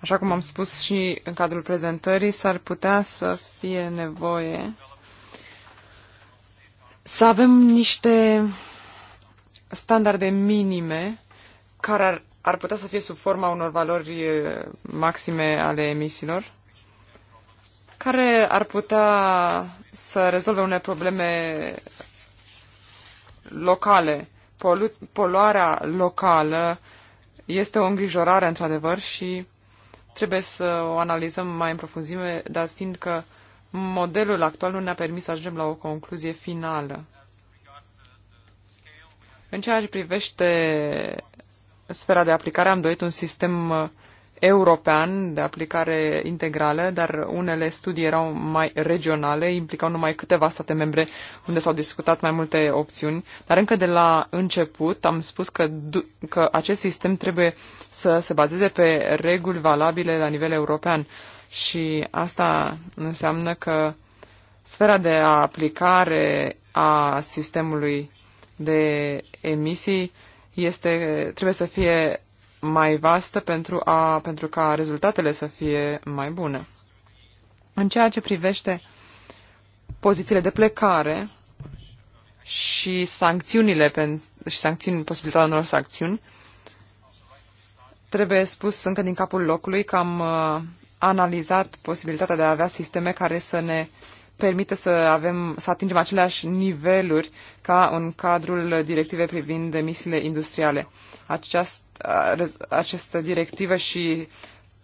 [SPEAKER 2] Așa cum am spus și în cadrul prezentării, s-ar putea să fie nevoie să avem niște standarde minime care ar ar putea să fie sub forma unor valori maxime ale emisiilor, care ar putea să rezolve unele probleme locale. Polu- poluarea locală este o îngrijorare, într-adevăr, și trebuie să o analizăm mai în profunzime, dar fiind că modelul actual nu ne-a permis să ajungem la o concluzie finală. În ceea ce privește sfera de aplicare am dorit un sistem uh, european de aplicare integrală, dar unele studii erau mai regionale, implicau numai câteva state membre unde s-au discutat mai multe opțiuni, dar încă de la început am spus că, că acest sistem trebuie să se bazeze pe reguli valabile la nivel european și asta înseamnă că sfera de aplicare a sistemului de emisii este, trebuie să fie mai vastă pentru, a, pentru ca rezultatele să fie mai bune. În ceea ce privește pozițiile de plecare și sancțiunile pen, și sancțiuni, posibilitatea unor sancțiuni, trebuie spus încă din capul locului că am uh, analizat posibilitatea de a avea sisteme care să ne permite să avem, să atingem aceleași niveluri ca în cadrul directivei privind emisiile industriale. Aceast, această directivă și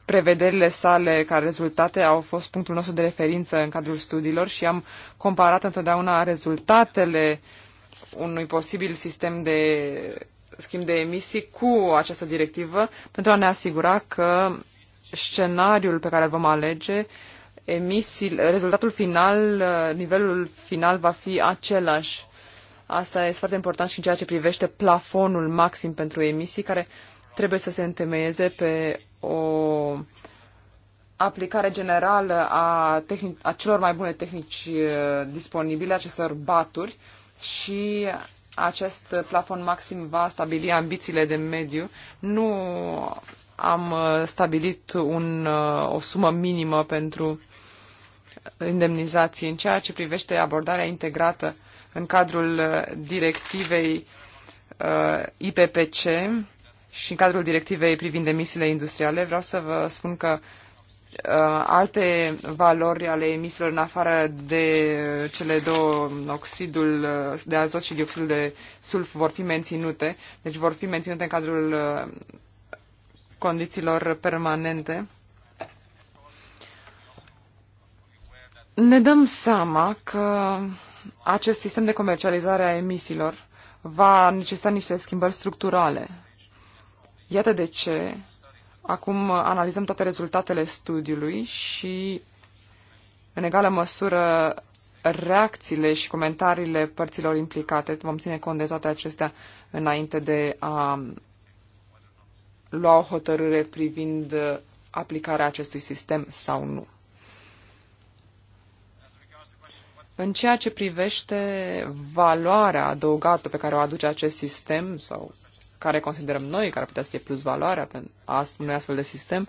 [SPEAKER 2] prevederile sale ca rezultate au fost punctul nostru de referință în cadrul studiilor și am comparat întotdeauna rezultatele unui posibil sistem de schimb de emisii cu această directivă pentru a ne asigura că scenariul pe care îl vom alege emisiile, rezultatul final, uh, nivelul final va fi același. Asta este foarte important și în ceea ce privește plafonul maxim pentru emisii, care trebuie să se întemeieze pe o aplicare generală a, tehnic, a celor mai bune tehnici uh, disponibile, acestor baturi și acest plafon maxim va stabili ambițiile de mediu. Nu am uh, stabilit un, o sumă minimă pentru indemnizații în ceea ce privește abordarea integrată în cadrul uh, directivei uh, IPPC și în cadrul directivei privind emisiile industriale. Vreau să vă spun că uh, alte valori ale emisiilor în afară de cele două, oxidul de azot și dioxidul de sulf, vor fi menținute. Deci vor fi menținute în cadrul condițiilor permanente ne dăm seama că acest sistem de comercializare a emisiilor va necesita niște schimbări structurale. Iată de ce acum analizăm toate rezultatele studiului și, în egală măsură, reacțiile și comentariile părților implicate. Vom ține cont de toate acestea înainte de a lua o hotărâre privind aplicarea acestui sistem sau nu. În ceea ce privește valoarea adăugată pe care o aduce acest sistem sau care considerăm noi, care putea să fie plus valoarea unui astfel de sistem,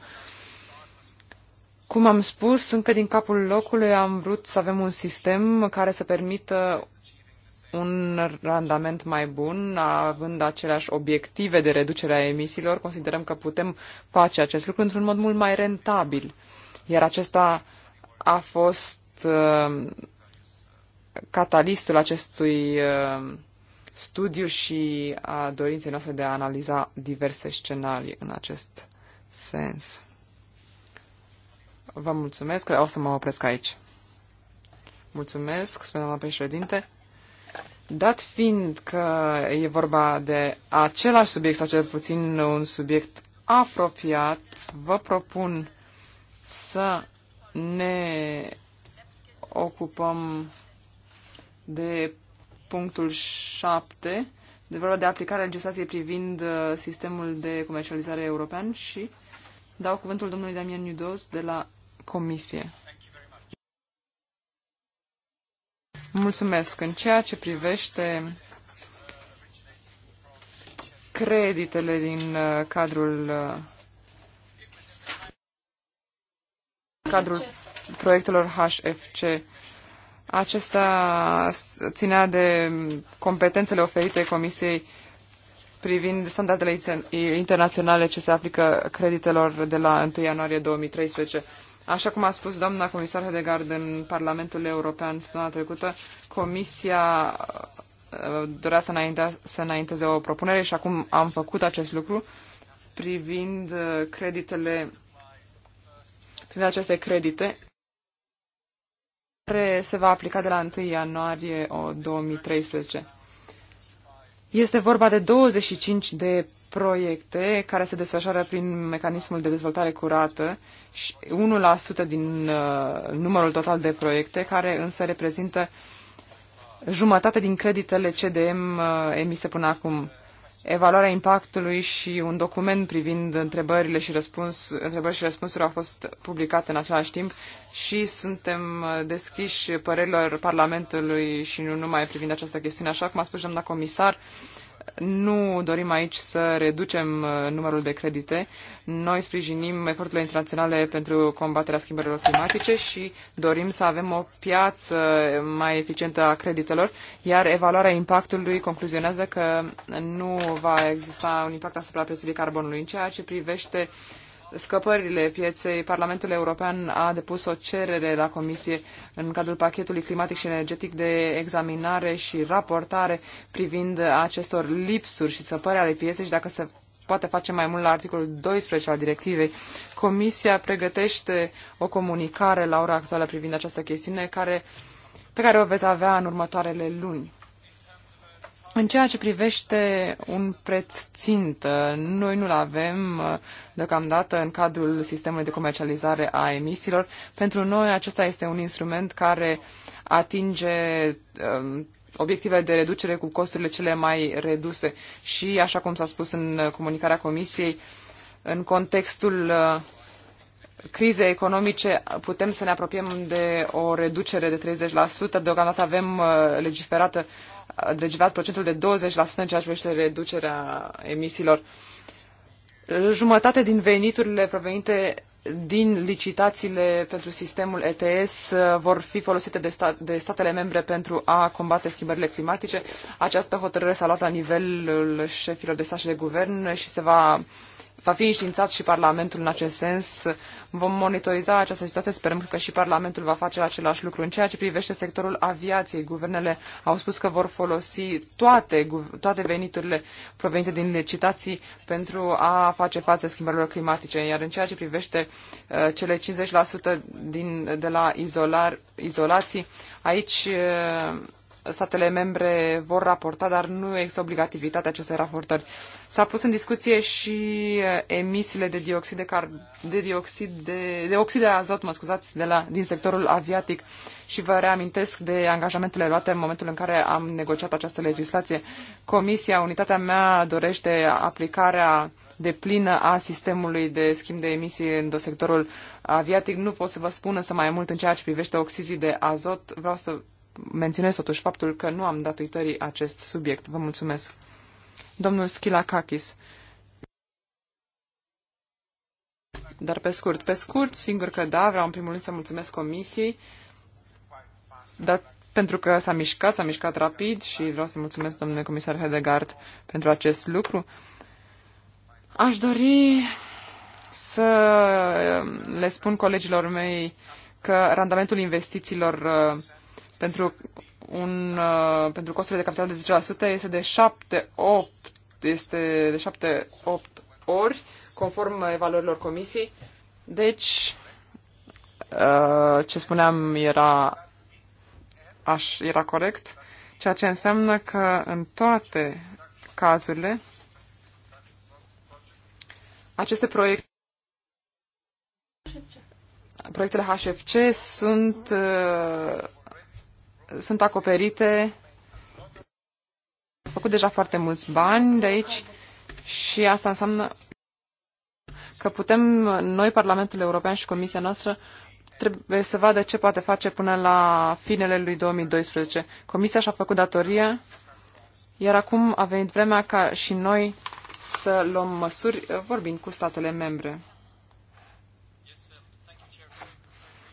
[SPEAKER 2] cum am spus, încă din capul locului am vrut să avem un sistem care să permită un randament mai bun, având aceleași obiective de reducere a emisiilor, considerăm că putem face acest lucru într-un mod mult mai rentabil. Iar acesta a fost uh, catalistul acestui uh, studiu și a dorinței noastre de a analiza diverse scenarii în acest sens. Vă mulțumesc, o să mă opresc aici. Mulțumesc, spune doamna președinte. Dat fiind că e vorba de același subiect sau cel puțin un subiect apropiat, vă propun să ne ocupăm de punctul 7, de vorba de aplicarea legislației privind uh, sistemul de comercializare european și dau cuvântul domnului Damian Nudos de la Comisie. Mulțumesc. În ceea ce privește creditele din uh, cadrul uh, cadrul proiectelor HFC acesta ținea de competențele oferite Comisiei privind standardele internaționale ce se aplică creditelor de la 1 ianuarie 2013. Așa cum a spus doamna comisar Hedegaard în Parlamentul European săptămâna trecută, Comisia uh, dorea să, înainte, să înainteze o propunere și acum am făcut acest lucru privind uh, creditele, privind aceste credite care se va aplica de la 1 ianuarie 2013. Este vorba de 25 de proiecte care se desfășoară prin mecanismul de dezvoltare curată și 1% din uh, numărul total de proiecte, care însă reprezintă jumătate din creditele CDM uh, emise până acum evaluarea impactului și un document privind întrebările și, răspuns, întrebări și răspunsuri au fost publicate în același timp și suntem deschiși părerilor Parlamentului și nu numai privind această chestiune, așa cum a spus doamna comisar. Uh, nu dorim aici să reducem uh, numărul de credite. Noi sprijinim eforturile internaționale pentru combaterea schimbărilor climatice și dorim să avem o piață mai eficientă a creditelor, iar evaluarea impactului concluzionează că nu va exista un impact asupra prețului carbonului. În ceea ce privește uh, scăpările pieței, Parlamentul European a depus o cerere la Comisie în cadrul pachetului climatic și energetic de examinare și raportare privind acestor lipsuri și scăpări ale pieței și dacă se poate face mai mult la articolul 12 al directivei. Comisia pregătește o comunicare la ora actuală privind această chestiune care, pe care o veți avea în următoarele luni. În ceea ce privește un preț țintă, noi nu-l avem uh, deocamdată în cadrul sistemului de comercializare a emisiilor. Pentru noi acesta este un instrument care atinge um, obiective de reducere cu costurile cele mai reduse și, așa cum s-a spus în comunicarea Comisiei, în contextul uh, crizei economice putem să ne apropiem de o reducere de 30%. Deocamdată avem uh, legiferată îndrăgivat procentul de 20% în ceea ce privește reducerea emisiilor. Jumătate din veniturile provenite din licitațiile pentru sistemul ETS uh, vor fi folosite de, stat, de statele membre pentru a combate schimbările climatice. Această hotărâre s-a luat la nivelul șefilor de stat și de guvern și se va va fi înștiințat și Parlamentul în acest sens. Vom monitoriza această situație, sperăm că și Parlamentul va face același lucru. În ceea ce privește sectorul aviației, guvernele au spus că vor folosi toate, toate veniturile provenite din licitații pentru a face față schimbărilor climatice. Iar în ceea ce privește uh, cele 50% din, de la izolar, izolații, aici uh, statele membre vor raporta, dar nu există obligativitatea acestei raportări. S-a pus în discuție și eh, emisiile de dioxid de, car- de dioxid de, de oxid de azot, mă scuzați, de la, din sectorul aviatic și vă reamintesc de angajamentele luate în momentul în care am negociat această legislație. Comisia, unitatea mea, dorește aplicarea de plină a sistemului de schimb de emisii în sectorul aviatic. Nu pot să vă spun însă mai mult în ceea ce privește oxizii de azot. Vreau să menționez totuși faptul că nu am dat uitării acest subiect. Vă mulțumesc. Domnul Schilakakis. Dar pe scurt, pe scurt, singur că da, vreau în primul rând să mulțumesc comisiei, dar pentru că s-a mișcat, s-a mișcat rapid și vreau să mulțumesc domnule comisar Hedegaard pentru acest lucru. Aș dori să eh, le spun colegilor mei că randamentul investițiilor eh, pentru, un, uh, pentru costurile de capital de 10% este de 7, 8, este de 7, 8 ori, conform evaluărilor comisiei. Deci, uh, ce spuneam era, aș, era corect, ceea ce înseamnă că în toate cazurile aceste proiecte proiectele HFC sunt uh, sunt acoperite, au făcut deja foarte mulți bani de aici și asta înseamnă că putem, noi, Parlamentul European și Comisia noastră, trebuie să vadă ce poate face până la finele lui 2012. Comisia și-a făcut datoria, iar acum a venit vremea ca și noi să luăm măsuri vorbind cu statele membre.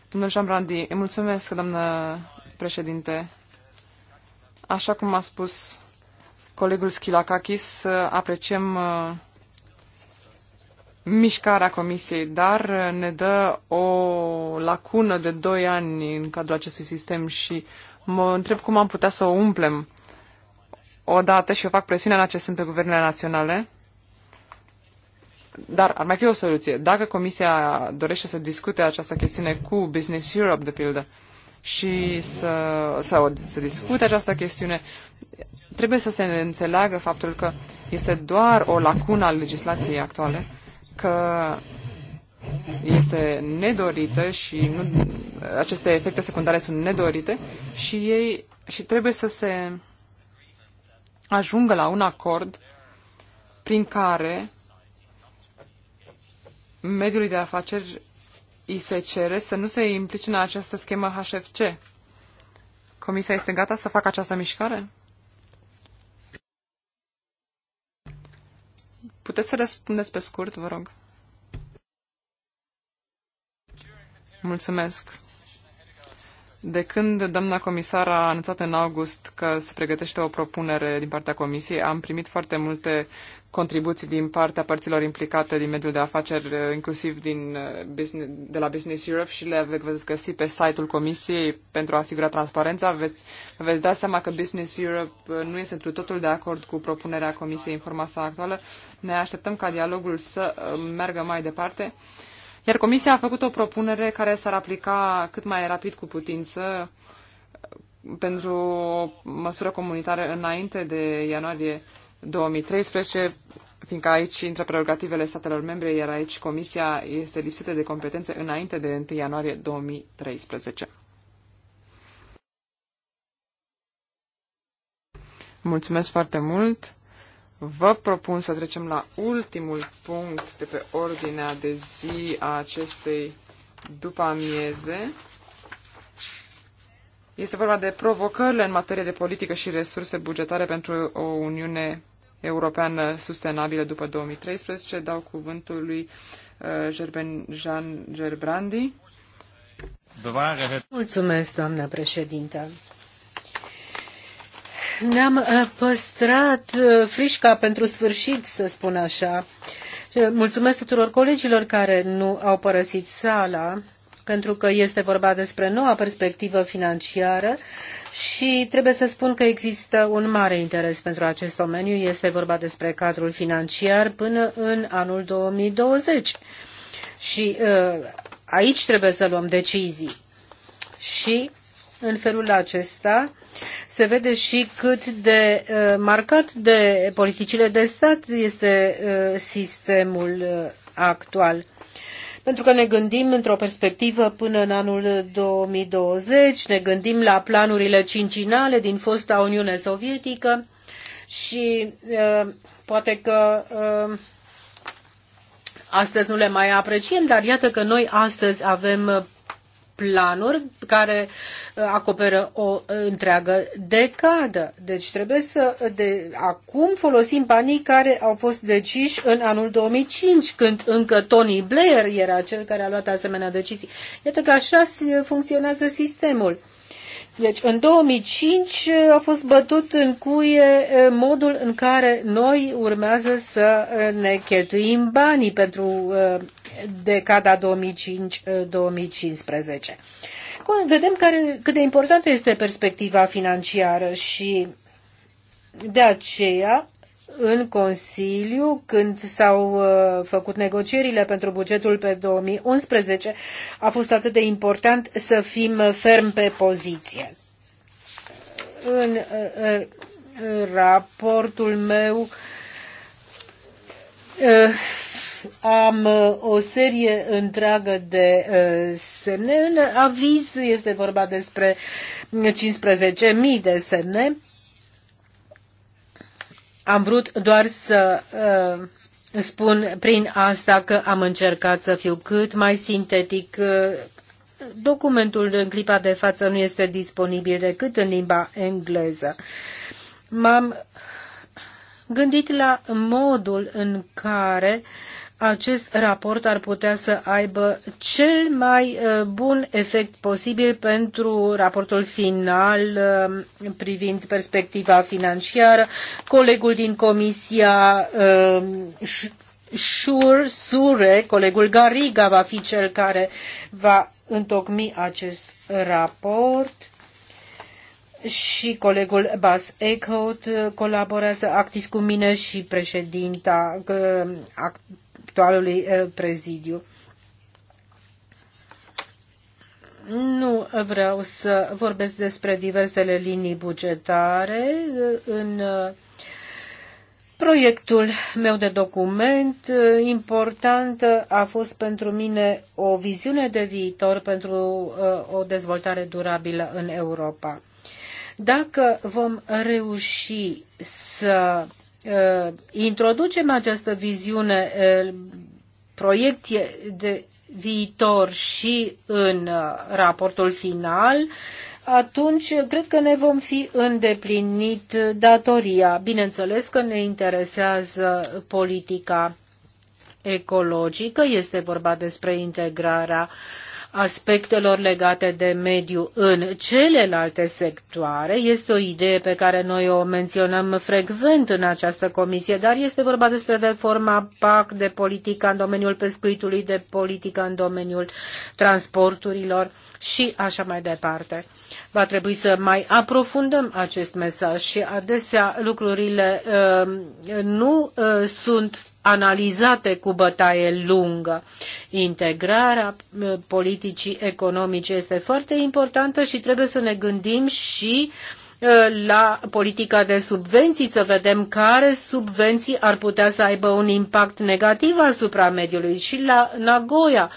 [SPEAKER 2] Domnul Jean Brandi, mulțumesc, doamnă președinte. Așa cum a spus colegul Schilakakis, apreciem uh, mișcarea comisiei, dar uh, ne dă o lacună de 2 ani în cadrul acestui sistem și mă întreb cum am putea să o umplem odată și eu fac presiune în acest sens pe guvernele naționale. Dar ar mai fi o soluție. Dacă Comisia dorește să discute această chestiune cu Business Europe, de pildă, uh, și să, să, să discute această chestiune, trebuie să se înțeleagă faptul că este doar o lacună a legislației actuale, că este nedorită și nu, aceste efecte secundare sunt nedorite și ei și trebuie să se ajungă la un acord prin care mediului de afaceri îi se cere să nu se implice în această schemă HFC. Comisia este gata să facă această mișcare? Puteți să răspundeți pe scurt, vă rog. Mulțumesc. De când doamna comisar a anunțat în august că se pregătește o propunere din partea comisiei, am primit foarte multe contribuții din partea părților implicate din mediul de afaceri, uh, inclusiv din uh, business, de la Business Europe și le veți găsi pe site-ul Comisiei pentru a asigura transparența. Veți, veți da seama că Business Europe uh, nu este întru totul de acord cu propunerea Comisiei în forma sa actuală. Ne așteptăm ca dialogul să meargă mai departe. Iar Comisia a făcut o propunere care s-ar aplica cât mai rapid cu putință pentru o măsură comunitară înainte de ianuarie 2013, fiindcă aici intră prerogativele statelor membre, iar aici Comisia este lipsită de competențe înainte de 1 ianuarie 2013. Mulțumesc foarte mult! Vă propun să trecem la ultimul punct de pe ordinea de zi a acestei după amieze. Este vorba de provocările în materie de politică și resurse bugetare pentru o Uniune europeană sustenabilă după 2013. Dau cuvântul lui uh, Jean Gerbrandi.
[SPEAKER 1] Mulțumesc, doamna președintă. Ne-am uh, păstrat uh, frișca pentru sfârșit, să spun așa. Mulțumesc tuturor colegilor care nu au părăsit sala, pentru că este vorba despre noua perspectivă financiară și trebuie să spun că există un mare interes pentru acest domeniu. Este vorba despre cadrul financiar până în anul 2020. Și uh, aici trebuie să luăm decizii. Și în felul acesta se vede și cât de uh, marcat de politicile de stat este uh, sistemul actual pentru că ne gândim într-o perspectivă până în anul 2020, ne gândim la planurile cincinale din fosta Uniune Sovietică și uh, poate că uh, astăzi nu le mai apreciem, dar iată că noi astăzi avem planuri care uh, acoperă o uh, întreagă decadă. Deci trebuie să uh, de acum folosim banii care au fost deciși în anul 2005, când încă Tony Blair era cel care a luat asemenea decizii. Iată că așa funcționează sistemul. Deci, în 2005 uh, a fost bătut în cuie uh, modul în care noi urmează să uh, ne cheltuim banii pentru decada 2005-2015. Vedem care, cât de importantă este perspectiva financiară și de aceea în Consiliu, când s-au uh, făcut negocierile pentru bugetul pe 2011, a fost atât de important să fim ferm pe poziție. În uh, uh, raportul meu am o serie întreagă de semne. În aviz este vorba despre 15.000 de semne am vrut doar să uh, spun prin asta că am încercat să fiu cât mai sintetic. Uh, documentul în clipa de față nu este disponibil decât în limba engleză. M-am gândit la modul în care uh, acest raport ar putea să aibă cel mai uh, bun efect posibil pentru raportul final uh, privind perspectiva financiară. Colegul din Comisia Șur, uh, Sure, colegul Gariga va fi cel care va întocmi acest raport și colegul Bas Eckhout colaborează activ cu mine și președinta actualului uh, prezidiu. Nu vreau să vorbesc despre diversele linii bugetare uh, în uh, proiectul meu de document. important a fost pentru mine o viziune de viitor pentru o dezvoltare durabilă în Europa. Dacă vom reuși să Uh, introducem această viziune, uh, proiecție de viitor și în uh, raportul final, atunci cred că ne vom fi îndeplinit datoria. Bineînțeles că ne interesează politica ecologică, este vorba despre integrarea uh, aspectelor legate de mediu în celelalte sectoare. Este o idee pe care noi o menționăm frecvent în această comisie, dar este vorba despre reforma PAC, de politică în domeniul pescuitului, de politică în domeniul transporturilor și așa mai departe. Va trebui să mai aprofundăm acest mesaj și adesea lucrurile uh, nu uh, sunt analizate cu bătaie lungă. Integrarea politicii economice este foarte importantă și trebuie să ne gândim și la politica de subvenții, să vedem care subvenții ar putea să aibă un impact negativ asupra mediului. Și la Nagoya,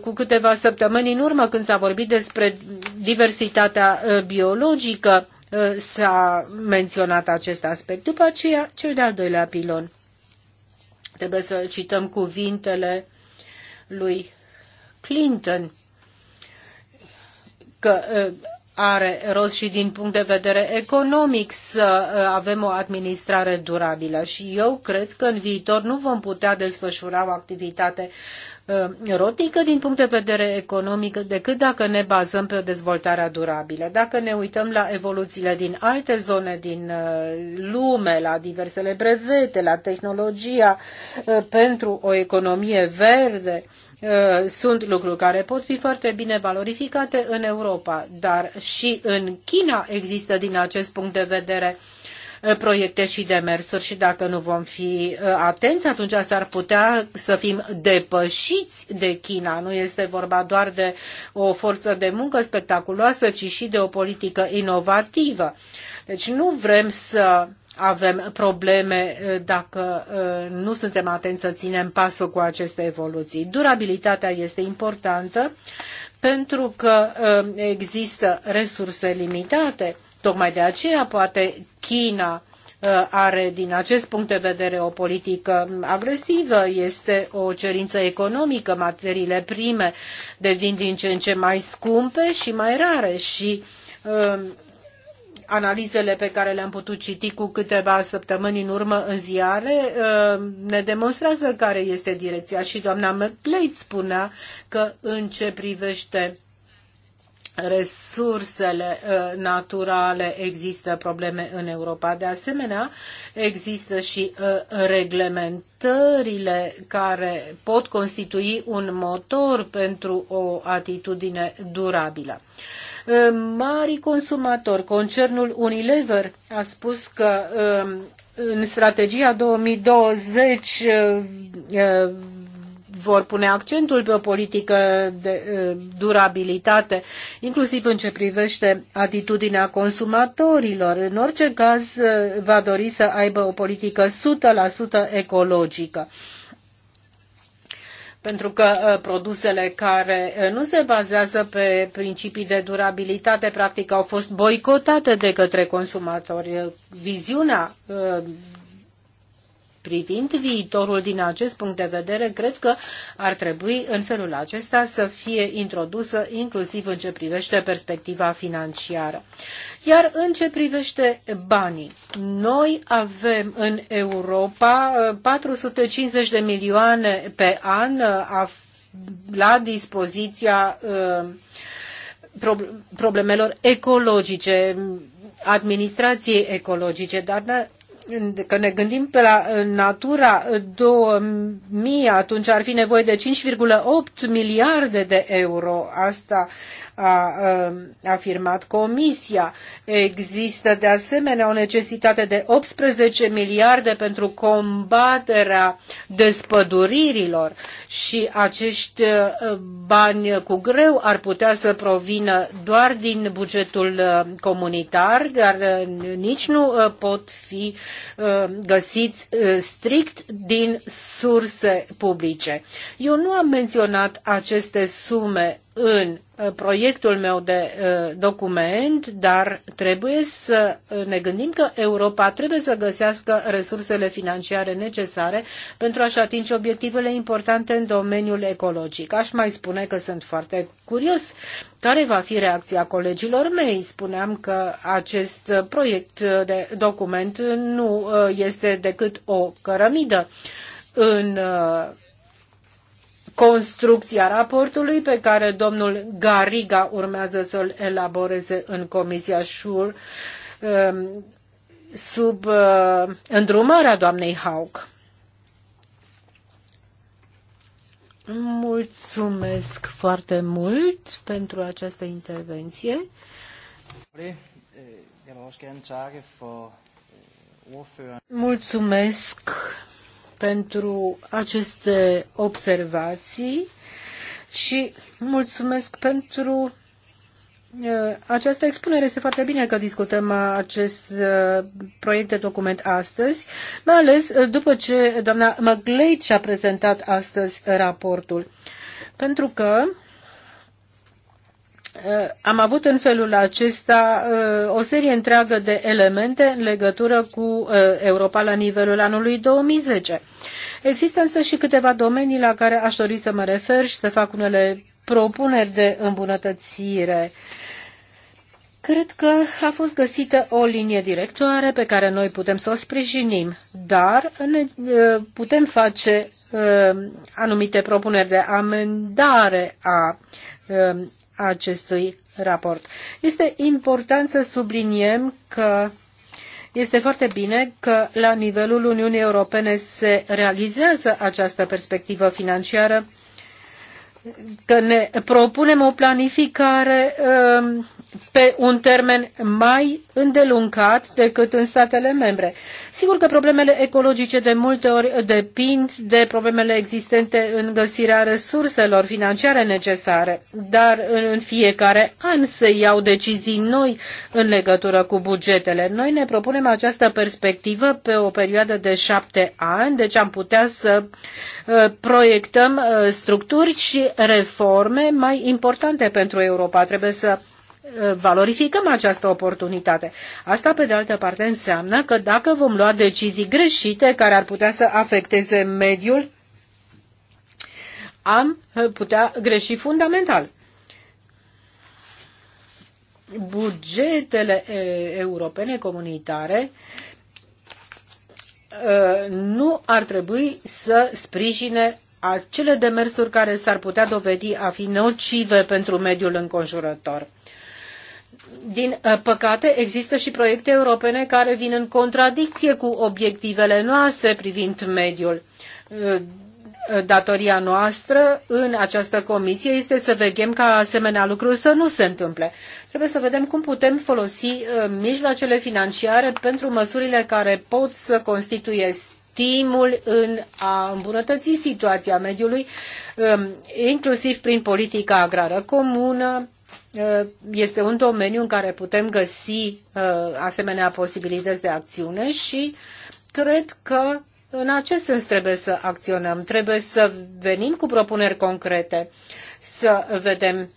[SPEAKER 1] cu câteva săptămâni în urmă, când s-a vorbit despre diversitatea biologică, s-a menționat acest aspect. După aceea, cel de-al doilea pilon Trebuie să cităm cuvintele lui Clinton că are rost și din punct de vedere economic să avem o administrare durabilă și eu cred că în viitor nu vom putea desfășura o activitate erotică uh, din punct de vedere economic decât dacă ne bazăm pe dezvoltarea durabilă. Dacă ne uităm la evoluțiile din alte zone din uh, lume, la diversele brevete, la tehnologia uh, pentru o economie verde, sunt lucruri care pot fi foarte bine valorificate în Europa, dar și în China există din acest punct de vedere proiecte și demersuri și dacă nu vom fi atenți, atunci s-ar putea să fim depășiți de China. Nu este vorba doar de o forță de muncă spectaculoasă, ci și de o politică inovativă. Deci nu vrem să avem probleme dacă nu suntem atenți să ținem pasul cu aceste evoluții. Durabilitatea este importantă pentru că există resurse limitate Tocmai de aceea, poate, China uh, are din acest punct de vedere o politică agresivă, este o cerință economică, materiile prime devin din ce în ce mai scumpe și mai rare și uh, analizele pe care le-am putut citi cu câteva săptămâni în urmă în ziare uh, ne demonstrează care este direcția și doamna McLeod spunea că în ce privește resursele uh, naturale există probleme în Europa. De asemenea, există și uh, reglementările care pot constitui un motor pentru o atitudine durabilă. Uh, mari consumatori, concernul Unilever a spus că în strategia 2020 vor pune accentul pe o politică de durabilitate, inclusiv în ce privește atitudinea consumatorilor. În orice caz, va dori să aibă o politică 100% ecologică pentru că produsele care nu se bazează pe principii de durabilitate practic au fost boicotate de către consumatori. Viziunea Privind viitorul din acest punct de vedere, cred că ar trebui în felul acesta să fie introdusă inclusiv în ce privește perspectiva financiară. Iar în ce privește banii, noi avem în Europa 450 uh, de milioane pe an uh, la dispoziția uh, problemelor ecologice, administrației ecologice, dar că ne gândim pe la Natura 2000, atunci ar fi nevoie de 5,8 miliarde de euro. Asta a afirmat Comisia. Există de asemenea o necesitate de 18 miliarde pentru combaterea despăduririlor și acești bani cu greu ar putea să provină doar din bugetul comunitar, dar nici nu pot fi găsiți strict din surse publice. Eu nu am menționat aceste sume în uh, proiectul meu de uh, document, dar trebuie să uh, ne gândim că Europa trebuie să găsească resursele financiare necesare pentru a-și atinge obiectivele importante în domeniul ecologic. Aș mai spune că sunt foarte curios care va fi reacția colegilor mei. Spuneam că acest proiect de document nu este decât o cărămidă în construcția raportului pe care domnul Gariga urmează să-l elaboreze în Comisia Șur um, sub uh, îndrumarea doamnei Hauk. Mulțumesc foarte mult pentru această intervenție.
[SPEAKER 3] Eh, eh,
[SPEAKER 1] Mulțumesc pentru aceste observații și mulțumesc pentru uh, această expunere este foarte bine că discutăm acest uh, proiect de document astăzi, mai ales uh, după ce doamna McGlade și-a prezentat astăzi raportul. Pentru că Eh, am avut în felul acesta eh, o serie întreagă de elemente în legătură cu eh, Europa la nivelul anului 2010. Există însă și câteva domenii la care aș dori să mă refer și să fac unele propuneri de îmbunătățire. Cred că a fost găsită o linie directoare pe care noi putem să o sprijinim, dar ne putem face anumite propuneri de amendare a acestui raport. Este important să subliniem că este foarte bine că la nivelul Uniunii Europene se realizează această perspectivă financiară, că ne propunem o planificare um, pe un termen mai îndelungat decât în statele membre. Sigur că problemele ecologice de multe ori depind de problemele existente în găsirea resurselor financiare necesare, dar în fiecare an se iau decizii noi în legătură cu bugetele. Noi ne propunem această perspectivă pe o perioadă de șapte ani, deci am putea să uh, proiectăm uh, structuri și reforme mai importante pentru Europa. Trebuie să valorificăm această oportunitate. Asta, pe de altă parte, înseamnă că dacă vom lua decizii greșite care ar putea să afecteze mediul, am putea greși fundamental. Bugetele europene comunitare nu ar trebui să sprijine acele demersuri care s-ar putea dovedi a fi nocive pentru mediul înconjurător din uh, păcate, există și proiecte europene care vin în contradicție cu obiectivele noastre privind mediul. Uh, datoria noastră în această comisie este să veghem ca asemenea lucruri să nu se întâmple. Trebuie să vedem cum putem folosi uh, mijloacele financiare pentru măsurile care pot să constituie stimul în a îmbunătăți situația mediului, um, inclusiv prin politica agrară comună, Uh, este un domeniu în care putem găsi uh, asemenea posibilități de acțiune și cred că în acest sens trebuie să acționăm, trebuie să venim cu propuneri concrete, să vedem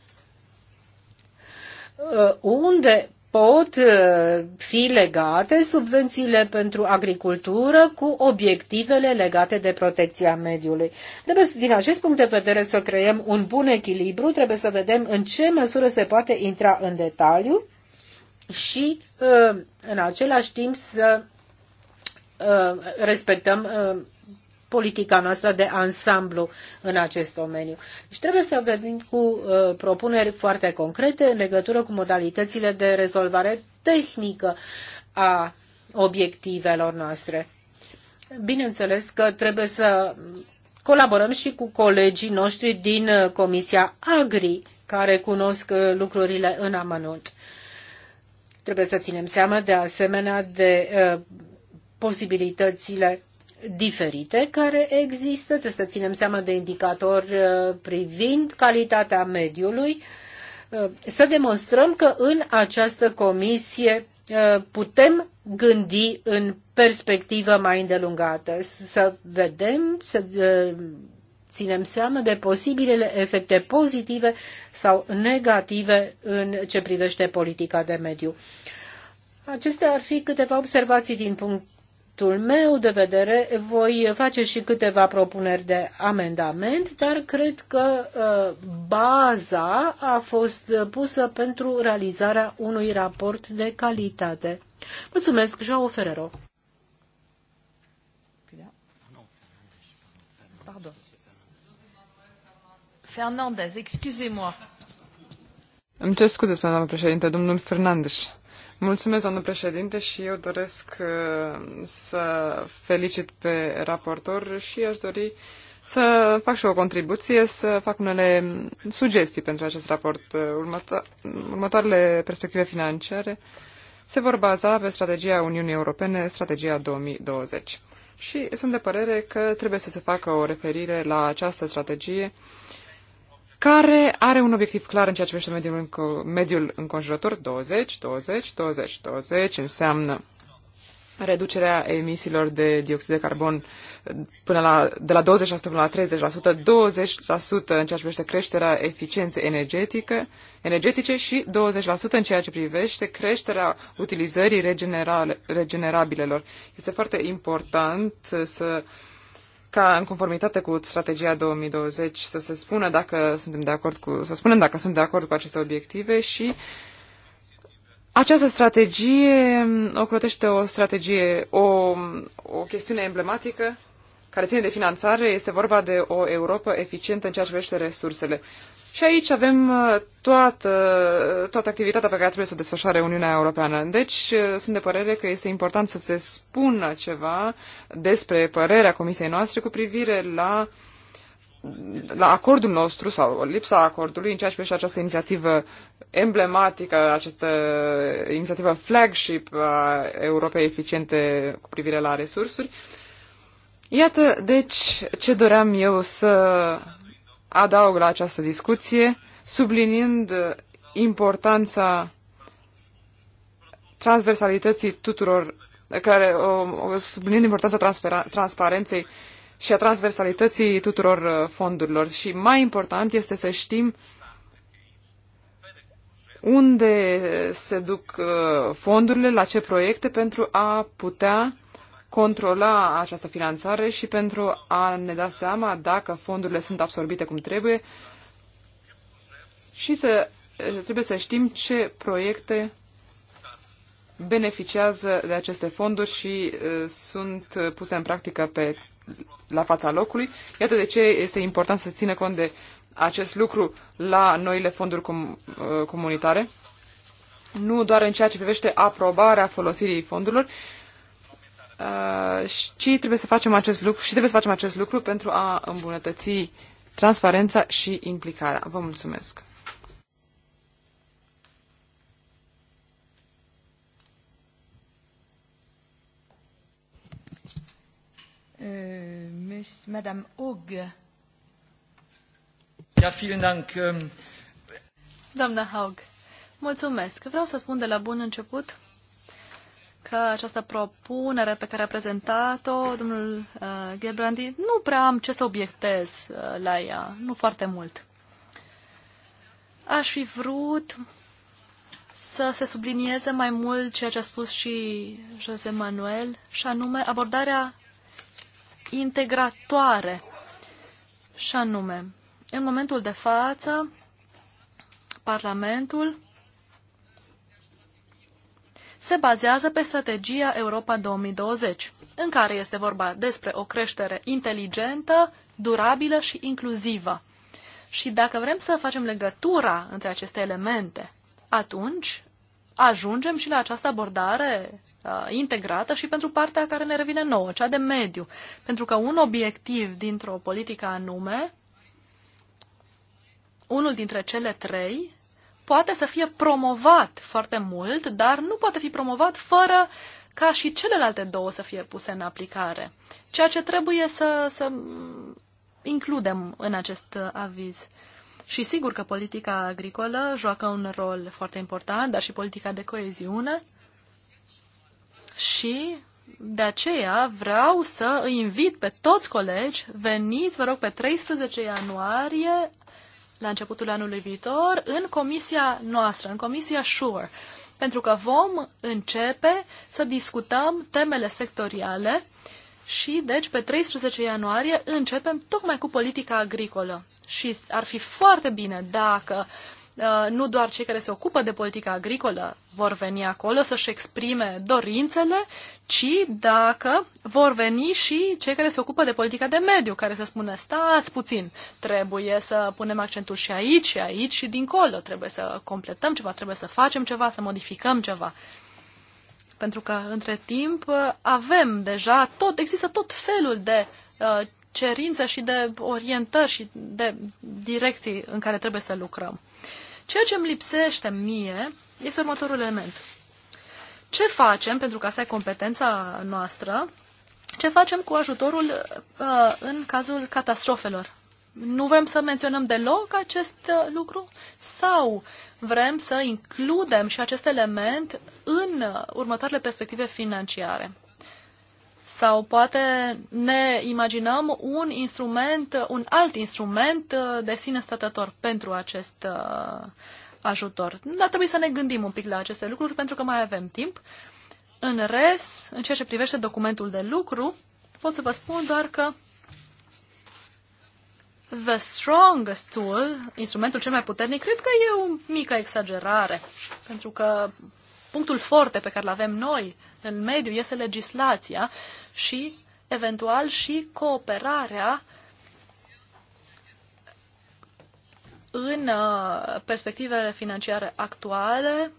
[SPEAKER 1] uh, unde pot uh, fi legate subvențiile pentru agricultură cu obiectivele legate de protecția mediului. Trebuie, din acest punct de vedere, să creăm un bun echilibru, trebuie să vedem în ce măsură se poate intra în detaliu și, uh, în același timp, să uh, respectăm politica noastră de ansamblu în acest domeniu. Deci trebuie să venim cu uh, propuneri foarte concrete în legătură cu modalitățile de rezolvare tehnică a obiectivelor noastre. Bineînțeles că trebuie să colaborăm și cu colegii noștri din uh, Comisia Agri, care cunosc uh, lucrurile în amănunt. Trebuie să ținem seama de asemenea de uh, posibilitățile diferite care există. Trebuie să ținem seama de indicatori uh, privind calitatea mediului. Uh, să demonstrăm că în această comisie uh, putem gândi în perspectivă mai îndelungată, să vedem, să ținem seama de posibilele efecte pozitive sau negative în ce privește politica de mediu. Acestea ar fi câteva observații din punct punctul meu de vedere, voi face și câteva propuneri de amendament, dar cred că uh, baza a fost pusă pentru realizarea unui raport de calitate. Mulțumesc, João Ferrero.
[SPEAKER 2] Fernandez, excusez-moi. Îmi cer scuze, doamnă președinte, domnul Fernandes. Mulțumesc, doamnă președinte, și eu doresc uh, să felicit pe raportor și aș dori să fac și o contribuție, să fac unele sugestii pentru acest raport. Uh, următo- următoarele perspective financiare se vor baza pe strategia Uniunii Europene, strategia 2020. Și sunt de părere că trebuie să se facă o referire la această strategie uh, care are un obiectiv clar în ceea ce privește mediul, înco- mediul înconjurător, 20, 20, 20, 20, înseamnă reducerea emisiilor de dioxid de carbon până la, de la 20% până la 30%, 20% în ceea ce privește creșterea eficienței energetică, energetice și 20% în ceea ce privește creșterea utilizării regenerabilelor. Este foarte important să uh, ca în conformitate cu strategia 2020 să se spună dacă suntem de acord cu, să spunem dacă sunt de acord cu aceste obiective și această strategie ocrotește o strategie, o, o chestiune emblematică care ține de finanțare, este vorba de o Europa eficientă în ceea ce privește resursele. Și aici avem uh, toată, toată activitatea pe care trebuie să o desfășoare Uniunea Europeană. Deci uh, sunt de părere că este important să se spună ceva despre părerea Comisiei noastre cu privire la la acordul nostru sau lipsa acordului în ceea ce privește această inițiativă emblematică, această inițiativă flagship a Europei Eficiente cu privire la resursuri. Iată, deci, ce doream eu să adaug la această discuție, subliniind importanța transversalității tuturor, care subliniind importanța transparenței și a transversalității tuturor uh, fondurilor. Și mai important este să știm unde se duc uh, fondurile, la ce proiecte, pentru a putea controla această finanțare și pentru a ne da seama dacă fondurile sunt absorbite cum trebuie și să, trebuie să știm ce proiecte beneficiază de aceste fonduri și uh, sunt puse în practică pe, la fața locului. Iată de ce este important să țină cont de acest lucru la noile fonduri com, uh, comunitare, nu doar în ceea ce privește aprobarea folosirii fondurilor, Uh, și trebuie să facem acest lucru și trebuie să facem acest lucru pentru a îmbunătăți transparența și implicarea. Vă mulțumesc.
[SPEAKER 3] Uh, Madame Hug.
[SPEAKER 2] Ja, vielen Dank. Ähm,
[SPEAKER 3] Doamna Haug, mulțumesc. Vreau să spun de la bun început că această propunere pe care a prezentat-o domnul uh, Gilbrandi, nu prea am ce să obiectez uh, la ea, nu foarte mult. Aș fi vrut să se sublinieze mai mult ceea ce a spus și José Manuel, și anume abordarea integratoare. Și anume, în momentul de față, Parlamentul se bazează pe strategia Europa 2020, în care este vorba despre o creștere inteligentă, durabilă și inclusivă. Și dacă vrem să facem legătura între aceste elemente, atunci ajungem și la această abordare uh, integrată și pentru partea care ne revine nouă, cea de mediu. Pentru că un obiectiv dintr-o politică anume, unul dintre cele trei, poate să fie promovat foarte mult, dar nu poate fi promovat fără ca și celelalte două să fie puse în aplicare. Ceea ce trebuie să, să includem în acest aviz. Și sigur că politica agricolă joacă un rol foarte important, dar și politica de coeziune. Și de aceea vreau să îi invit pe toți colegi, veniți, vă rog, pe 13 ianuarie la începutul anului viitor în comisia noastră, în comisia SURE, pentru că vom începe să discutăm temele sectoriale și, deci, pe 13 ianuarie începem tocmai cu politica agricolă. Și ar fi foarte bine dacă uh, Uh, nu doar cei care se ocupă de politica agricolă vor veni acolo să-și exprime dorințele, ci dacă vor veni și cei care se ocupă de politica de mediu, care să spună, stați puțin, trebuie să punem accentul și aici, și aici, și dincolo, trebuie să completăm ceva, trebuie să facem ceva, să modificăm ceva pentru că între timp avem deja tot, există tot felul de uh, cerințe și de orientări și de direcții în care trebuie să lucrăm. Ceea ce îmi lipsește mie este următorul element. Ce facem, pentru că asta e competența noastră, ce facem cu ajutorul uh, în cazul catastrofelor? Nu vrem să menționăm deloc acest uh, lucru? Sau vrem să includem și acest element în uh, următoarele perspective financiare? Sau poate ne imaginăm un instrument, un alt instrument uh, de sine stătător pentru acest uh, ajutor. Dar trebuie să ne gândim un pic la aceste lucruri pentru că mai avem timp. În res, în ceea ce privește documentul de lucru, pot să vă spun doar că The strongest tool, instrumentul cel mai puternic, cred că e o mică exagerare, pentru că punctul forte pe care îl avem noi în mediu este legislația și, eventual, și cooperarea în uh, perspectivele financiare actuale,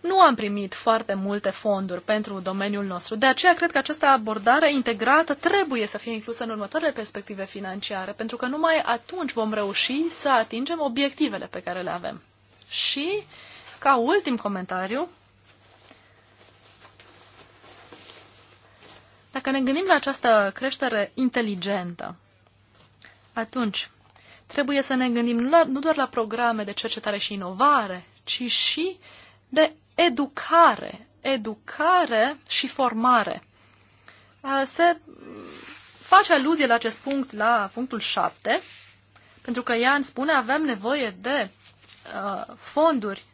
[SPEAKER 3] nu am primit foarte multe fonduri pentru domeniul nostru. De aceea cred că această abordare integrată trebuie să fie inclusă în următoarele perspective financiare, pentru că numai atunci vom reuși să atingem obiectivele pe care le avem. Și, ca ultim comentariu, Dacă ne gândim la această creștere inteligentă, atunci trebuie să ne gândim nu, la, nu doar la programe de cercetare și inovare, ci și de educare, educare și formare. Se face aluzie la acest punct, la punctul 7, pentru că ea îmi spune avem nevoie de uh, fonduri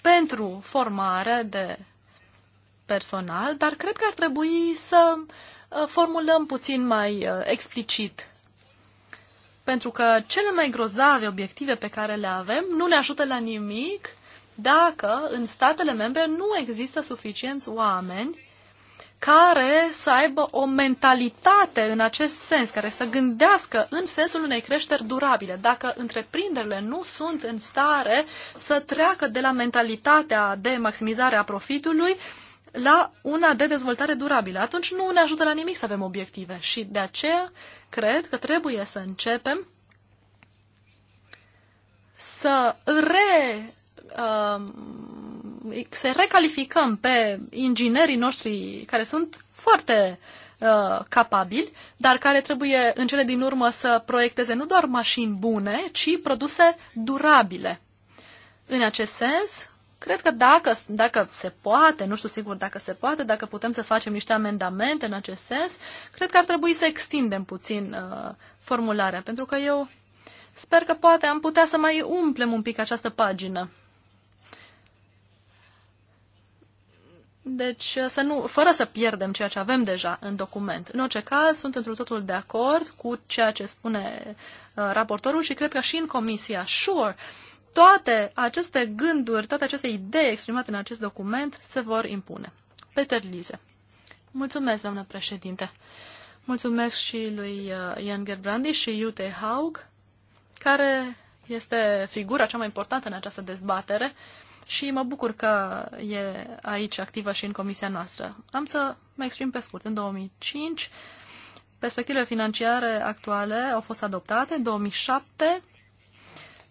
[SPEAKER 3] pentru formare, de personal, dar cred că ar trebui să uh, formulăm puțin mai uh, explicit. Pentru că cele mai grozave obiective pe care le avem nu ne ajută la nimic dacă în statele membre nu există suficienți oameni care să aibă o mentalitate în acest sens, care să gândească în sensul unei creșteri durabile. Dacă întreprinderile nu sunt în stare să treacă de la mentalitatea de maximizare a profitului la una de dezvoltare durabilă. Atunci nu ne ajută la nimic să avem obiective și de aceea cred că trebuie să începem să re um, să recalificăm pe inginerii noștri care sunt foarte uh, capabili, dar care trebuie în cele din urmă să proiecteze nu doar mașini bune, ci produse durabile. În acest sens, Cred că dacă, dacă se poate, nu știu sigur dacă se poate, dacă putem să facem niște amendamente în acest sens, cred că ar trebui să extindem puțin uh, formularea, pentru că eu sper că poate am putea să mai umplem un pic această pagină. Deci, uh, să nu, fără să pierdem ceea ce avem deja în document. În orice caz, sunt într totul de acord cu ceea ce spune uh, raportorul și cred că și în comisia SURE toate aceste gânduri, toate aceste idei exprimate în acest document se vor impune. Peter Lise. Mulțumesc, doamnă președinte. Mulțumesc și lui uh, Ian Gerbrandi și Jute Haug, care este figura cea mai importantă în această dezbatere și mă bucur că e aici activă și în comisia noastră. Am să mă exprim pe scurt. În 2005, perspectivele financiare actuale au fost adoptate. În 2007,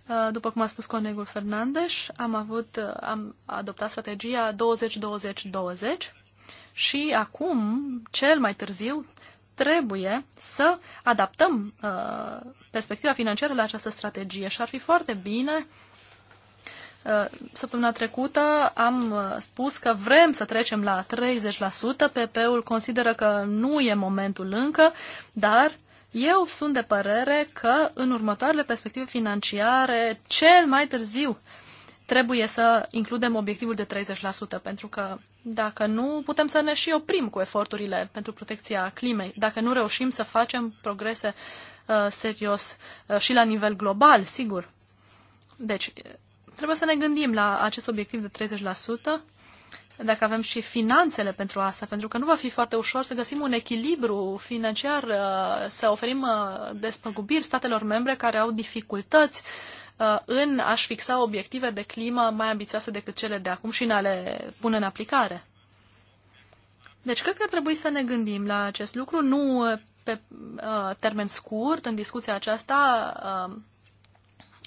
[SPEAKER 3] Uh, după cum a spus colegul Fernandes, am, avut, uh, am adoptat strategia 20-20-20 și acum, cel mai târziu, trebuie să adaptăm uh, perspectiva financiară la această strategie și ar fi foarte bine uh, Săptămâna trecută am uh, spus că vrem să trecem la 30%. PP-ul consideră că nu e momentul încă, dar eu sunt de părere că în următoarele perspective financiare, cel mai târziu, trebuie să includem obiectivul de 30%, pentru că dacă nu, putem să ne și oprim cu eforturile pentru protecția climei, dacă nu reușim să facem progrese uh, serios uh, și la nivel global, sigur. Deci, trebuie să ne gândim la acest obiectiv de 30%, dacă avem și finanțele pentru asta, pentru că nu va fi foarte ușor să găsim un echilibru financiar, uh, să oferim uh, despăgubiri statelor membre care au dificultăți uh, în a-și fixa obiective de climă mai ambițioase decât cele de acum și în a le pune în aplicare. Deci cred că ar trebui să ne gândim la acest lucru, nu pe termen scurt, în discuția aceasta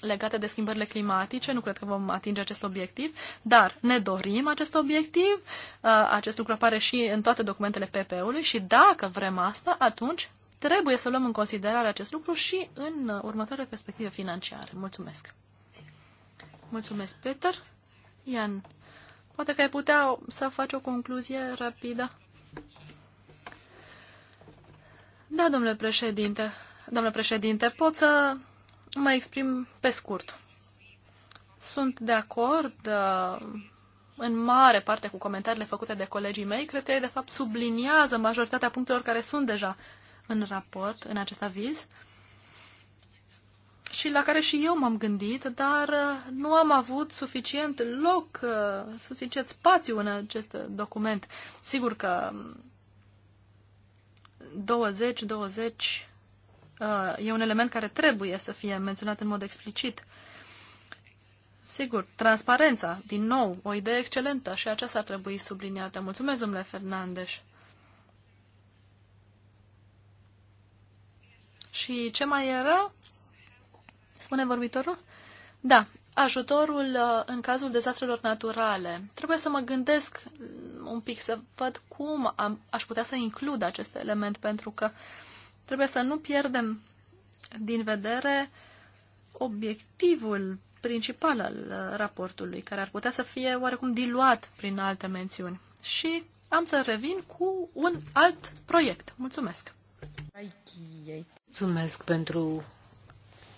[SPEAKER 3] legate de schimbările climatice. Nu cred că vom atinge acest obiectiv, dar ne dorim acest obiectiv. Uh, acest lucru apare și în toate documentele PP-ului și dacă vrem asta, atunci trebuie să luăm în considerare acest lucru și în uh, următoarele perspective financiare. Mulțumesc! Mulțumesc, Peter. Ian, poate că ai putea să faci o concluzie rapidă? Da, domnule președinte. Domnule președinte, pot să mă exprim pe scurt. Sunt de acord uh, în mare parte cu comentariile făcute de colegii mei. Cred că ei, de fapt, subliniază majoritatea punctelor care sunt deja în raport, în acest aviz, și la care și eu m-am gândit, dar uh, nu am avut suficient loc, uh, suficient spațiu în acest document. Sigur că 20, 20, Uh, e un element care trebuie să fie menționat în mod explicit. Sigur, transparența, din nou, o idee excelentă și aceasta ar trebui subliniată. Mulțumesc, domnule Fernandes. Și ce mai era? Spune vorbitorul? Da, ajutorul uh, în cazul dezastrelor naturale. Trebuie să mă gândesc mm, un pic, să văd cum am, aș putea să includ acest element, pentru că uh, Trebuie să nu pierdem din vedere obiectivul principal al raportului, care ar putea să fie oarecum diluat prin alte mențiuni. Și am să revin cu un alt proiect. Mulțumesc!
[SPEAKER 1] Mulțumesc pentru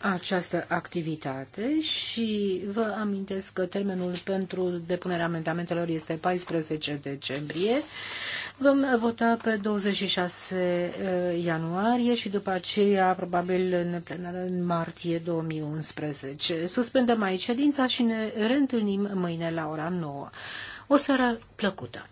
[SPEAKER 1] această activitate și vă amintesc că termenul pentru depunerea amendamentelor este 14 decembrie. Vom vota pe 26 eh, ianuarie și după aceea probabil în plenară în martie 2011. Suspendăm aici ședința și ne reîntâlnim mâine la ora 9. O seară plăcută!